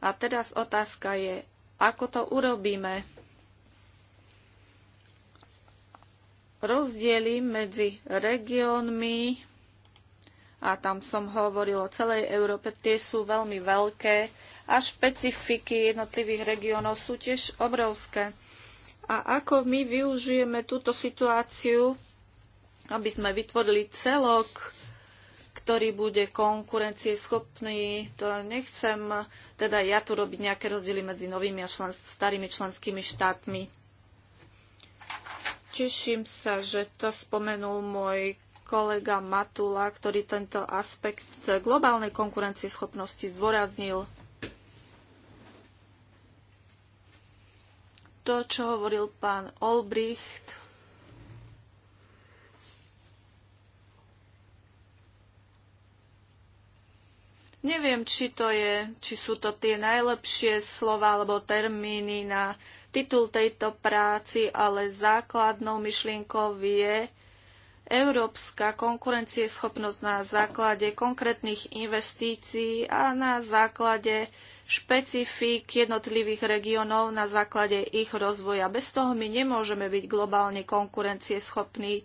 A teraz otázka je, ako to urobíme. Rozdiely medzi regiónmi, a tam som hovoril o celej Európe, tie sú veľmi veľké a špecifiky jednotlivých regiónov sú tiež obrovské. A ako my využijeme túto situáciu, aby sme vytvorili celok ktorý bude konkurencieschopný. To nechcem, teda ja tu robiť nejaké rozdiely medzi novými a člen, starými členskými štátmi. Teším sa, že to spomenul môj kolega Matula, ktorý tento aspekt globálnej konkurencieschopnosti zdôraznil. To, čo hovoril pán Olbricht, Neviem, či, to je, či sú to tie najlepšie slova alebo termíny na titul tejto práci, ale základnou myšlienkou je európska konkurencieschopnosť na základe konkrétnych investícií a na základe špecifík jednotlivých regiónov, na základe ich rozvoja. Bez toho my nemôžeme byť globálne konkurencieschopní.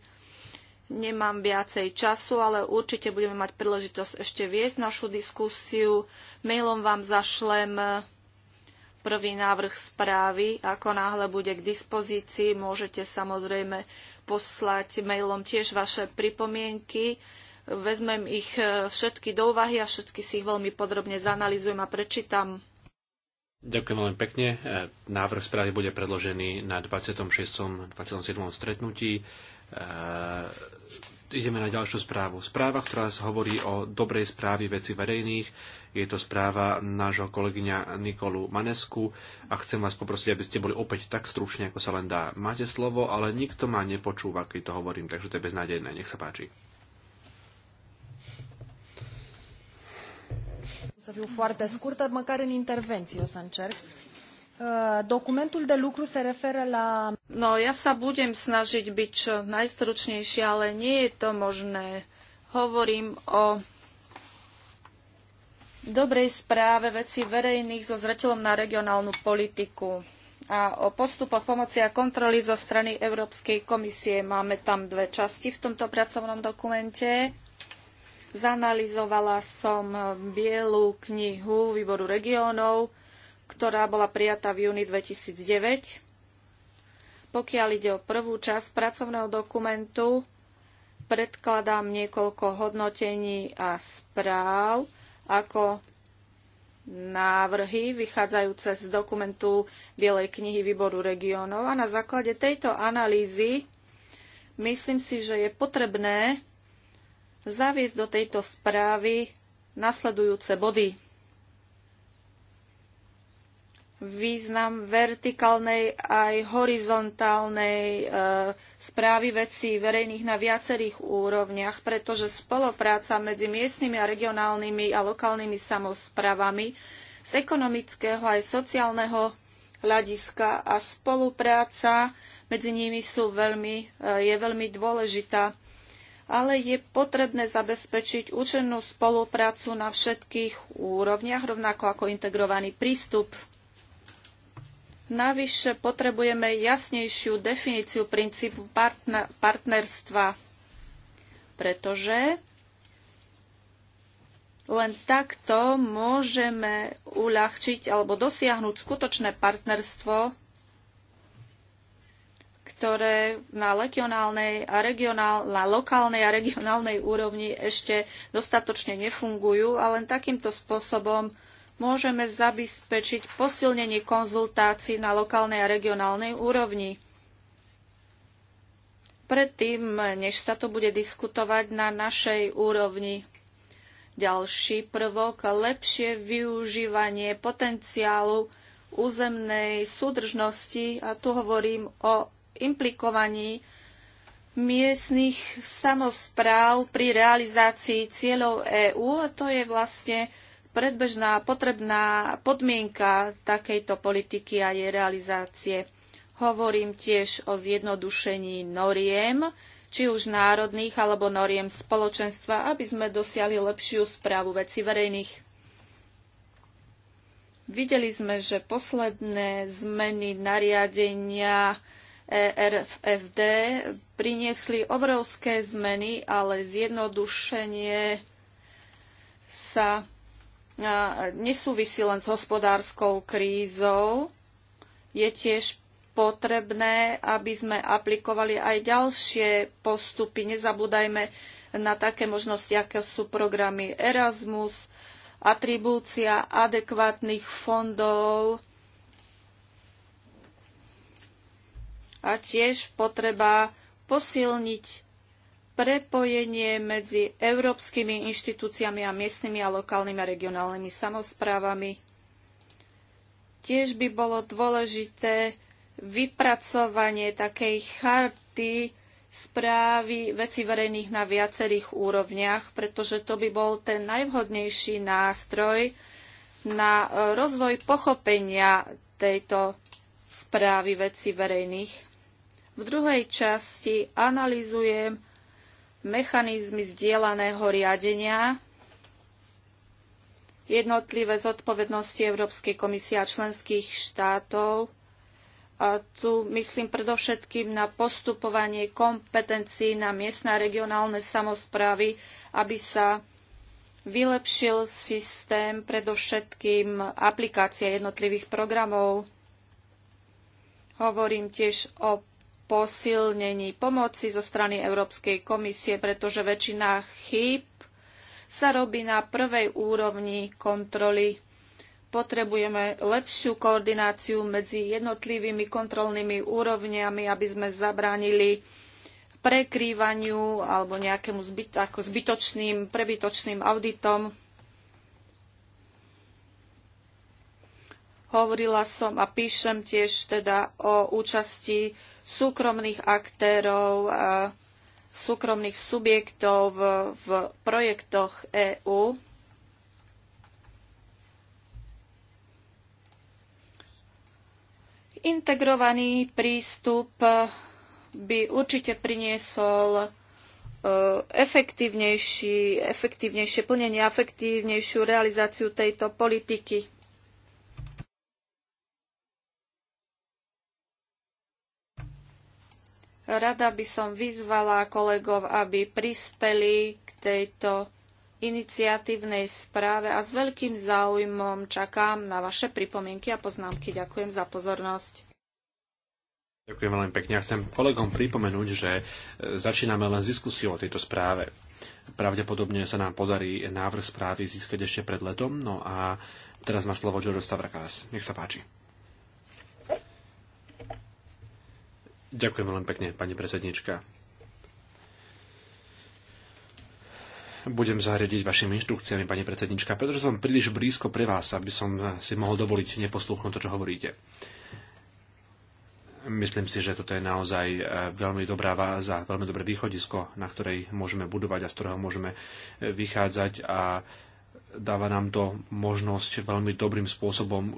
Nemám viacej času, ale určite budeme mať príležitosť ešte viesť našu diskusiu. Mailom vám zašlem eh, prvý návrh správy. Ako náhle bude k dispozícii, môžete samozrejme poslať mailom tiež vaše pripomienky. Vezmem ich eh, všetky do úvahy a všetky si ich veľmi podrobne zanalizujem a prečítam. Ďakujem veľmi pekne. Eh, návrh správy bude predložený na 26. 27. stretnutí ideme na ďalšiu správu. Správa, ktorá hovorí o dobrej správy veci verejných. Je to správa nášho kolegyňa Nikolu Manesku a chcem vás poprosiť, aby ste boli opäť tak stručne, ako sa len dá. Máte slovo, ale nikto ma nepočúva, keď to hovorím, takže to je beznádejné. Nech sa páči. Să fiu foarte scurtă, măcar în intervenții o să încerc. Eh, Dokumentul de lucru se referă la... No, ja sa budem snažiť byť čo najstručnejšia, ale nie je to možné. Hovorím o dobrej správe veci verejných so zreteľom na regionálnu politiku a o postupoch pomoci a kontroly zo strany Európskej komisie. Máme tam dve časti v tomto pracovnom dokumente. Zanalizovala som bielú knihu výboru regiónov ktorá bola prijatá v júni 2009. Pokiaľ ide o prvú časť pracovného dokumentu, predkladám niekoľko hodnotení a správ ako návrhy vychádzajúce z dokumentu Bielej knihy výboru regiónov a na základe tejto analýzy myslím si, že je potrebné zaviesť do tejto správy nasledujúce body význam vertikálnej aj horizontálnej e, správy vecí verejných na viacerých úrovniach, pretože spolupráca medzi miestnymi a regionálnymi a lokálnymi samozprávami z ekonomického aj sociálneho hľadiska a spolupráca medzi nimi sú veľmi, e, je veľmi dôležitá ale je potrebné zabezpečiť účinnú spoluprácu na všetkých úrovniach, rovnako ako integrovaný prístup Navyše potrebujeme jasnejšiu definíciu princípu partner, partnerstva, pretože len takto môžeme uľahčiť alebo dosiahnuť skutočné partnerstvo, ktoré na, regionálnej a regionál, na lokálnej a regionálnej úrovni ešte dostatočne nefungujú a len takýmto spôsobom môžeme zabezpečiť posilnenie konzultácií na lokálnej a regionálnej úrovni. Predtým, než sa to bude diskutovať na našej úrovni. Ďalší prvok, lepšie využívanie potenciálu územnej súdržnosti, a tu hovorím o implikovaní miestnych samozpráv pri realizácii cieľov EÚ. a To je vlastne predbežná potrebná podmienka takejto politiky a jej realizácie. Hovorím tiež o zjednodušení noriem, či už národných alebo noriem spoločenstva, aby sme dosiahli lepšiu správu veci verejných. Videli sme, že posledné zmeny nariadenia ERFD priniesli obrovské zmeny, ale zjednodušenie sa nesúvisí len s hospodárskou krízou. Je tiež potrebné, aby sme aplikovali aj ďalšie postupy. Nezabúdajme na také možnosti, aké sú programy Erasmus, atribúcia adekvátnych fondov a tiež potreba posilniť prepojenie medzi európskymi inštitúciami a miestnymi a lokálnymi a regionálnymi samozprávami. Tiež by bolo dôležité vypracovanie takej charty správy veci verejných na viacerých úrovniach, pretože to by bol ten najvhodnejší nástroj na e, rozvoj pochopenia tejto správy veci verejných. V druhej časti analizujem mechanizmy zdieľaného riadenia, jednotlivé zodpovednosti Európskej komisie a členských štátov. A tu myslím predovšetkým na postupovanie kompetencií na miestne a regionálne samozprávy, aby sa vylepšil systém predovšetkým aplikácia jednotlivých programov. Hovorím tiež o posilnení pomoci zo strany Európskej komisie, pretože väčšina chýb sa robí na prvej úrovni kontroly. Potrebujeme lepšiu koordináciu medzi jednotlivými kontrolnými úrovniami, aby sme zabránili prekrývaniu alebo nejakému zbyt, ako zbytočným, prebytočným auditom Hovorila som a píšem tiež teda o účasti súkromných aktérov, a súkromných subjektov v, v projektoch EÚ. Integrovaný prístup by určite priniesol e, efektívnejší, efektívnejšie plnenie, efektívnejšiu realizáciu tejto politiky. Rada by som vyzvala kolegov, aby prispeli k tejto iniciatívnej správe a s veľkým záujmom čakám na vaše pripomienky a poznámky. Ďakujem za pozornosť. Ďakujem veľmi pekne. chcem kolegom pripomenúť, že e, začíname len s diskusiou o tejto správe. Pravdepodobne sa nám podarí návrh správy získať ešte pred letom. No a teraz má slovo Joros Stavrakás. Nech sa páči. Ďakujem veľmi pekne, pani predsednička. budem zariadiť vašimi inštrukciami, pani predsednička, pretože som príliš blízko pre vás, aby som si mohol dovoliť neposlúchnuť to, čo hovoríte. Myslím si, že toto je naozaj e, veľmi dobrá váza, veľmi dobré východisko, na ktorej môžeme budovať a z ktorého môžeme e, vychádzať a dáva nám to možnosť veľmi dobrým spôsobom e,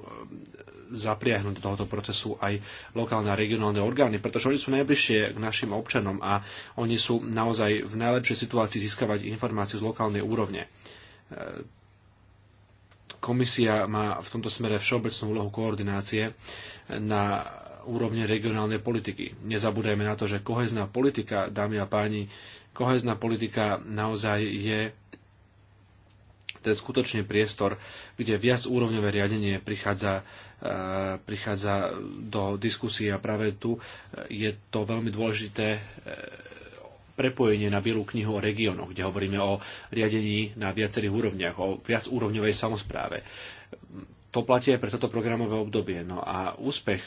zapriahnuť do tohoto procesu aj lokálne a regionálne orgány, pretože oni sú najbližšie k našim občanom a oni sú naozaj v najlepšej situácii získavať informácie z lokálnej úrovne. E, komisia má v tomto smere všeobecnú úlohu koordinácie na úrovne regionálnej politiky. Nezabúdajme na to, že kohezná politika, dámy a páni, kohezná politika naozaj je to je skutočne priestor, kde viac úrovňové riadenie prichádza, e, prichádza do diskusie a práve tu e, je to veľmi dôležité e, prepojenie na Bielú knihu o regiónoch, kde hovoríme o riadení na viacerých úrovniach, o viacúrovňovej samozpráve. To platí aj pre toto programové obdobie. No a úspech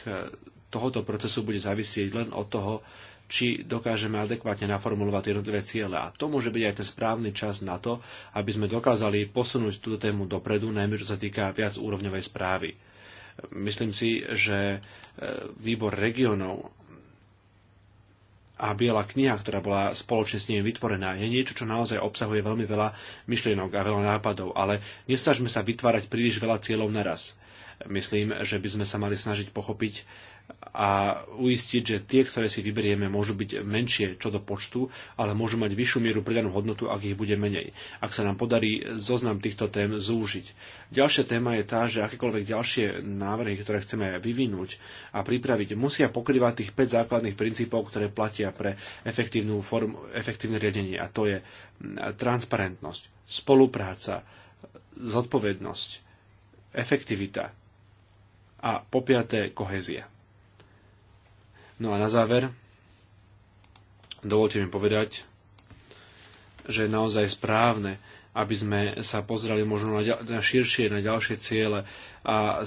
tohoto procesu bude závisieť len od toho, či dokážeme adekvátne naformulovať jednotlivé ciele. A to môže byť aj ten správny čas na to, aby sme dokázali posunúť túto tému dopredu, najmä čo sa týka viac úrovňovej správy. Myslím si, že e, výbor regionov a biela kniha, ktorá bola spoločne s nimi vytvorená, je niečo, čo naozaj obsahuje veľmi veľa myšlienok a veľa nápadov, ale nestažme sa vytvárať príliš veľa cieľov naraz. Myslím, že by sme sa mali snažiť pochopiť, a uistiť, že tie, ktoré si vyberieme, môžu byť menšie čo do počtu, ale môžu mať vyššiu mieru pridanú hodnotu, ak ich bude menej. Ak sa nám podarí zoznam týchto tém zúžiť. Ďalšia téma je tá, že akékoľvek ďalšie návrhy, ktoré chceme vyvinúť a pripraviť, musia pokrývať tých 5 základných princípov, ktoré platia pre efektívnu form, efektívne riadenie. A to je transparentnosť, spolupráca, zodpovednosť, efektivita a popiaté, kohézia. No a na záver, dovolte mi povedať, že je naozaj správne, aby sme sa pozerali možno na, na širšie, na ďalšie ciele a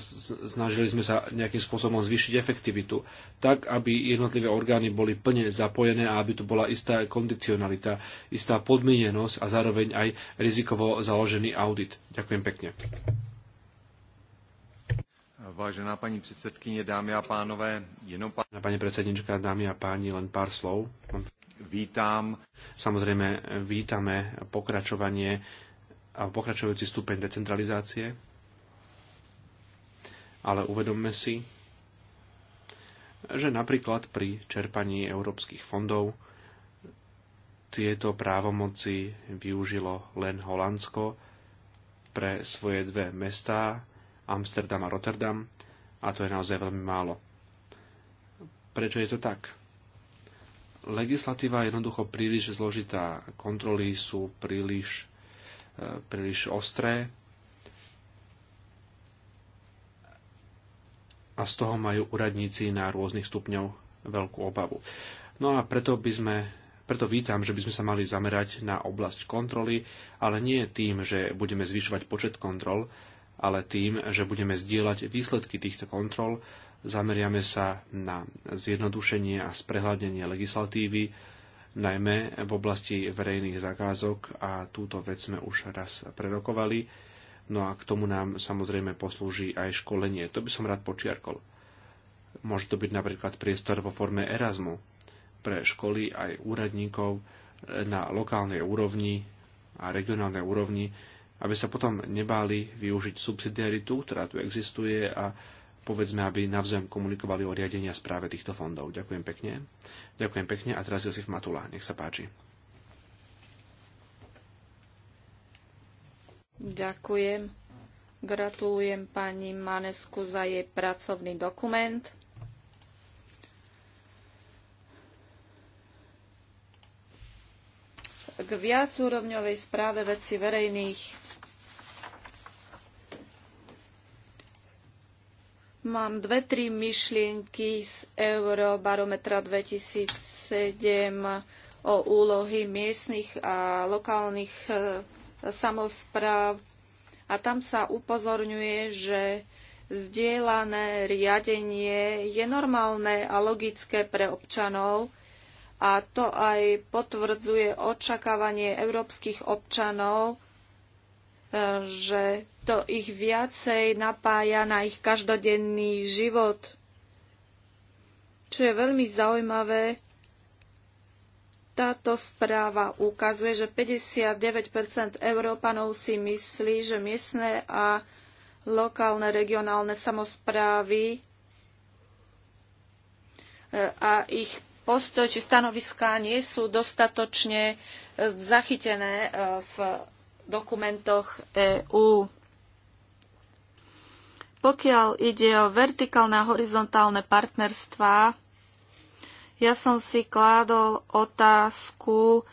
snažili sme sa nejakým spôsobom zvýšiť efektivitu, tak aby jednotlivé orgány boli plne zapojené a aby tu bola istá kondicionalita, istá podmienenosť a zároveň aj rizikovo založený audit. Ďakujem pekne. Vážená pani predsedkynie, dámy a pánové, jenom pán... Pani predsednička, dámy a páni, len pár slov. Vítam. Samozrejme, vítame pokračovanie a pokračujúci stupeň decentralizácie, ale uvedomme si, že napríklad pri čerpaní európskych fondov tieto právomoci využilo len Holandsko pre svoje dve mestá, Amsterdam a Rotterdam a to je naozaj veľmi málo. Prečo je to tak? Legislatíva je jednoducho príliš zložitá, kontroly sú príliš, e, príliš ostré a z toho majú úradníci na rôznych stupňov veľkú obavu. No a preto by sme preto vítam, že by sme sa mali zamerať na oblasť kontroly, ale nie tým, že budeme zvyšovať počet kontrol, ale tým, že budeme zdieľať výsledky týchto kontrol, zameriame sa na zjednodušenie a sprehľadnenie legislatívy, najmä v oblasti verejných zakázok a túto vec sme už raz prerokovali. No a k tomu nám samozrejme poslúži aj školenie. To by som rád počiarkol. Môže to byť napríklad priestor vo forme Erasmu pre školy aj úradníkov na lokálnej úrovni a regionálnej úrovni, aby sa potom nebáli využiť subsidiaritu, ktorá tu existuje a povedzme, aby navzájom komunikovali o riadenia správe týchto fondov. Ďakujem pekne. Ďakujem pekne a teraz Josif Matula. Nech sa páči. Ďakujem. Gratulujem pani Manesku za jej pracovný dokument. K viacúrovňovej správe veci verejných Mám dve, tri myšlienky z Eurobarometra 2007 o úlohy miestnych a lokálnych e, samozpráv. A tam sa upozorňuje, že zdieľané riadenie je normálne a logické pre občanov a to aj potvrdzuje očakávanie európskych občanov, e, že to ich viacej napája na ich každodenný život. Čo je veľmi zaujímavé, táto správa ukazuje, že 59 Európanov si myslí, že miestne a lokálne regionálne samozprávy eh, a ich postoj či stanoviská nie sú dostatočne eh, zachytené eh, v dokumentoch EÚ. Pokiaľ ide o vertikálne a horizontálne partnerstvá, ja som si kládol otázku,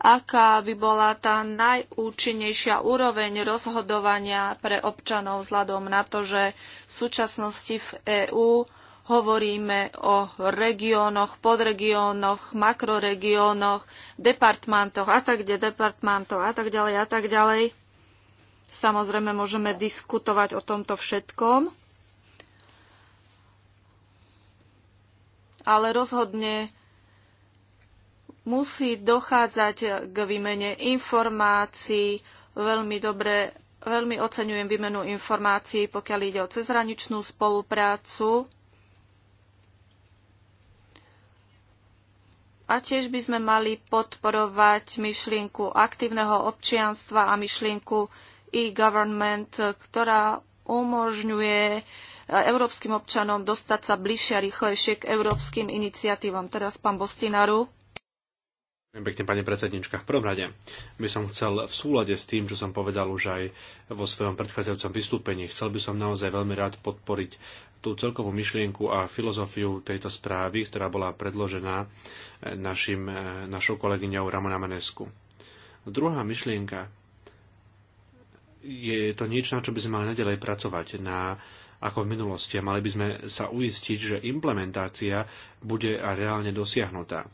aká by bola tá najúčinnejšia úroveň rozhodovania pre občanov vzhľadom na to, že v súčasnosti v EÚ hovoríme o regiónoch, podregiónoch, makroregiónoch, departmantoch a tak kde, departmantoch a tak ďalej a tak ďalej. Samozrejme, môžeme diskutovať o tomto všetkom, ale rozhodne musí dochádzať k výmene informácií. Veľmi dobre, veľmi oceňujem výmenu informácií, pokiaľ ide o cezhraničnú spoluprácu. A tiež by sme mali podporovať myšlienku aktívneho občianstva a myšlienku e-government, ktorá umožňuje e, európskym občanom dostať sa bližšie a rýchlejšie k európskym iniciatívam. Teraz pán Bostinaru. Pekne, pani predsednička. V prvom rade by som chcel v súlade s tým, čo som povedal už aj vo svojom predchádzajúcom vystúpení, chcel by som naozaj veľmi rád podporiť tú celkovú myšlienku a filozofiu tejto správy, ktorá bola predložená e, našim, e, našou kolegyňou Ramona Manesku. Druhá myšlienka, je to niečo, na čo by sme mali nadalej pracovať, na, ako v minulosti. A mali by sme sa uistiť, že implementácia bude reálne dosiahnutá.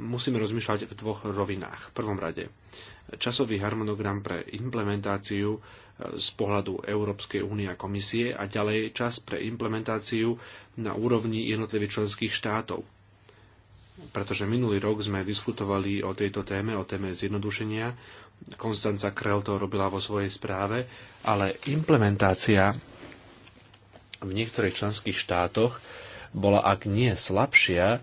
Musíme rozmýšľať v dvoch rovinách. V prvom rade, časový harmonogram pre implementáciu e, z pohľadu Európskej únie a komisie a ďalej čas pre implementáciu na úrovni jednotlivých členských štátov. Pretože minulý rok sme diskutovali o tejto téme, o téme zjednodušenia, Konstanca Krell to robila vo svojej správe, ale implementácia v niektorých členských štátoch bola ak nie slabšia, e,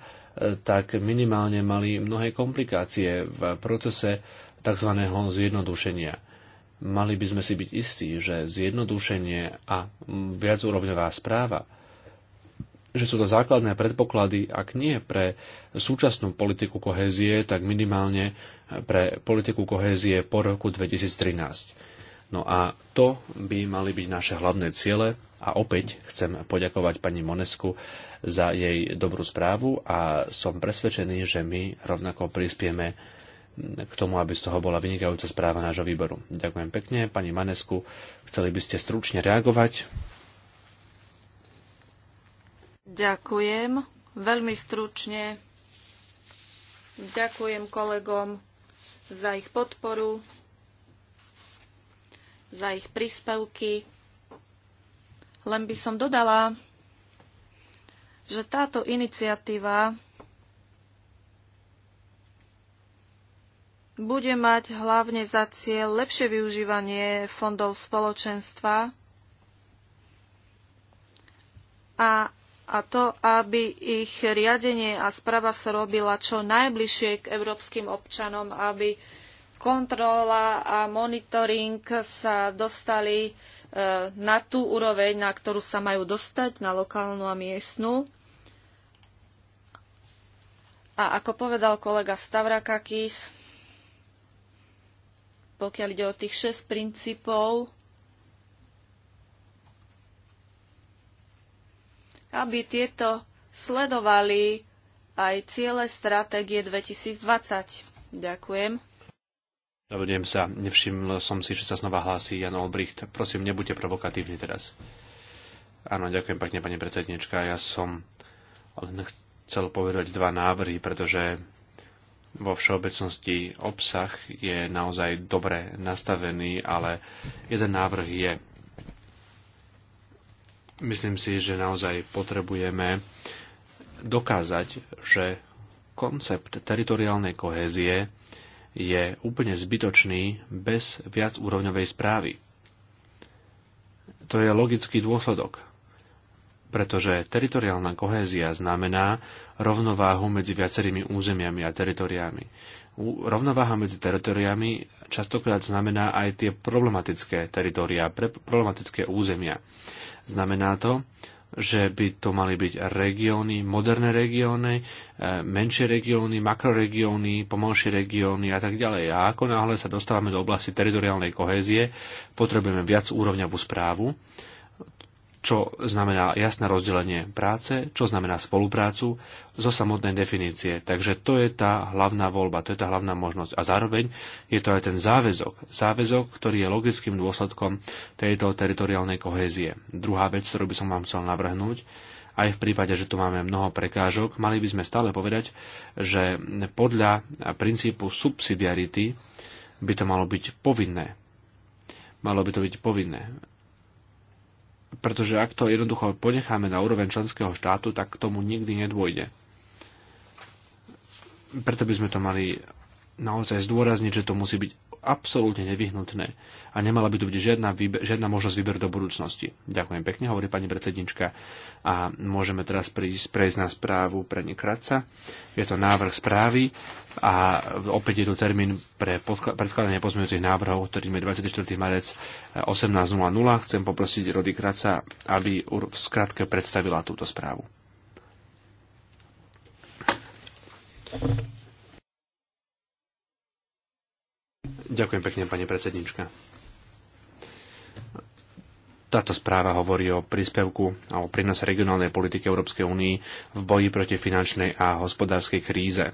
tak minimálne mali mnohé komplikácie v procese tzv. zjednodušenia. Mali by sme si byť istí, že zjednodušenie a viacúrovňová správa že sú to základné predpoklady, ak nie pre súčasnú politiku kohézie, tak minimálne pre politiku kohézie po roku 2013. No a to by mali byť naše hlavné ciele a opäť chcem poďakovať pani Monesku za jej dobrú správu a som presvedčený, že my rovnako prispieme k tomu, aby z toho bola vynikajúca správa nášho výboru. Ďakujem pekne. Pani Manesku, chceli by ste stručne reagovať? Ďakujem. Veľmi stručne. Ďakujem kolegom za ich podporu, za ich príspevky. Len by som dodala, že táto iniciatíva bude mať hlavne za cieľ lepšie využívanie fondov spoločenstva a a to, aby ich riadenie a správa sa robila čo najbližšie k európskym občanom, aby kontrola a monitoring sa dostali e, na tú úroveň, na ktorú sa majú dostať, na lokálnu a miestnu. A ako povedal kolega Stavrakakis, pokiaľ ide o tých šesť princípov, aby tieto sledovali aj ciele stratégie 2020. Ďakujem. Dovediem sa, nevšiml som si, že sa znova hlási Jan Olbricht. Prosím, nebuďte provokatívni teraz. Áno, ďakujem pekne, pani predsednička. Ja som len chcel povedať dva návrhy, pretože vo všeobecnosti obsah je naozaj dobre nastavený, ale jeden návrh je Myslím si, že naozaj potrebujeme dokázať, že koncept teritoriálnej kohézie je úplne zbytočný bez viacúrovňovej správy. To je logický dôsledok, pretože teritoriálna kohézia znamená rovnováhu medzi viacerými územiami a teritoriami rovnováha medzi teritoriami častokrát znamená aj tie problematické teritoria, pre problematické územia. Znamená to, že by to mali byť regióny, moderné regióny, e, menšie regióny, makroregióny, pomalšie regióny a tak ďalej. A ako náhle sa dostávame do oblasti teritoriálnej kohézie, potrebujeme viac úrovňovú správu, čo znamená jasné rozdelenie práce, čo znamená spoluprácu zo samotnej definície. Takže to je tá hlavná voľba, to je tá hlavná možnosť. A zároveň je to aj ten záväzok. Záväzok, ktorý je logickým dôsledkom tejto teritoriálnej kohézie. Druhá vec, ktorú by som vám chcel navrhnúť, aj v prípade, že tu máme mnoho prekážok, mali by sme stále povedať, že podľa princípu subsidiarity by to malo byť povinné. Malo by to byť povinné pretože ak to jednoducho ponecháme na úroveň členského štátu, tak k tomu nikdy nedôjde. Preto by sme to mali naozaj zdôrazniť, že to musí byť absolútne nevyhnutné a nemala by tu byť žiadna, výber, žiadna možnosť výberu do budúcnosti. Ďakujem pekne, hovorí pani predsednička. A môžeme teraz prísť, prejsť na správu pre Kratca. Je to návrh správy a opäť je tu termín pre predkladanie pozmeňujúcich návrhov, ktorým je 24. marec 18.00. Eh, Chcem poprosiť Rody Kratca, aby v skratke predstavila túto správu. Ďakujem pekne, pani predsednička. Táto správa hovorí o príspevku a o prínose regionálnej politiky Európskej únii v boji proti finančnej a hospodárskej kríze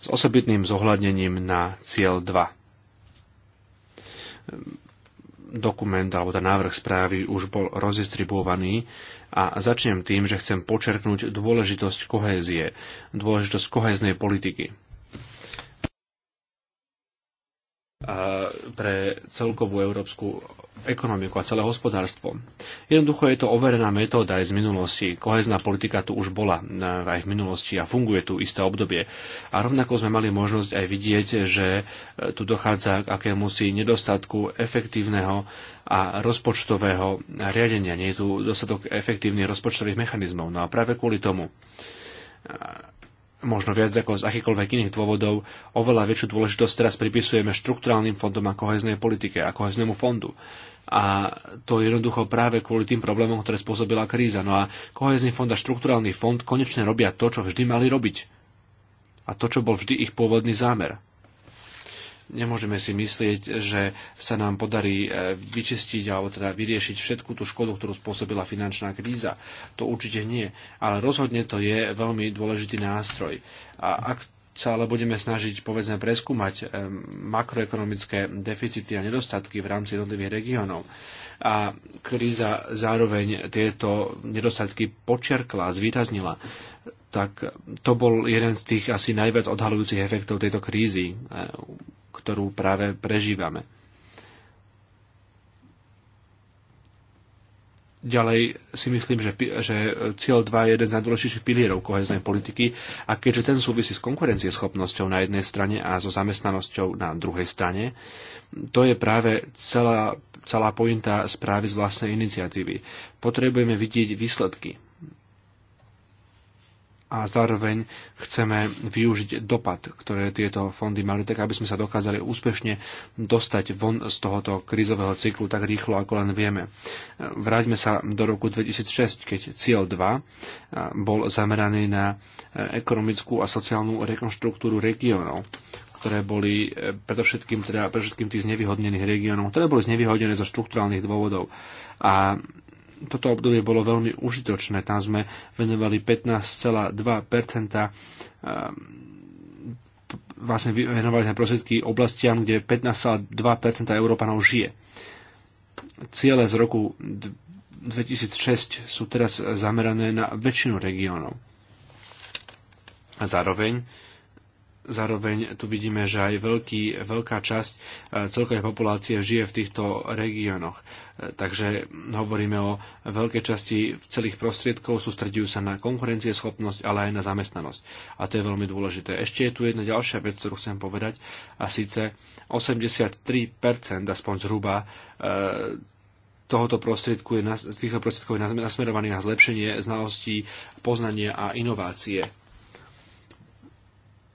s osobitným zohľadnením na cieľ 2 dokument alebo ten návrh správy už bol rozdistribuovaný a začnem tým, že chcem počerknúť dôležitosť kohézie, dôležitosť kohéznej politiky. pre celkovú európsku ekonomiku a celé hospodárstvo. Jednoducho je to overená metóda aj z minulosti. Kohezná politika tu už bola aj v minulosti a funguje tu isté obdobie. A rovnako sme mali možnosť aj vidieť, že e, tu dochádza k akémusi nedostatku efektívneho a rozpočtového riadenia. Nie je tu dostatok efektívnych rozpočtových mechanizmov. No a práve kvôli tomu možno viac ako z akýchkoľvek iných dôvodov, oveľa väčšiu dôležitosť teraz pripisujeme štrukturálnym fondom a koheznej politike a koheznému fondu. A to jednoducho práve kvôli tým problémom, ktoré spôsobila kríza. No a kohezný fond a štrukturálny fond konečne robia to, čo vždy mali robiť. A to, čo bol vždy ich pôvodný zámer. Nemôžeme si myslieť, že sa nám podarí e, vyčistiť alebo teda vyriešiť všetku tú škodu, ktorú spôsobila finančná kríza. To určite nie. Ale rozhodne to je veľmi dôležitý nástroj. A ak sa ale budeme snažiť povedzme preskúmať e, makroekonomické deficity a nedostatky v rámci jednotlivých regiónov. A kríza zároveň tieto nedostatky počerkla, zvýraznila tak to bol jeden z tých asi najviac odhalujúcich efektov tejto krízy. E, ktorú práve prežívame. Ďalej si myslím, že, že cieľ 2 je jeden z najdôležitejších pilierov koheznej politiky a keďže ten súvisí s konkurencieschopnosťou na jednej strane a so zamestnanosťou na druhej strane, to je práve celá, celá pointa správy z vlastnej iniciatívy. Potrebujeme vidieť výsledky a zároveň chceme využiť dopad, ktoré tieto fondy mali, tak aby sme sa dokázali úspešne dostať von z tohoto krízového cyklu tak rýchlo, ako len vieme. Vráťme sa do roku 2006, keď cieľ 2 bol zameraný na ekonomickú a sociálnu rekonštruktúru regiónov ktoré boli predovšetkým, teda, predovšetkým tých znevýhodnených regiónov, ktoré boli znevýhodnené zo štruktúrálnych dôvodov. A toto obdobie bolo veľmi užitočné. Tam sme venovali 15,2 ehm, vlastne venovali sme prostriedky oblastiam, kde 15,2 Európanov žije. Ciele z roku 2006 sú teraz zamerané na väčšinu regiónov. A zároveň Zároveň tu vidíme, že aj veľký, veľká časť e, celkovej populácie žije v týchto regiónoch. E, takže hovoríme o veľkej časti celých prostriedkov, sústredujú sa na konkurencieschopnosť, ale aj na zamestnanosť. A to je veľmi dôležité. Ešte je tu jedna ďalšia vec, ktorú chcem povedať, a síce 83%, aspoň zhruba, e, tohoto prostriedku je, týchto prostriedkov je nasmerovaný na zlepšenie znalostí, poznania a inovácie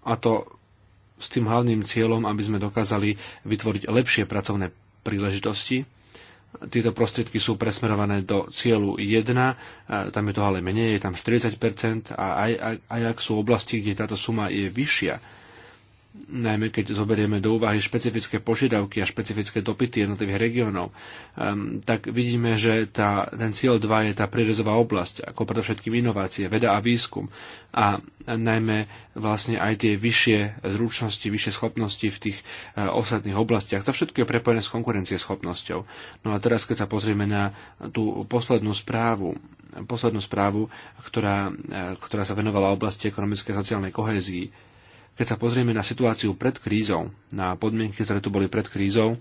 a to s tým hlavným cieľom, aby sme dokázali vytvoriť lepšie pracovné príležitosti. Tieto prostriedky sú presmerované do cieľu 1, tam je to ale menej, je tam 40% a aj, aj, aj ak sú oblasti, kde táto suma je vyššia, najmä keď zoberieme do úvahy špecifické požiadavky a špecifické dopity jednotlivých regiónov, um, tak vidíme, že tá, ten cieľ 2 je tá prírezová oblasť, ako predovšetkým inovácie, veda a výskum a najmä vlastne aj tie vyššie zručnosti, vyššie schopnosti v tých uh, ostatných oblastiach. To všetko je prepojené s konkurencieschopnosťou. No a teraz, keď sa pozrieme na tú poslednú správu, poslednú správu, ktorá, eh, ktorá sa venovala oblasti ekonomickej a sociálnej kohézii, keď sa pozrieme na situáciu pred krízou, na podmienky, ktoré tu boli pred krízou,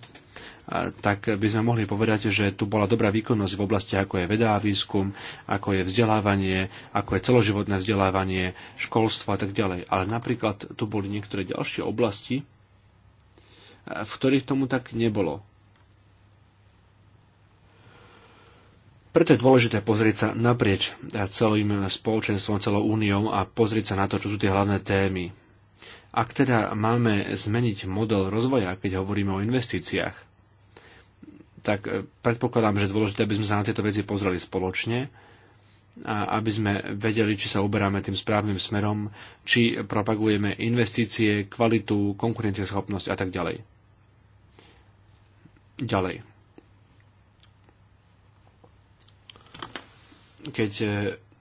tak by sme mohli povedať, že tu bola dobrá výkonnosť v oblasti, ako je veda a výskum, ako je vzdelávanie, ako je celoživotné vzdelávanie, školstvo a tak ďalej. Ale napríklad tu boli niektoré ďalšie oblasti, v ktorých tomu tak nebolo. Preto je dôležité pozrieť sa naprieč celým spoločenstvom, celou úniou a pozrieť sa na to, čo sú tie hlavné témy ak teda máme zmeniť model rozvoja, keď hovoríme o investíciách, tak e, predpokladám, že je dôležité, aby sme sa na tieto veci pozreli spoločne, a aby sme vedeli, či sa uberáme tým správnym smerom, či propagujeme investície, kvalitu, konkurencieschopnosť a tak ďalej. Ďalej. Keď e,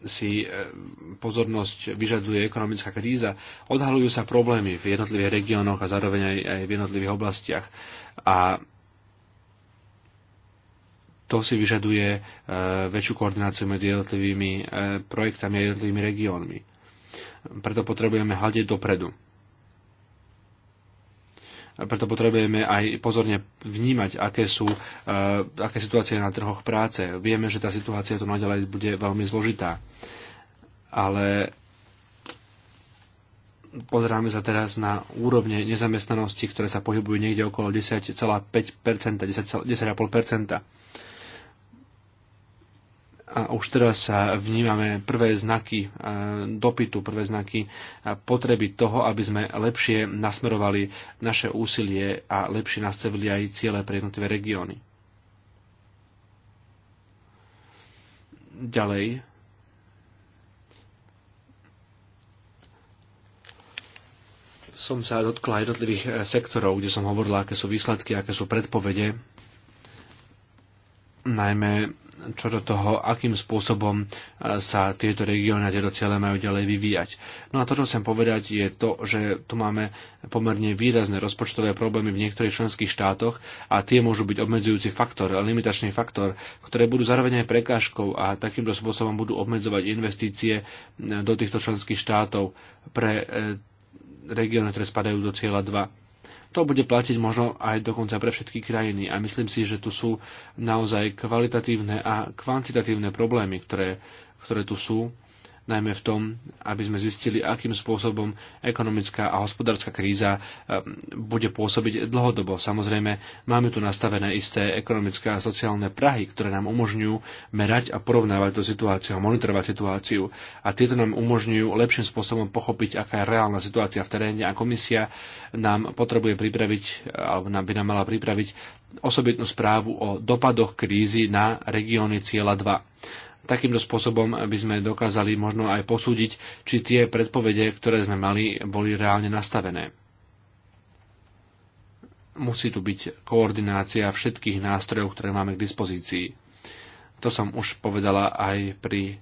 si e, pozornosť vyžaduje ekonomická kríza, odhalujú sa problémy v jednotlivých regiónoch a zároveň aj, aj v jednotlivých oblastiach. A to si vyžaduje e, väčšiu koordináciu medzi jednotlivými e, projektami a jednotlivými regiónmi. Preto potrebujeme hľadiť dopredu preto potrebujeme aj pozorne vnímať, aké sú eh, aké situácie na trhoch práce. Vieme, že tá situácia tu naďalej bude veľmi zložitá. Ale pozeráme sa teraz na úrovne nezamestnanosti, ktoré sa pohybujú niekde okolo 10,5%, 10,5%. 10 a už teraz vnímame prvé znaky e, dopytu, prvé znaky e, potreby toho, aby sme lepšie nasmerovali naše úsilie a lepšie nastavili aj ciele pre jednotlivé regióny. Ďalej. Som sa dotkla jednotlivých e, sektorov, kde som hovorila, aké sú výsledky, aké sú predpovede, najmä čo do toho, akým spôsobom e, sa tieto regióny a tieto ciele majú ďalej vyvíjať. No a to, čo chcem povedať, je to, že tu máme pomerne výrazné rozpočtové problémy v niektorých členských štátoch a tie môžu byť obmedzujúci faktor, limitačný faktor, ktoré budú zároveň aj prekážkou a takýmto spôsobom budú obmedzovať investície e, do týchto členských štátov pre e, regióny, ktoré spadajú do cieľa 2 to bude platiť možno aj dokonca pre všetky krajiny. A myslím si, že tu sú naozaj kvalitatívne a kvantitatívne problémy, ktoré, ktoré tu sú najmä v tom, aby sme zistili, akým spôsobom ekonomická a hospodárska kríza eh, bude pôsobiť dlhodobo. Samozrejme, máme tu nastavené isté ekonomické a sociálne prahy, ktoré nám umožňujú merať a porovnávať tú situáciu, monitorovať situáciu. A tieto nám umožňujú lepším spôsobom pochopiť, aká je reálna situácia v teréne a komisia nám potrebuje pripraviť, eh, alebo nám by nám mala pripraviť osobitnú správu o dopadoch krízy na regióny cieľa 2. Takýmto spôsobom by sme dokázali možno aj posúdiť, či tie predpovede, ktoré sme mali, boli reálne nastavené musí tu byť koordinácia všetkých nástrojov, ktoré máme k dispozícii. To som už povedala aj pri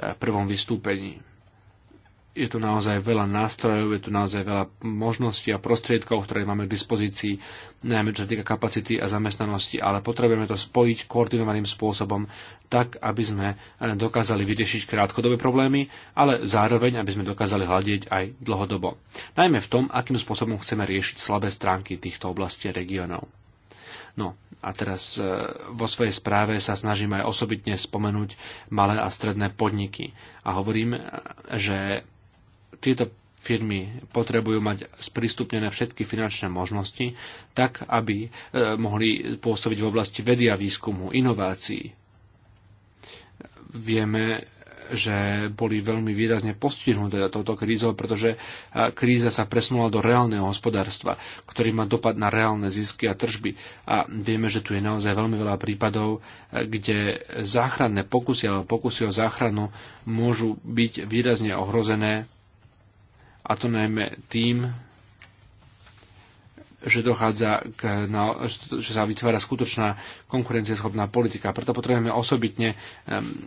eh, prvom vystúpení je tu naozaj veľa nástrojov, je tu naozaj veľa možností a prostriedkov, ktoré máme k dispozícii, najmä čo sa týka kapacity a zamestnanosti, ale potrebujeme to spojiť koordinovaným spôsobom, tak aby sme eh, dokázali vyriešiť krátkodobé problémy, ale zároveň aby sme dokázali hľadiť aj dlhodobo. Najmä v tom, akým spôsobom chceme riešiť slabé stránky týchto oblastí a regiónov. No a teraz eh, vo svojej správe sa snažím aj osobitne spomenúť malé a stredné podniky a hovorím, eh, že tieto firmy potrebujú mať sprístupnené všetky finančné možnosti, tak aby e, mohli pôsobiť v oblasti vedy a výskumu, inovácií. Vieme, že boli veľmi výrazne postihnuté touto krízou, pretože e, kríza sa presunula do reálneho hospodárstva, ktorý má dopad na reálne zisky a tržby. A vieme, že tu je naozaj veľmi veľa prípadov, e, kde záchranné pokusy alebo pokusy o záchranu môžu byť výrazne ohrozené a to najmä tým, že dochádza k, na, že sa vytvára skutočná konkurencieschopná politika. Preto potrebujeme osobitne um,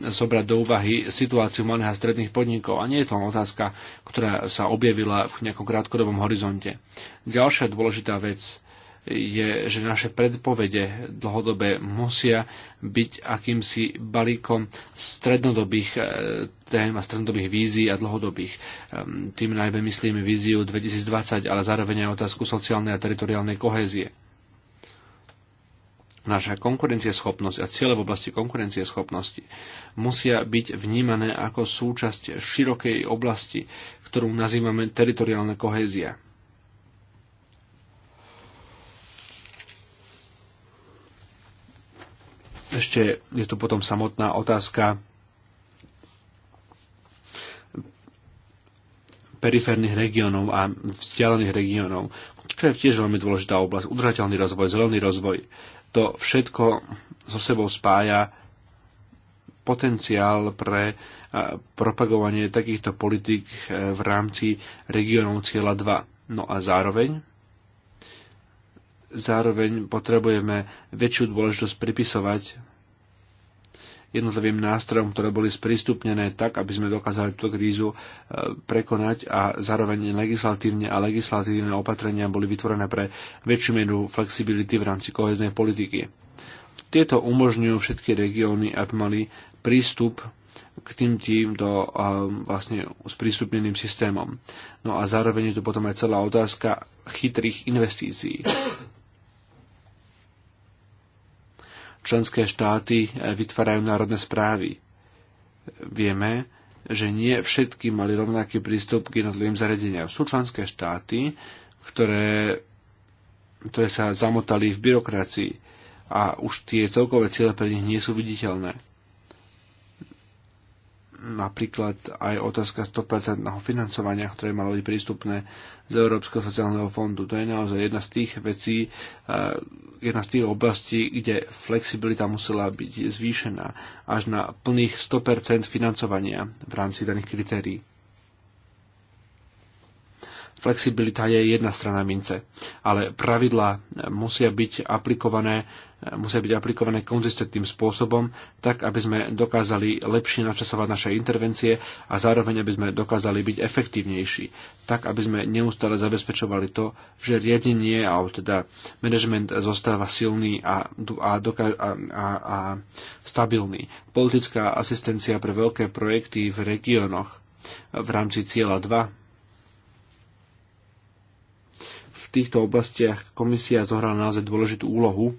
zobrať do úvahy situáciu malých a stredných podnikov. A nie je to otázka, ktorá sa objavila v nejakom krátkodobom horizonte. Ďalšia dôležitá vec je, že naše predpovede dlhodobé musia byť akýmsi balíkom strednodobých eh, tém a strednodobých vízií a dlhodobých. Ehm, tým najmä myslíme víziu 2020, ale zároveň aj otázku sociálnej a teritoriálnej kohézie. Naša konkurencieschopnosť a cieľe v oblasti konkurencieschopnosti musia byť vnímané ako súčasť širokej oblasti, ktorú nazývame teritoriálna kohézia. Ešte je tu potom samotná otázka periférnych regiónov a vzdialených regiónov, čo je tiež veľmi dôležitá oblasť. Udržateľný rozvoj, zelený rozvoj. To všetko so sebou spája potenciál pre eh, propagovanie takýchto politik eh, v rámci regiónov cieľa 2. No a zároveň Zároveň potrebujeme väčšiu dôležitosť pripisovať jednotlivým nástrojom, ktoré boli sprístupnené tak, aby sme dokázali túto krízu e, prekonať a zároveň legislatívne a legislatívne opatrenia boli vytvorené pre väčšiu mieru flexibility v rámci koheznej politiky. Tieto umožňujú všetky regióny, aby mali prístup k tým týmto e, vlastne sprístupneným systémom. No a zároveň je tu potom aj celá otázka chytrých investícií. členské štáty e, vytvárajú národné správy. Vieme, že nie všetky mali rovnaký prístup k jednotlivým zariadeniam. Sú členské štáty, ktoré, ktoré sa zamotali v byrokracii a už tie celkové ciele pre nich nie sú viditeľné napríklad aj otázka 100% financovania, ktoré malo byť prístupné z Európskeho sociálneho fondu. To je naozaj jedna z tých vecí, e, jedna z tých oblastí, kde flexibilita musela byť zvýšená až na plných 100% financovania v rámci daných kritérií. Flexibilita je jedna strana mince, ale pravidlá musia byť aplikované musia byť aplikované konzistentným spôsobom, tak aby sme dokázali lepšie načasovať naše intervencie a zároveň aby sme dokázali byť efektívnejší, tak aby sme neustále zabezpečovali to, že riadenie a teda management zostáva silný a, a, a, a, a stabilný. Politická asistencia pre veľké projekty v regiónoch v rámci cieľa 2 týchto oblastiach komisia zohrala naozaj dôležitú úlohu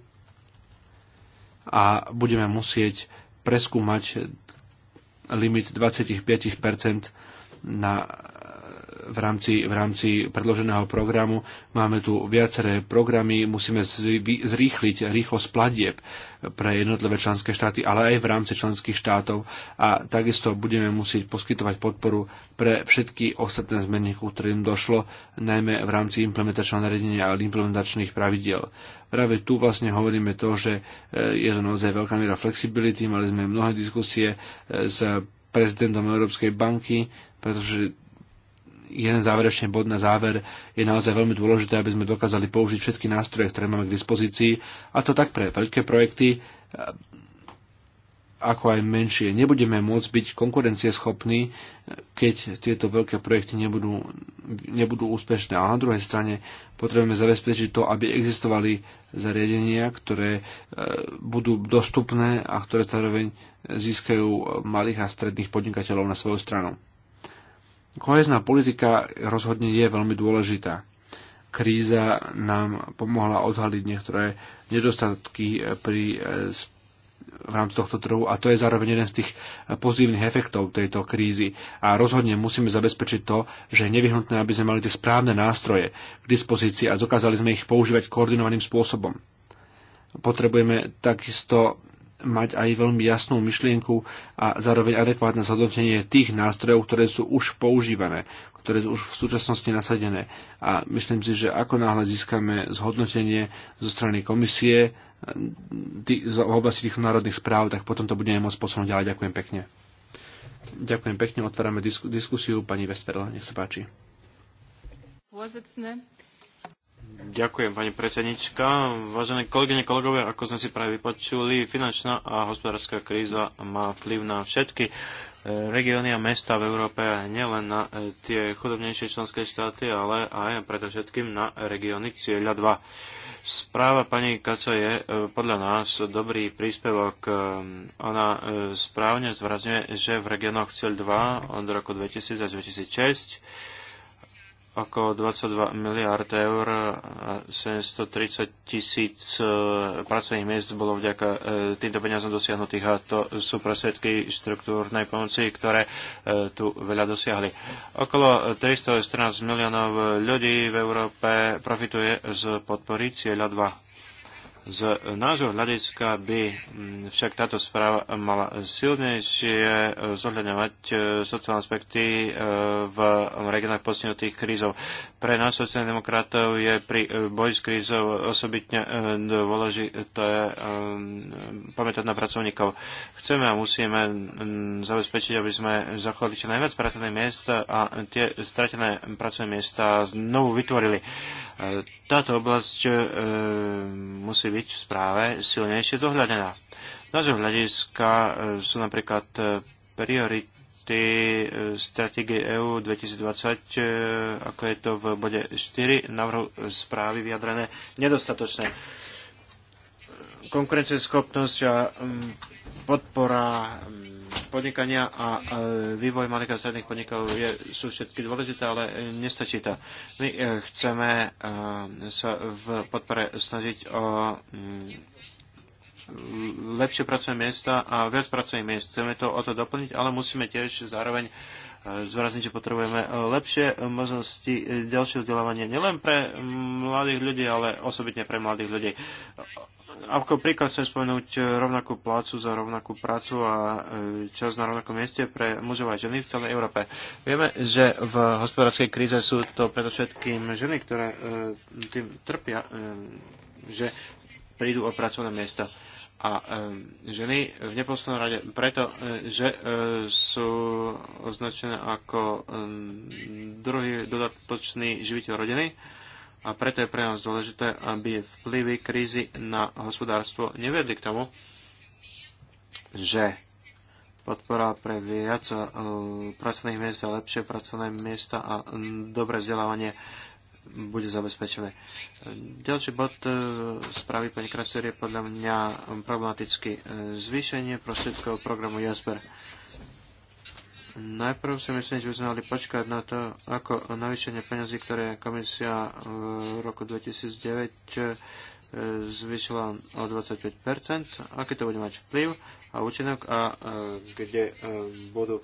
a budeme musieť preskúmať limit 25% na v rámci, v rámci predloženého programu. Máme tu viaceré programy, musíme zrýchliť rýchlosť platieb pre jednotlivé členské štáty, ale aj v rámci členských štátov a takisto budeme musieť poskytovať podporu pre všetky ostatné zmeny, ku ktorým došlo, najmä v rámci implementačného nariadenia a implementačných pravidiel. Práve tu vlastne hovoríme to, že e, je to naozaj veľká miera flexibility, mali sme mnohé diskusie e, s prezidentom Európskej banky, pretože jeden záverečný bod na záver je naozaj veľmi dôležité, aby sme dokázali použiť všetky nástroje, ktoré máme k dispozícii, a to tak pre veľké projekty, ako aj menšie. Nebudeme môcť byť konkurencieschopní, keď tieto veľké projekty nebudú, nebudú úspešné. A na druhej strane potrebujeme zabezpečiť to, aby existovali zariadenia, ktoré e, budú dostupné a ktoré zároveň získajú malých a stredných podnikateľov na svoju stranu. Kohezná politika rozhodne je veľmi dôležitá. Kríza nám pomohla odhaliť niektoré nedostatky pri eh, v rámci tohto trhu a to je zároveň jeden z tých pozitívnych efektov tejto krízy. A rozhodne musíme zabezpečiť to, že je nevyhnutné, aby sme mali tie správne nástroje k dispozícii a dokázali sme ich používať koordinovaným spôsobom. Potrebujeme takisto mať aj veľmi jasnú myšlienku a zároveň adekvátne zhodnotenie tých nástrojov, ktoré sú už používané, ktoré sú už v súčasnosti nasadené. A myslím si, že ako náhle získame zhodnotenie zo strany komisie eh, v oblasti týchto národných správ, tak potom to budeme môcť posunúť ďalej. Ďakujem pekne. Ďakujem pekne, otvárame diskusiu. Pani Vesterla, nech sa páči. Ďakujem, pani predsednička. Vážené kolegyne, kolegovia, ako sme si práve vypočuli, finančná a hospodárska kríza má vplyv na všetky e, regióny a mesta v Európe, nielen na e, tie chudobnejšie členské štáty, ale aj predovšetkým na regióny cieľa 2. Správa pani Kaco je e, podľa nás dobrý príspevok. Ona správne zvrazňuje, že v regiónoch cieľ 2 od roku 2000 až 2006 okolo 22 miliard eur a 730 tisíc e, pracovných miest bolo vďaka e, týmto peniazom dosiahnutých a to sú prostriedky štruktúrnej pomoci, ktoré e, tu veľa dosiahli. Okolo 314 miliónov ľudí v Európe profituje z podpory cieľa 2. Z nášho hľadiska by mm, však táto správa mala silnejšie e, zohľadňovať e, sociálne aspekty e, v regionách postihnutých krízov. Pre nás sociálnych demokratov je pri boji s krízou osobitne dôležité mm, pamätať na pracovníkov. Chceme a musíme mm, zabezpečiť, aby sme zachovali čo najviac pracovných miest a tie stratené pracovné miesta znovu vytvorili. Táto oblasť musí byť byť v správe silnejšie zohľadená. Nášho hľadiska e, sú napríklad e, priority Strategie stratégie 2020, e ako je to v bode 4 návrhu správy vyjadrené, nedostatočné. Konkurencieschopnosť a mm, podpora mm, podnikania a e, vývoj malých a stredných podnikov je, sú všetky dôležité, ale e, nestačí to. My e, chceme sa v podpore snažiť o mm, lepšie pracovné miesta a viac pracovných miest. Chceme to o to doplniť, ale musíme tiež zároveň zvrazniť, že potrebujeme lepšie možnosti ďalšieho vzdelávania nielen pre mladých ľudí, ale osobitne pre mladých ľudí ako príklad chcem spomenúť e, rovnakú plácu za rovnakú prácu a e, čas na rovnakom mieste pre mužov a ženy v celej Európe. Vieme, že v hospodárskej kríze sú to predovšetkým ženy, ktoré e, tým trpia, že prídu o pracovné miesta a ženy v neposlednom rade preto, že sú označené ako druhý dodatočný živiteľ rodiny a preto je pre nás dôležité, aby vplyvy krízy na hospodárstvo nevedli k tomu, že podpora pre viac e, pracovných miest a lepšie pracovné miesta a dobré vzdelávanie bude zabezpečené. Ďalší bod e, spravy pani Kracer je podľa mňa problematicky e, zvýšenie prostriedkov programu Jasper. Najprv si myslím, že by sme mali počkať na to, ako navýšenie peniazy, ktoré komisia e, v roku 2009 e, zvyšila o 25%, aký to bude mať vplyv a účinok a e, kde budú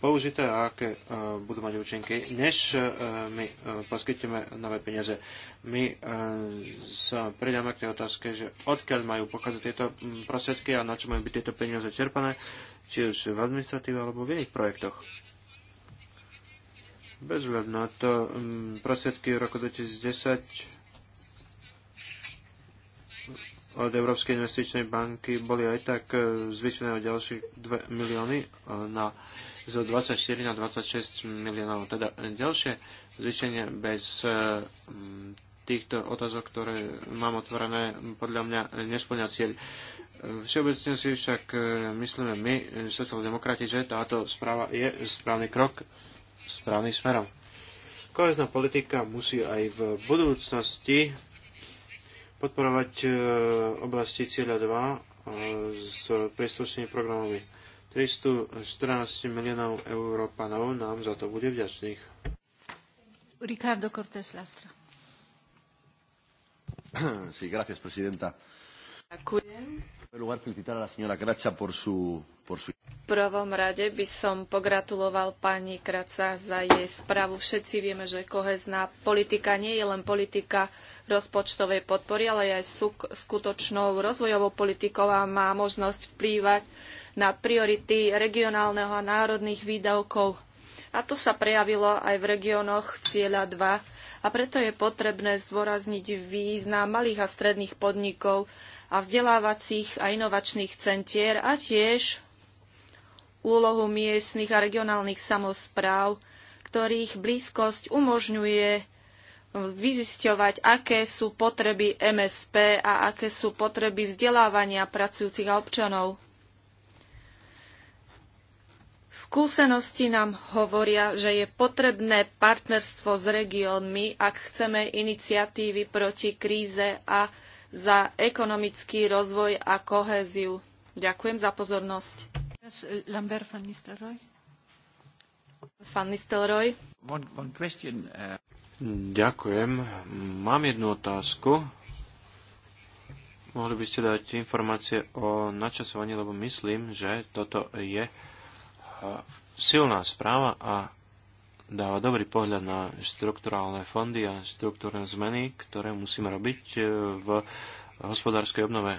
použité a aké budú mať účinky, než my poskytíme nové peniaze. My sa pridáme k tej otázke, že odkiaľ majú pochádzať tieto prostriedky a na čo majú byť tieto peniaze čerpané či už v administratíve alebo v iných projektoch. Bez hľadu na to, mm, prostriedky v roku 2010 od Európskej investičnej banky boli aj tak e, zvyšené o ďalších 2 milióny e, na, zo 24 na 26 miliónov. Teda ďalšie zvýšenie bez e, týchto otázok, ktoré mám otvorené, podľa mňa nesplňa cieľ. Všeobecne si však e, myslíme my, e, sociálni že táto správa je správny krok správnym smerom. Kohezná politika musí aj v budúcnosti podporovať e, oblasti cieľa 2 s príslušnými programami. 314 miliónov európanov nám za to bude vďačných. Ricardo Cortés Lastra. Sí, gracias, presidenta. Ďakujem. V prvom rade by som pogratuloval pani Kraca za jej správu. Všetci vieme, že kohezná politika nie je len politika rozpočtovej podpory, ale je aj skutočnou rozvojovou politikou a má možnosť vplývať na priority regionálneho a národných výdavkov. A to sa prejavilo aj v regiónoch cieľa 2 a preto je potrebné zdôrazniť význam malých a stredných podnikov, a vzdelávacích a inovačných centier a tiež úlohu miestnych a regionálnych samozpráv, ktorých blízkosť umožňuje eh, vyzisťovať, aké sú potreby MSP a aké sú potreby vzdelávania pracujúcich a občanov. Skúsenosti nám hovoria, že je potrebné partnerstvo s regiónmi, ak chceme iniciatívy proti kríze a za ekonomický rozvoj a kohéziu. Ďakujem za pozornosť. Ďakujem. Mám jednu otázku. Mohli by ste dať informácie o načasovaní, lebo myslím, že toto je uh, silná správa a dáva dobrý pohľad na štrukturálne fondy a štruktúrne zmeny, ktoré musíme robiť e, v hospodárskej obnove.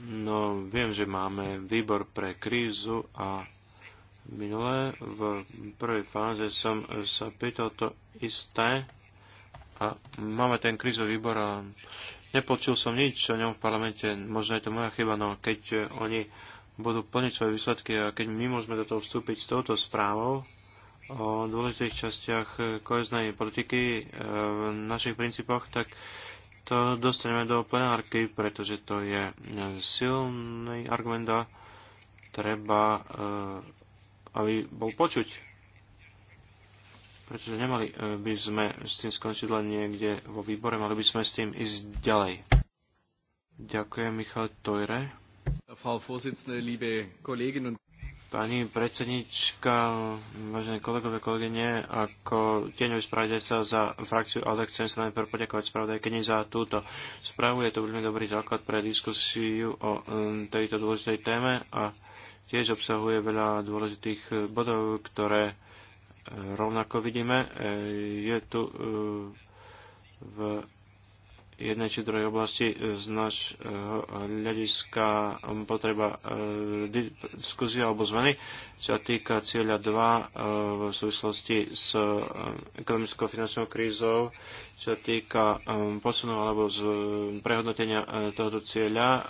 No, viem, že máme výbor pre krízu a minulé v prvej fáze som sa pýtal to isté a máme ten krízový výbor a nepočul som nič o ňom v parlamente. Možno je to moja chyba, no keď oni budú plniť svoje výsledky a keď my môžeme do toho vstúpiť s touto správou o dôležitých častiach koheznej politiky e, v našich princípoch, tak to dostaneme do plenárky, pretože to je silný argument a treba, e, aby bol počuť. Pretože nemali e, by sme s tým skončiť len niekde vo výbore, mali by sme s tým ísť ďalej. Ďakujem, Michal Tojre. Pani predsednička, vážení kolegovia, kolegyne, ako tieňový spravodajca za frakciu ALDE chcem sa najprv poďakovať spravodajkyni za túto správu. Je to veľmi dobrý základ pre diskusiu o um, tejto dôležitej téme a tiež obsahuje veľa dôležitých eh, bodov, ktoré eh, rovnako vidíme. Eh, je tu v jednej či druhej oblasti e, z nášho hľadiska e, potreba e, diskusie alebo zmeny, čo sa týka cieľa 2 v súvislosti s ekonomickou finančnou krízou, čo sa týka posunu alebo z prehodnotenia tohoto cieľa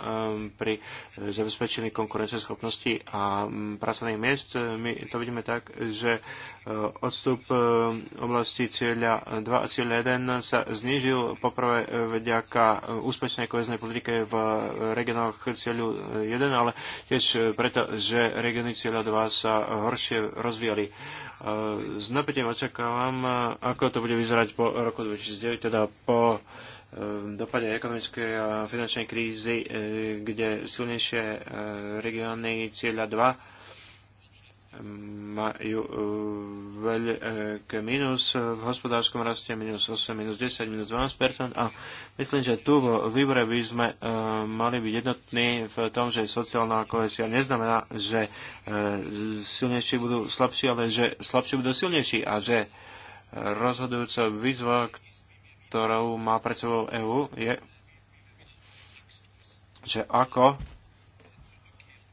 pri zabezpečení konkurenceschopnosti a pracovných miest. My to vidíme tak, že Eh, odstup eh, oblasti cieľa 2 a cieľa 1 sa znížil poprvé vďaka eh, úspešnej koheznej politike v regionách cieľu 1, ale tiež preto, že regióny cieľa 2 sa horšie rozvíjali. S napätím očakávam, ako to bude vyzerať po roku 2009, teda po dopade ekonomickej a finančnej krízy, kde silnejšie regióny cieľa 2 majú e, veľké minus v hospodárskom raste, minus 8, minus 10, minus 12 a myslím, že tu vo výbore by sme e, mali byť jednotní v tom, že sociálna kohesia neznamená, že e, silnejší budú slabší, ale že slabší budú silnejší a že rozhodujúca výzva, ktorou má pred sebou EÚ, je, že ako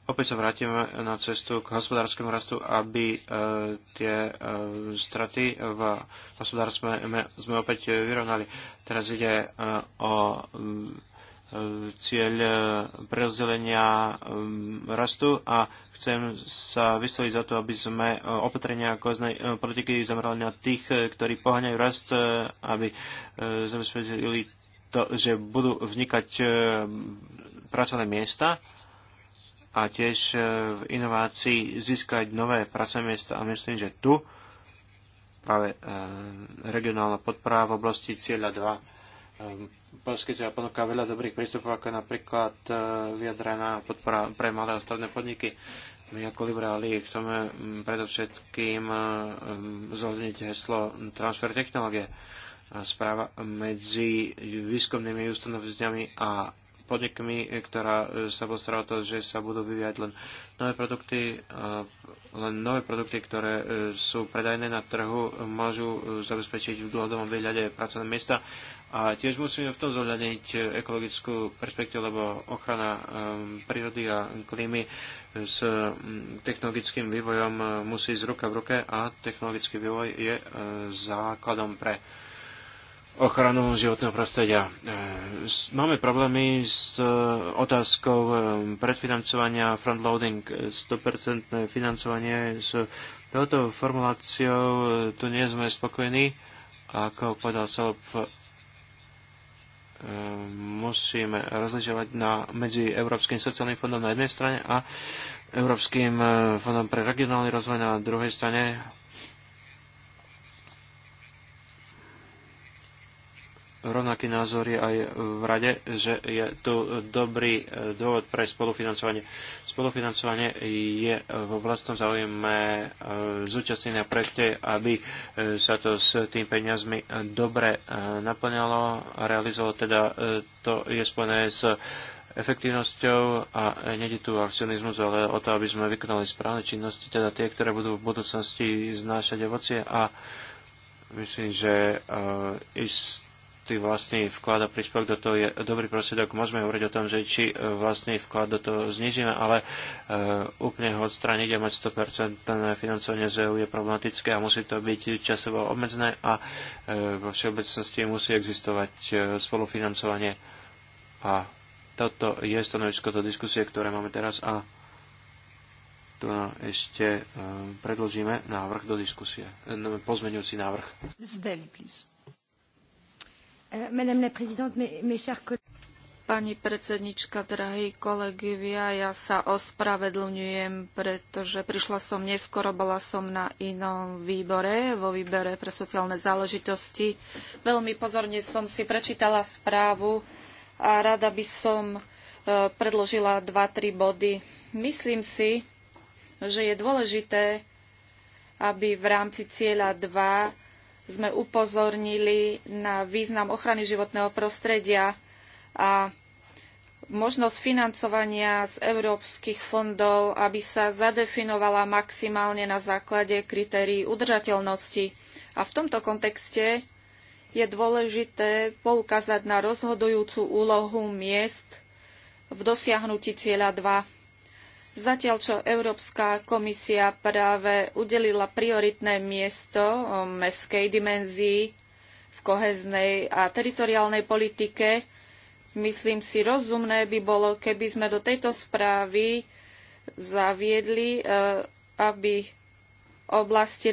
opäť sa vrátime na cestu k hospodárskemu rastu, aby e, tie e, straty v hospodárstve sme opäť vyrovnali. Teraz ide e, o cieľ prerozdelenia rastu a chcem sa vysloviť za to, aby sme opatrenia koznej politiky zamerali na tých, ktorí poháňajú rast, aby zabezpečili to, že budú vnikať pracovné miesta a tiež e, v inovácii získať nové pracovné miesta. A myslím, že tu práve e, regionálna podpora v oblasti cieľa 2 e, poskytuje a ponúka veľa dobrých prístupov, ako napríklad vyjadrená podpora pre malé a stredné podniky. My ako liberáli chceme predovšetkým zohľadniť heslo transfer technológie. Správa medzi výskumnými ustanoveniami a podnikmi, ktorá e, sa postará o to, že sa budú vyvíjať len nové produkty, e, len nové produkty, ktoré e, sú predajné na trhu, môžu zabezpečiť v dlhodobom výhľade pracovné miesta. A tiež musíme v tom zohľadniť ekologickú perspektívu, lebo ochrana prírody a klímy s technologickým vývojom musí ísť ruka v ruke a technologický vývoj je základom pre ochranu životného prostredia. E, máme problémy s e, otázkou e, predfinancovania frontloading, 100% financovanie s touto formuláciou tu nie sme spokojní. Ako povedal Salop, musíme rozlišovať na, medzi Európskym sociálnym fondom na jednej strane a Európskym fondom pre regionálny rozvoj na druhej strane rovnaký názor je aj v rade, že je tu dobrý e, dôvod pre spolufinancovanie. Spolufinancovanie je v vlastnom záujme e, zúčastnené na projekte, aby e, sa to s tým peniazmi dobre naplňalo a realizovalo. Teda to je spojené s efektívnosťou a nejde tu akcionizmus, ale o to, aby sme vykonali správne činnosti, teda tie, ktoré budú v budúcnosti znášať ovocie a myslím, že uh, ist ty vlastný vklad a príspevok do toho je dobrý prostriedok. Môžeme hovoriť o tom, že či e, vlastný vklad do toho znižíme, ale e, úplne ho odstrániť a mať 100% financovanie z EU je problematické a musí to byť časovo obmedzené a e, vo všeobecnosti musí existovať spolufinancovanie. A toto je stanovisko do diskusie, ktoré máme teraz a tu ešte predložíme návrh do diskusie, no, pozmeňujúci návrh. Zdeli, please. Eh, Pani predsednička, drahí kolegovia, ja sa ospravedlňujem, pretože prišla som neskoro, bola som na inom výbore, vo výbere pre sociálne záležitosti. Veľmi pozorne som si prečítala správu a rada by som eh, predložila dva, tri body. Myslím si, že je dôležité, aby v rámci cieľa 2 sme upozornili na význam ochrany životného prostredia a možnosť financovania z európskych fondov, aby sa zadefinovala maximálne na základe kritérií udržateľnosti. A v tomto kontexte je dôležité poukázať na rozhodujúcu úlohu miest v dosiahnutí cieľa 2 Zatiaľ, čo Európska komisia práve udelila prioritné miesto mestskej dimenzii v koheznej a teritoriálnej politike, myslím si, rozumné by bolo, keby sme do tejto správy zaviedli, e, aby oblasti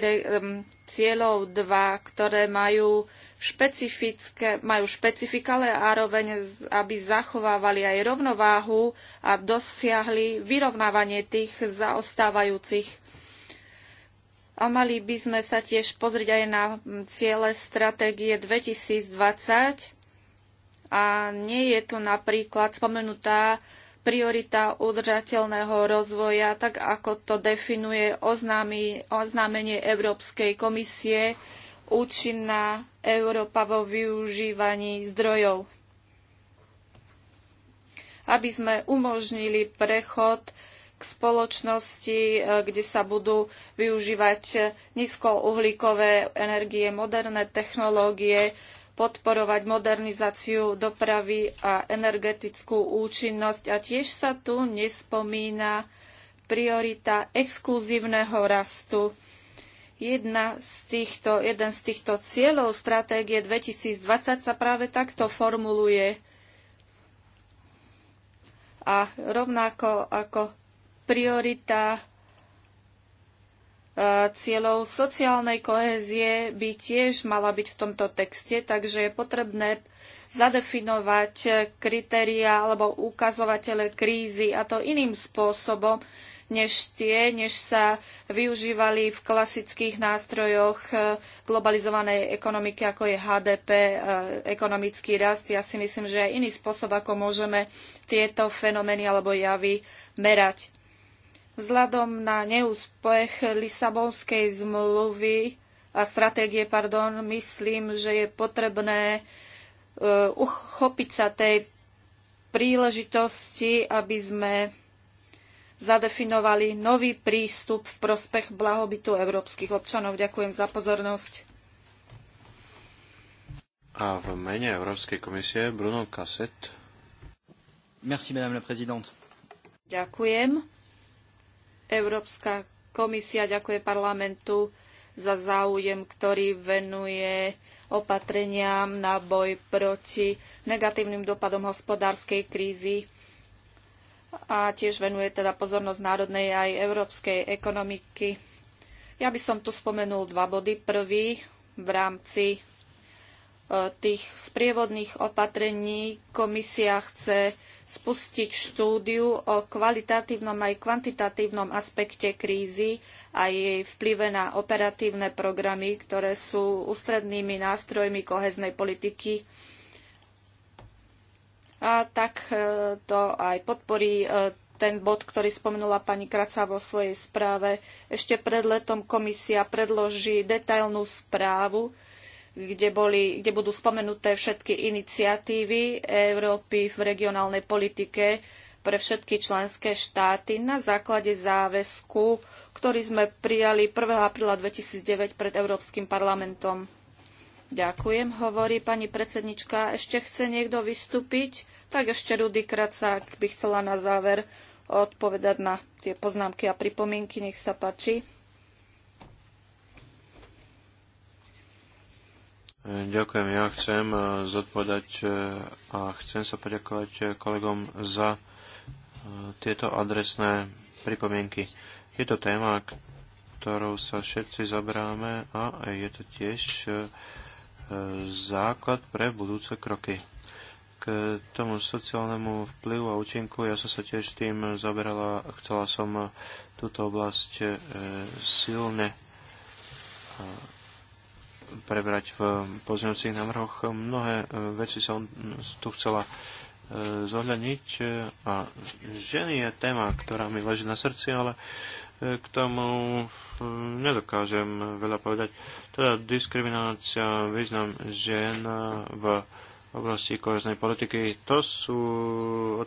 cieľov 2, ktoré majú špecifické, majú špecifika, ároveň, aby zachovávali aj rovnováhu a dosiahli vyrovnávanie tých zaostávajúcich. A mali by sme sa tiež pozrieť aj na ciele stratégie 2020. A nie je tu napríklad spomenutá priorita udržateľného rozvoja, tak ako to definuje oznámenie Európskej komisie, účinná Európa vo využívaní zdrojov. Aby sme umožnili prechod k spoločnosti, eh, kde sa budú využívať nízkouhlíkové energie, moderné technológie, podporovať modernizáciu dopravy a energetickú účinnosť. A tiež sa tu nespomína priorita exkluzívneho rastu. Jedna z týchto, jeden z týchto cieľov stratégie 2020 sa práve takto formuluje. A rovnako ako priorita cieľov sociálnej kohézie by tiež mala byť v tomto texte, takže je potrebné zadefinovať kritéria alebo ukazovatele krízy a to iným spôsobom, než tie, než sa využívali v klasických nástrojoch eh, globalizovanej ekonomiky, ako je HDP, eh, ekonomický rast. Ja si myslím, že aj iný spôsob, ako môžeme tieto fenomény alebo javy merať. Vzhľadom na neúspech Lisabonskej zmluvy a stratégie, pardon, myslím, že je potrebné e, uchopiť sa tej príležitosti, aby sme zadefinovali nový prístup v prospech blahobytu európskych občanov. Ďakujem za pozornosť. A v mene Európskej komisie Bruno Kasset. Merci, madame la présidente. Ďakujem. Európska komisia ďakuje parlamentu za záujem, ktorý venuje opatreniam na boj proti negatívnym dopadom hospodárskej krízy a tiež venuje teda pozornosť národnej aj európskej ekonomiky. Ja by som tu spomenul dva body. Prvý v rámci tých sprievodných opatrení komisia chce spustiť štúdiu o kvalitatívnom aj kvantitatívnom aspekte krízy a jej vplyve na operatívne programy, ktoré sú ústrednými nástrojmi koheznej politiky. A tak e, to aj podporí e, ten bod, ktorý spomenula pani Kraca vo svojej správe. Ešte pred letom komisia predloží detailnú správu, kde, boli, kde budú spomenuté všetky iniciatívy Európy v regionálnej politike pre všetky členské štáty na základe záväzku, ktorý sme prijali 1. apríla 2009 pred Európskym parlamentom. Ďakujem, hovorí pani predsednička. Ešte chce niekto vystúpiť? Tak ešte Rudy Kracák by chcela na záver odpovedať na tie poznámky a pripomienky. Nech sa páči. Ďakujem. Ja chcem e, zodpovedať e, a chcem sa poďakovať e, kolegom za tieto adresné pripomienky. Je to téma, ktorou sa všetci zaberáme a je to tiež základ pre budúce kroky. K tomu sociálnemu vplyvu a účinku ja som sa tiež tým zaberala a chcela som túto oblasť silne prebrať v pozmeňujúcich návrhoch. Mnohé e, veci som tu chcela e, zohľadniť e, a ženy je téma, ktorá mi leží na srdci, ale k tomu nedokážem veľa povedať. Teda diskriminácia, význam žien v oblasti koreznej politiky, to sú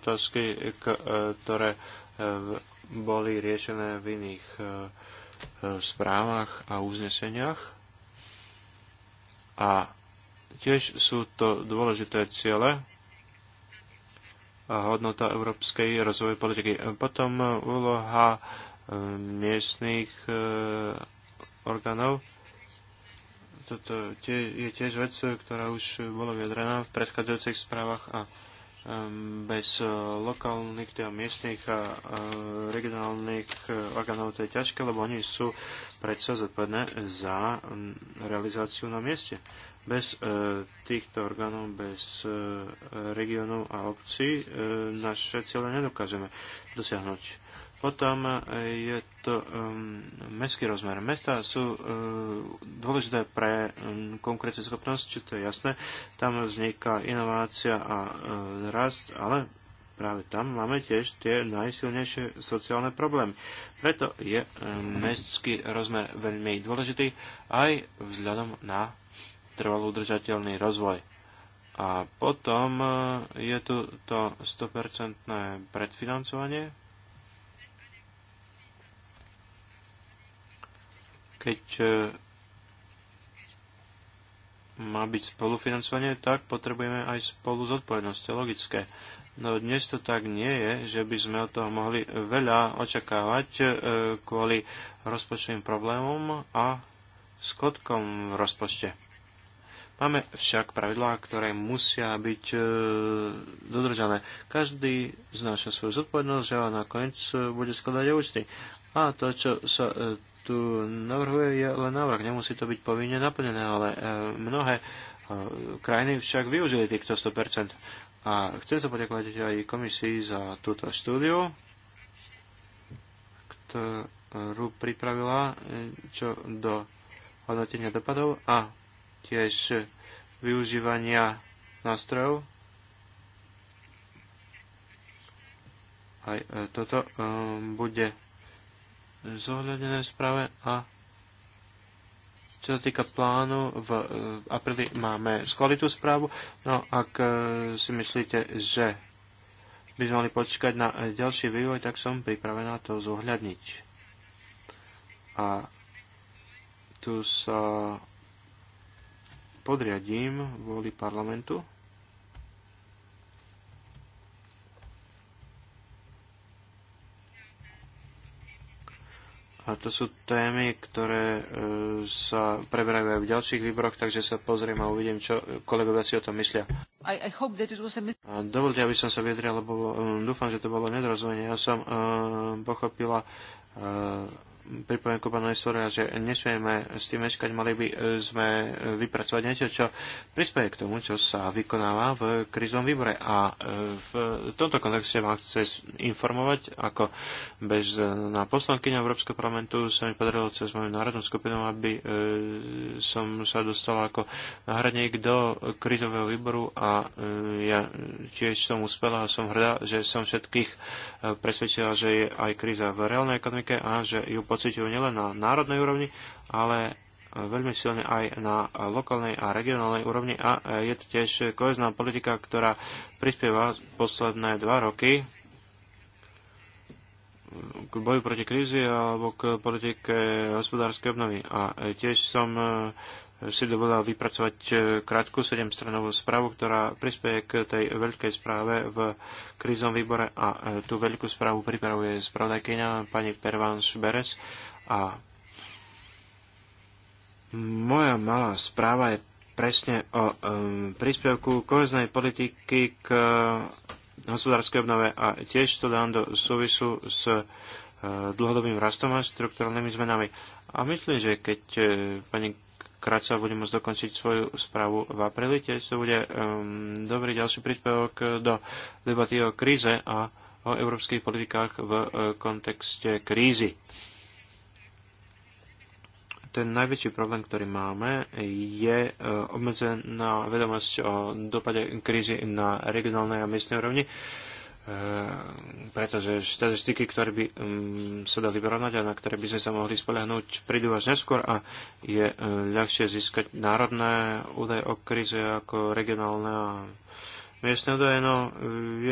otázky, ktoré boli riešené v iných správach a uzneseniach a tiež sú to dôležité ciele a hodnota európskej rozvojovej politiky. Potom úloha e, miestných e, orgánov. Toto je tiež vec, ktorá už bola vyjadrená v predchádzajúcich správach a bez lokálnych, teda miestnych a e, regionálnych orgánov to je ťažké, lebo oni sú predsa zodpovedné za realizáciu na mieste. Bez e, týchto orgánov, bez e, regionov a obcí e, naše cieľe nedokážeme dosiahnuť. Potom je to um, mestský rozmer. Mesta sú um, dôležité pre um, konkurencieschopnosť, to je jasné. Tam vzniká inovácia a um, rast, ale práve tam máme tiež tie najsilnejšie sociálne problémy. Preto je e, mestský rozmer veľmi dôležitý aj vzhľadom na trvalo udržateľný rozvoj. A potom e, je tu to 100% predfinancovanie. Keď e, má byť spolufinancovanie, tak potrebujeme aj spolu zodpovednosť, logické. No dnes to tak nie je, že by sme od toho mohli veľa očakávať e, kvôli rozpočtovým problémom a skotkom v rozpočte. Máme však pravidlá, ktoré musia byť e, dodržané. Každý znáša svoju zodpovednosť a nakoniec bude skladať účty. A to, čo sa e, tu navrhuje, je len návrh. Nemusí to byť povinne naplnené, ale e, mnohé e, krajiny však využili týchto 100%. A chcem sa poďakovať aj komisii za túto štúdiu, ktorú pripravila e, čo do hodnotenia dopadov a tiež využívania nástrojov. Aj e, toto e, bude zohľadené v správe a čo sa týka plánu, v eh, apríli máme skvalitú správu. No ak eh, si myslíte, že by sme mali počkať na eh, ďalší vývoj, tak som pripravená to zohľadniť. A tu sa podriadím vôli parlamentu. A to sú témy, ktoré e, sa preberajú aj v ďalších výboroch, takže sa pozriem a uvidím, čo kolegovia si o tom myslia. I, I a dovolte, aby som sa vyjadril, lebo um, dúfam, že to bolo nedorozumenie. Ja som um, pochopila pripomienku pána Nestora, že nesmieme s tým meškať, mali by e, sme e, vypracovať niečo, čo prispieje k tomu, čo sa vykonáva v krizovom výbore. A e, v tomto kontexte vám chce informovať, ako bežná poslankyňa Európskeho parlamentu sa mi podarilo cez moju národnú skupinu, aby som sa dostal ako náhradník do krizového výboru a ja tiež som uspela a som hrdá, že som všetkých presvedčila, že je aj kríza v reálnej ekonomike a že ju pocitujú nielen na národnej úrovni, ale e, veľmi silne aj na lokálnej a regionálnej úrovni a e, je to tiež kohezná politika, ktorá prispieva posledné dva roky k boju proti krízi alebo k politike hospodárskej obnovy. A e, tiež som si dovolila vypracovať e, krátku sedemstranovú správu, ktorá prispieje k tej veľkej správe v krizom výbore a e, tú veľkú správu pripravuje spravodajkyňa pani Pervans Beres a moja malá správa je presne o um, príspevku koheznej politiky k hospodárskej obnove a tiež to dám do súvisu s uh, dlhodobým rastom a štruktúrnymi zmenami. A myslím, že keď uh, pani krátce budem môcť dokončiť svoju správu v apríli. Tiež to bude um, dobrý ďalší príspevok do debaty o kríze a o európskych politikách v uh, kontexte krízy. Ten najväčší problém, ktorý máme, je uh, obmedzená vedomosť o dopade krízy na regionálnej a miestnej úrovni. Uh, Eh, pretože štatistiky, ktoré by mm, sa dali porovnať a na ktoré by sme sa mohli spolehnúť, prídu až neskôr a je eh, ľahšie získať národné údaje o kríze ako regionálne a miestne údaje. No, eh,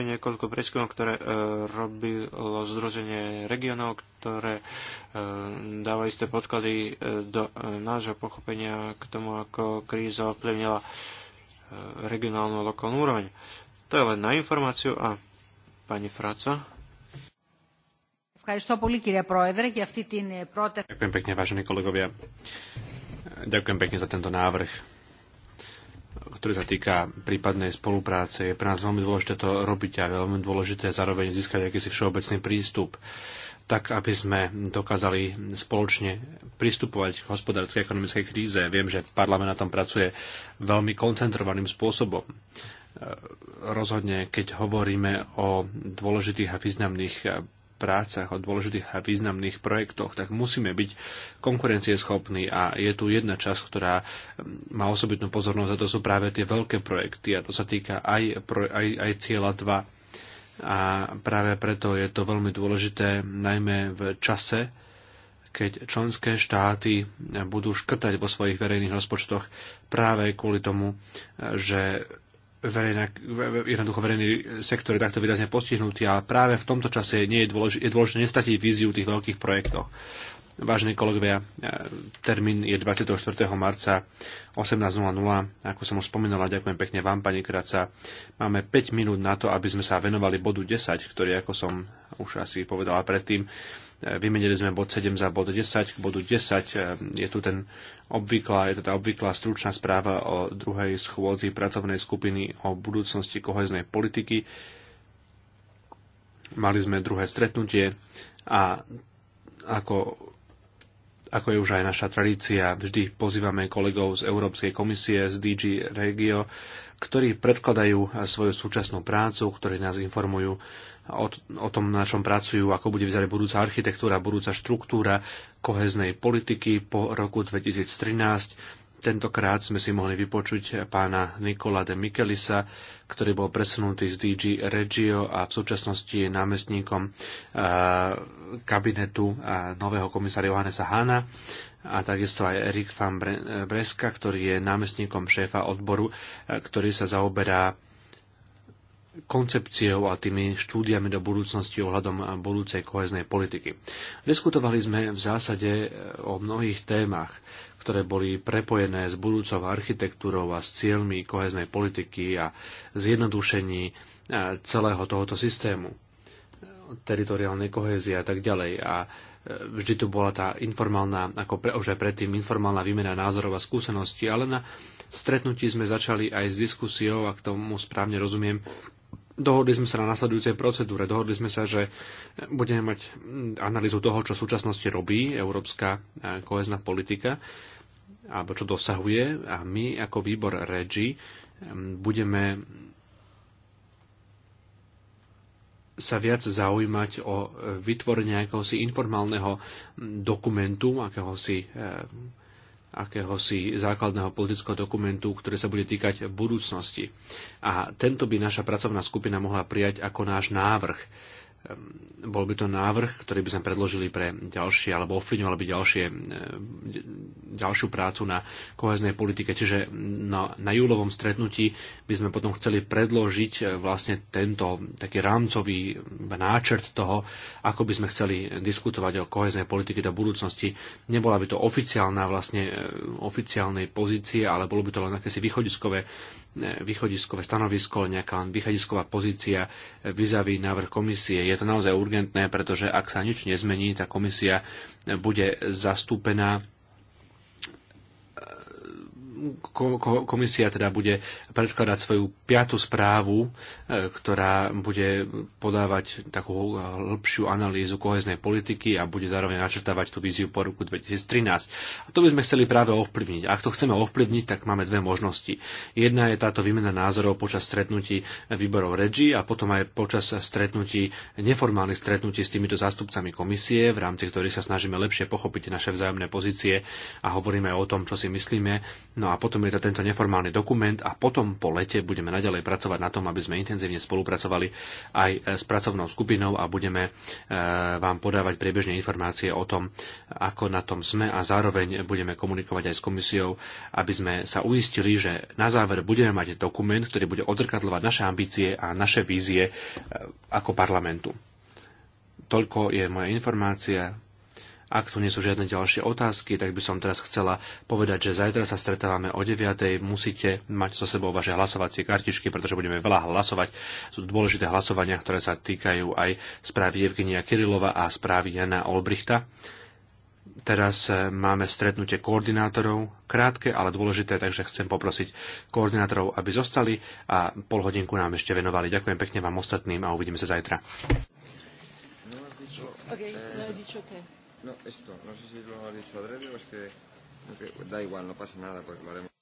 je niekoľko prieskumov, ktoré robilo Združenie regionov, ktoré dáva isté podklady do nášho pochopenia k tomu, ako kríza ovplyvnila regionálnu a lokálnu úroveň. To je len na informáciu a Pani Ďakujem pekne, vážení kolegovia. Ďakujem pekne za tento návrh, ktorý sa týka prípadnej spolupráce. Je pre nás veľmi dôležité to robiť a veľmi dôležité zároveň získať akýsi všeobecný prístup tak, aby sme dokázali spoločne pristupovať k hospodárskej a ekonomickej kríze. Viem, že parlament na tom pracuje veľmi koncentrovaným spôsobom rozhodne, keď hovoríme o dôležitých a významných prácach, o dôležitých a významných projektoch, tak musíme byť konkurencieschopní a je tu jedna časť, ktorá má osobitnú pozornosť a to sú práve tie veľké projekty a to sa týka aj, aj, aj cieľa 2. A práve preto je to veľmi dôležité, najmä v čase, keď členské štáty budú škrtať vo svojich verejných rozpočtoch práve kvôli tomu, že Verejné, jednoducho verejný sektor je takto výrazne postihnutý a práve v tomto čase nie je, dôlež, je dôležité nestratiť víziu tých veľkých projektov. Vážení kolegovia, e, termín je 24. marca 18.00. Ako som už spomínala, ďakujem pekne vám, pani Kraca. Máme 5 minút na to, aby sme sa venovali bodu 10, ktorý, ako som už asi povedala predtým, E, vymenili sme bod 7 za bod 10. K bodu 10 e, je tu ten obvyklá, je teda obvyklá stručná správa o druhej schôdzi pracovnej skupiny o budúcnosti koheznej politiky. Mali sme druhé stretnutie a ako ako je už aj naša tradícia, vždy pozývame kolegov z Európskej komisie, z DG Regio, ktorí predkladajú svoju súčasnú prácu, ktorí nás informujú o, o tom, na čom pracujú, ako bude vyzerať budúca architektúra, budúca štruktúra koheznej politiky po roku 2013. Tentokrát sme si mohli vypočuť pána Nikola de Michelisa, ktorý bol presunutý z DG Regio a v súčasnosti je námestníkom eh, kabinetu eh, nového komisára Johannesa Hána a takisto aj Erik van Breska, ktorý je námestníkom šéfa odboru, eh, ktorý sa zaoberá koncepciou a tými štúdiami do budúcnosti ohľadom budúcej koheznej politiky. Diskutovali sme v zásade e, o mnohých témach, ktoré boli prepojené s budúcou architektúrou a s cieľmi koheznej politiky a zjednodušení e, celého tohoto systému teritoriálnej kohézie a tak ďalej. A e, vždy tu bola tá informálna, ako pre, už aj predtým, informálna výmena názorov a skúseností, ale na stretnutí sme začali aj s diskusiou, ak tomu správne rozumiem, Dohodli sme sa na nasledujúcej procedúre. Dohodli sme sa, že budeme mať analýzu toho, čo v súčasnosti robí európska eh, kohezná politika alebo čo dosahuje a my ako výbor REGI eh, budeme sa viac zaujímať o vytvorenie akéhosi informálneho mm, dokumentu, akéhosi eh, akéhosi základného politického dokumentu, ktorý sa bude týkať budúcnosti. A tento by naša pracovná skupina mohla prijať ako náš návrh Ehm, bol by to návrh, ktorý by sme predložili pre ďalšie, alebo ovplyvňoval by ďalšie, ehm, ďalšiu prácu na koheznej politike. Čiže na, na júlovom stretnutí by sme potom chceli predložiť e, vlastne tento taký rámcový náčrt toho, ako by sme chceli diskutovať o koheznej politike do budúcnosti. Nebola by to oficiálna vlastne e, oficiálnej pozície, ale bolo by to len akési východiskové E, východiskové stanovisko, nejaká východisková pozícia e, vyzaví návrh komisie. Je to naozaj urgentné, pretože ak sa nič nezmení, tá komisia e, bude zastúpená komisia teda bude predkladať svoju piatu správu, e, ktorá bude podávať takú e, hĺbšiu analýzu koheznej politiky a bude zároveň načrtávať tú víziu po roku 2013. A to by sme chceli práve ovplyvniť. Ak to chceme ovplyvniť, tak máme dve možnosti. Jedna je táto výmena názorov počas stretnutí výborov REGI a potom aj počas stretnutí, neformálnych stretnutí s týmito zástupcami komisie, v rámci ktorých sa snažíme lepšie pochopiť naše vzájomné pozície a hovoríme o tom, čo si myslíme. No No a potom je to tento neformálny dokument a potom po lete budeme naďalej pracovať na tom, aby sme intenzívne spolupracovali aj e, s pracovnou skupinou a budeme e, vám podávať priebežne informácie o tom, ako na tom sme a zároveň budeme komunikovať aj s komisiou, aby sme sa uistili, že na záver budeme mať dokument, ktorý bude odrkadľovať naše ambície a naše vízie e, ako parlamentu. Toľko je moja informácia ak tu nie sú žiadne ďalšie otázky, tak by som teraz chcela povedať, že zajtra sa stretávame o 9. Musíte mať so sebou vaše hlasovacie kartičky, pretože budeme veľa hlasovať. Sú dôležité hlasovania, ktoré sa týkajú aj správy Evgenia Kirilova a správy Jana Olbrichta. Teraz e, máme stretnutie koordinátorov, krátke, ale dôležité, takže chcem poprosiť koordinátorov, aby zostali a pol hodinku nám ešte venovali. Ďakujem pekne vám ostatným a uvidíme sa zajtra. Okay, no, No, esto, no sé si lo ha dicho Adrede o es que... Okay, da igual, no pasa nada, pues lo haremos.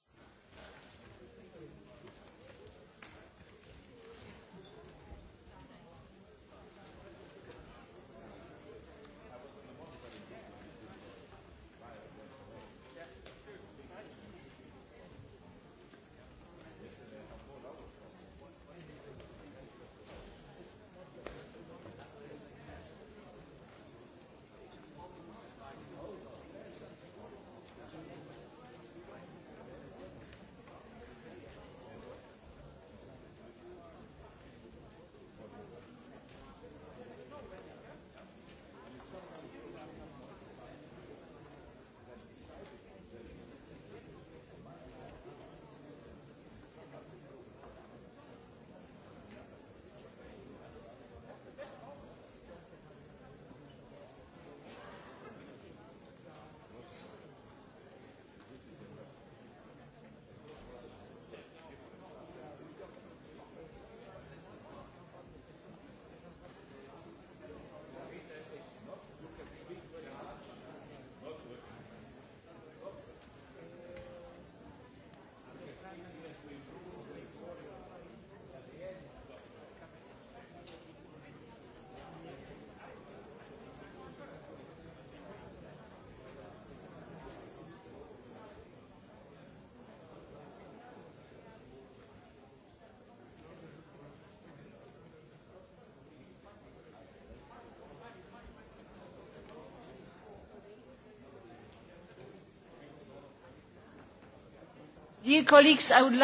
dear colleagues i would like to thank you for your attention.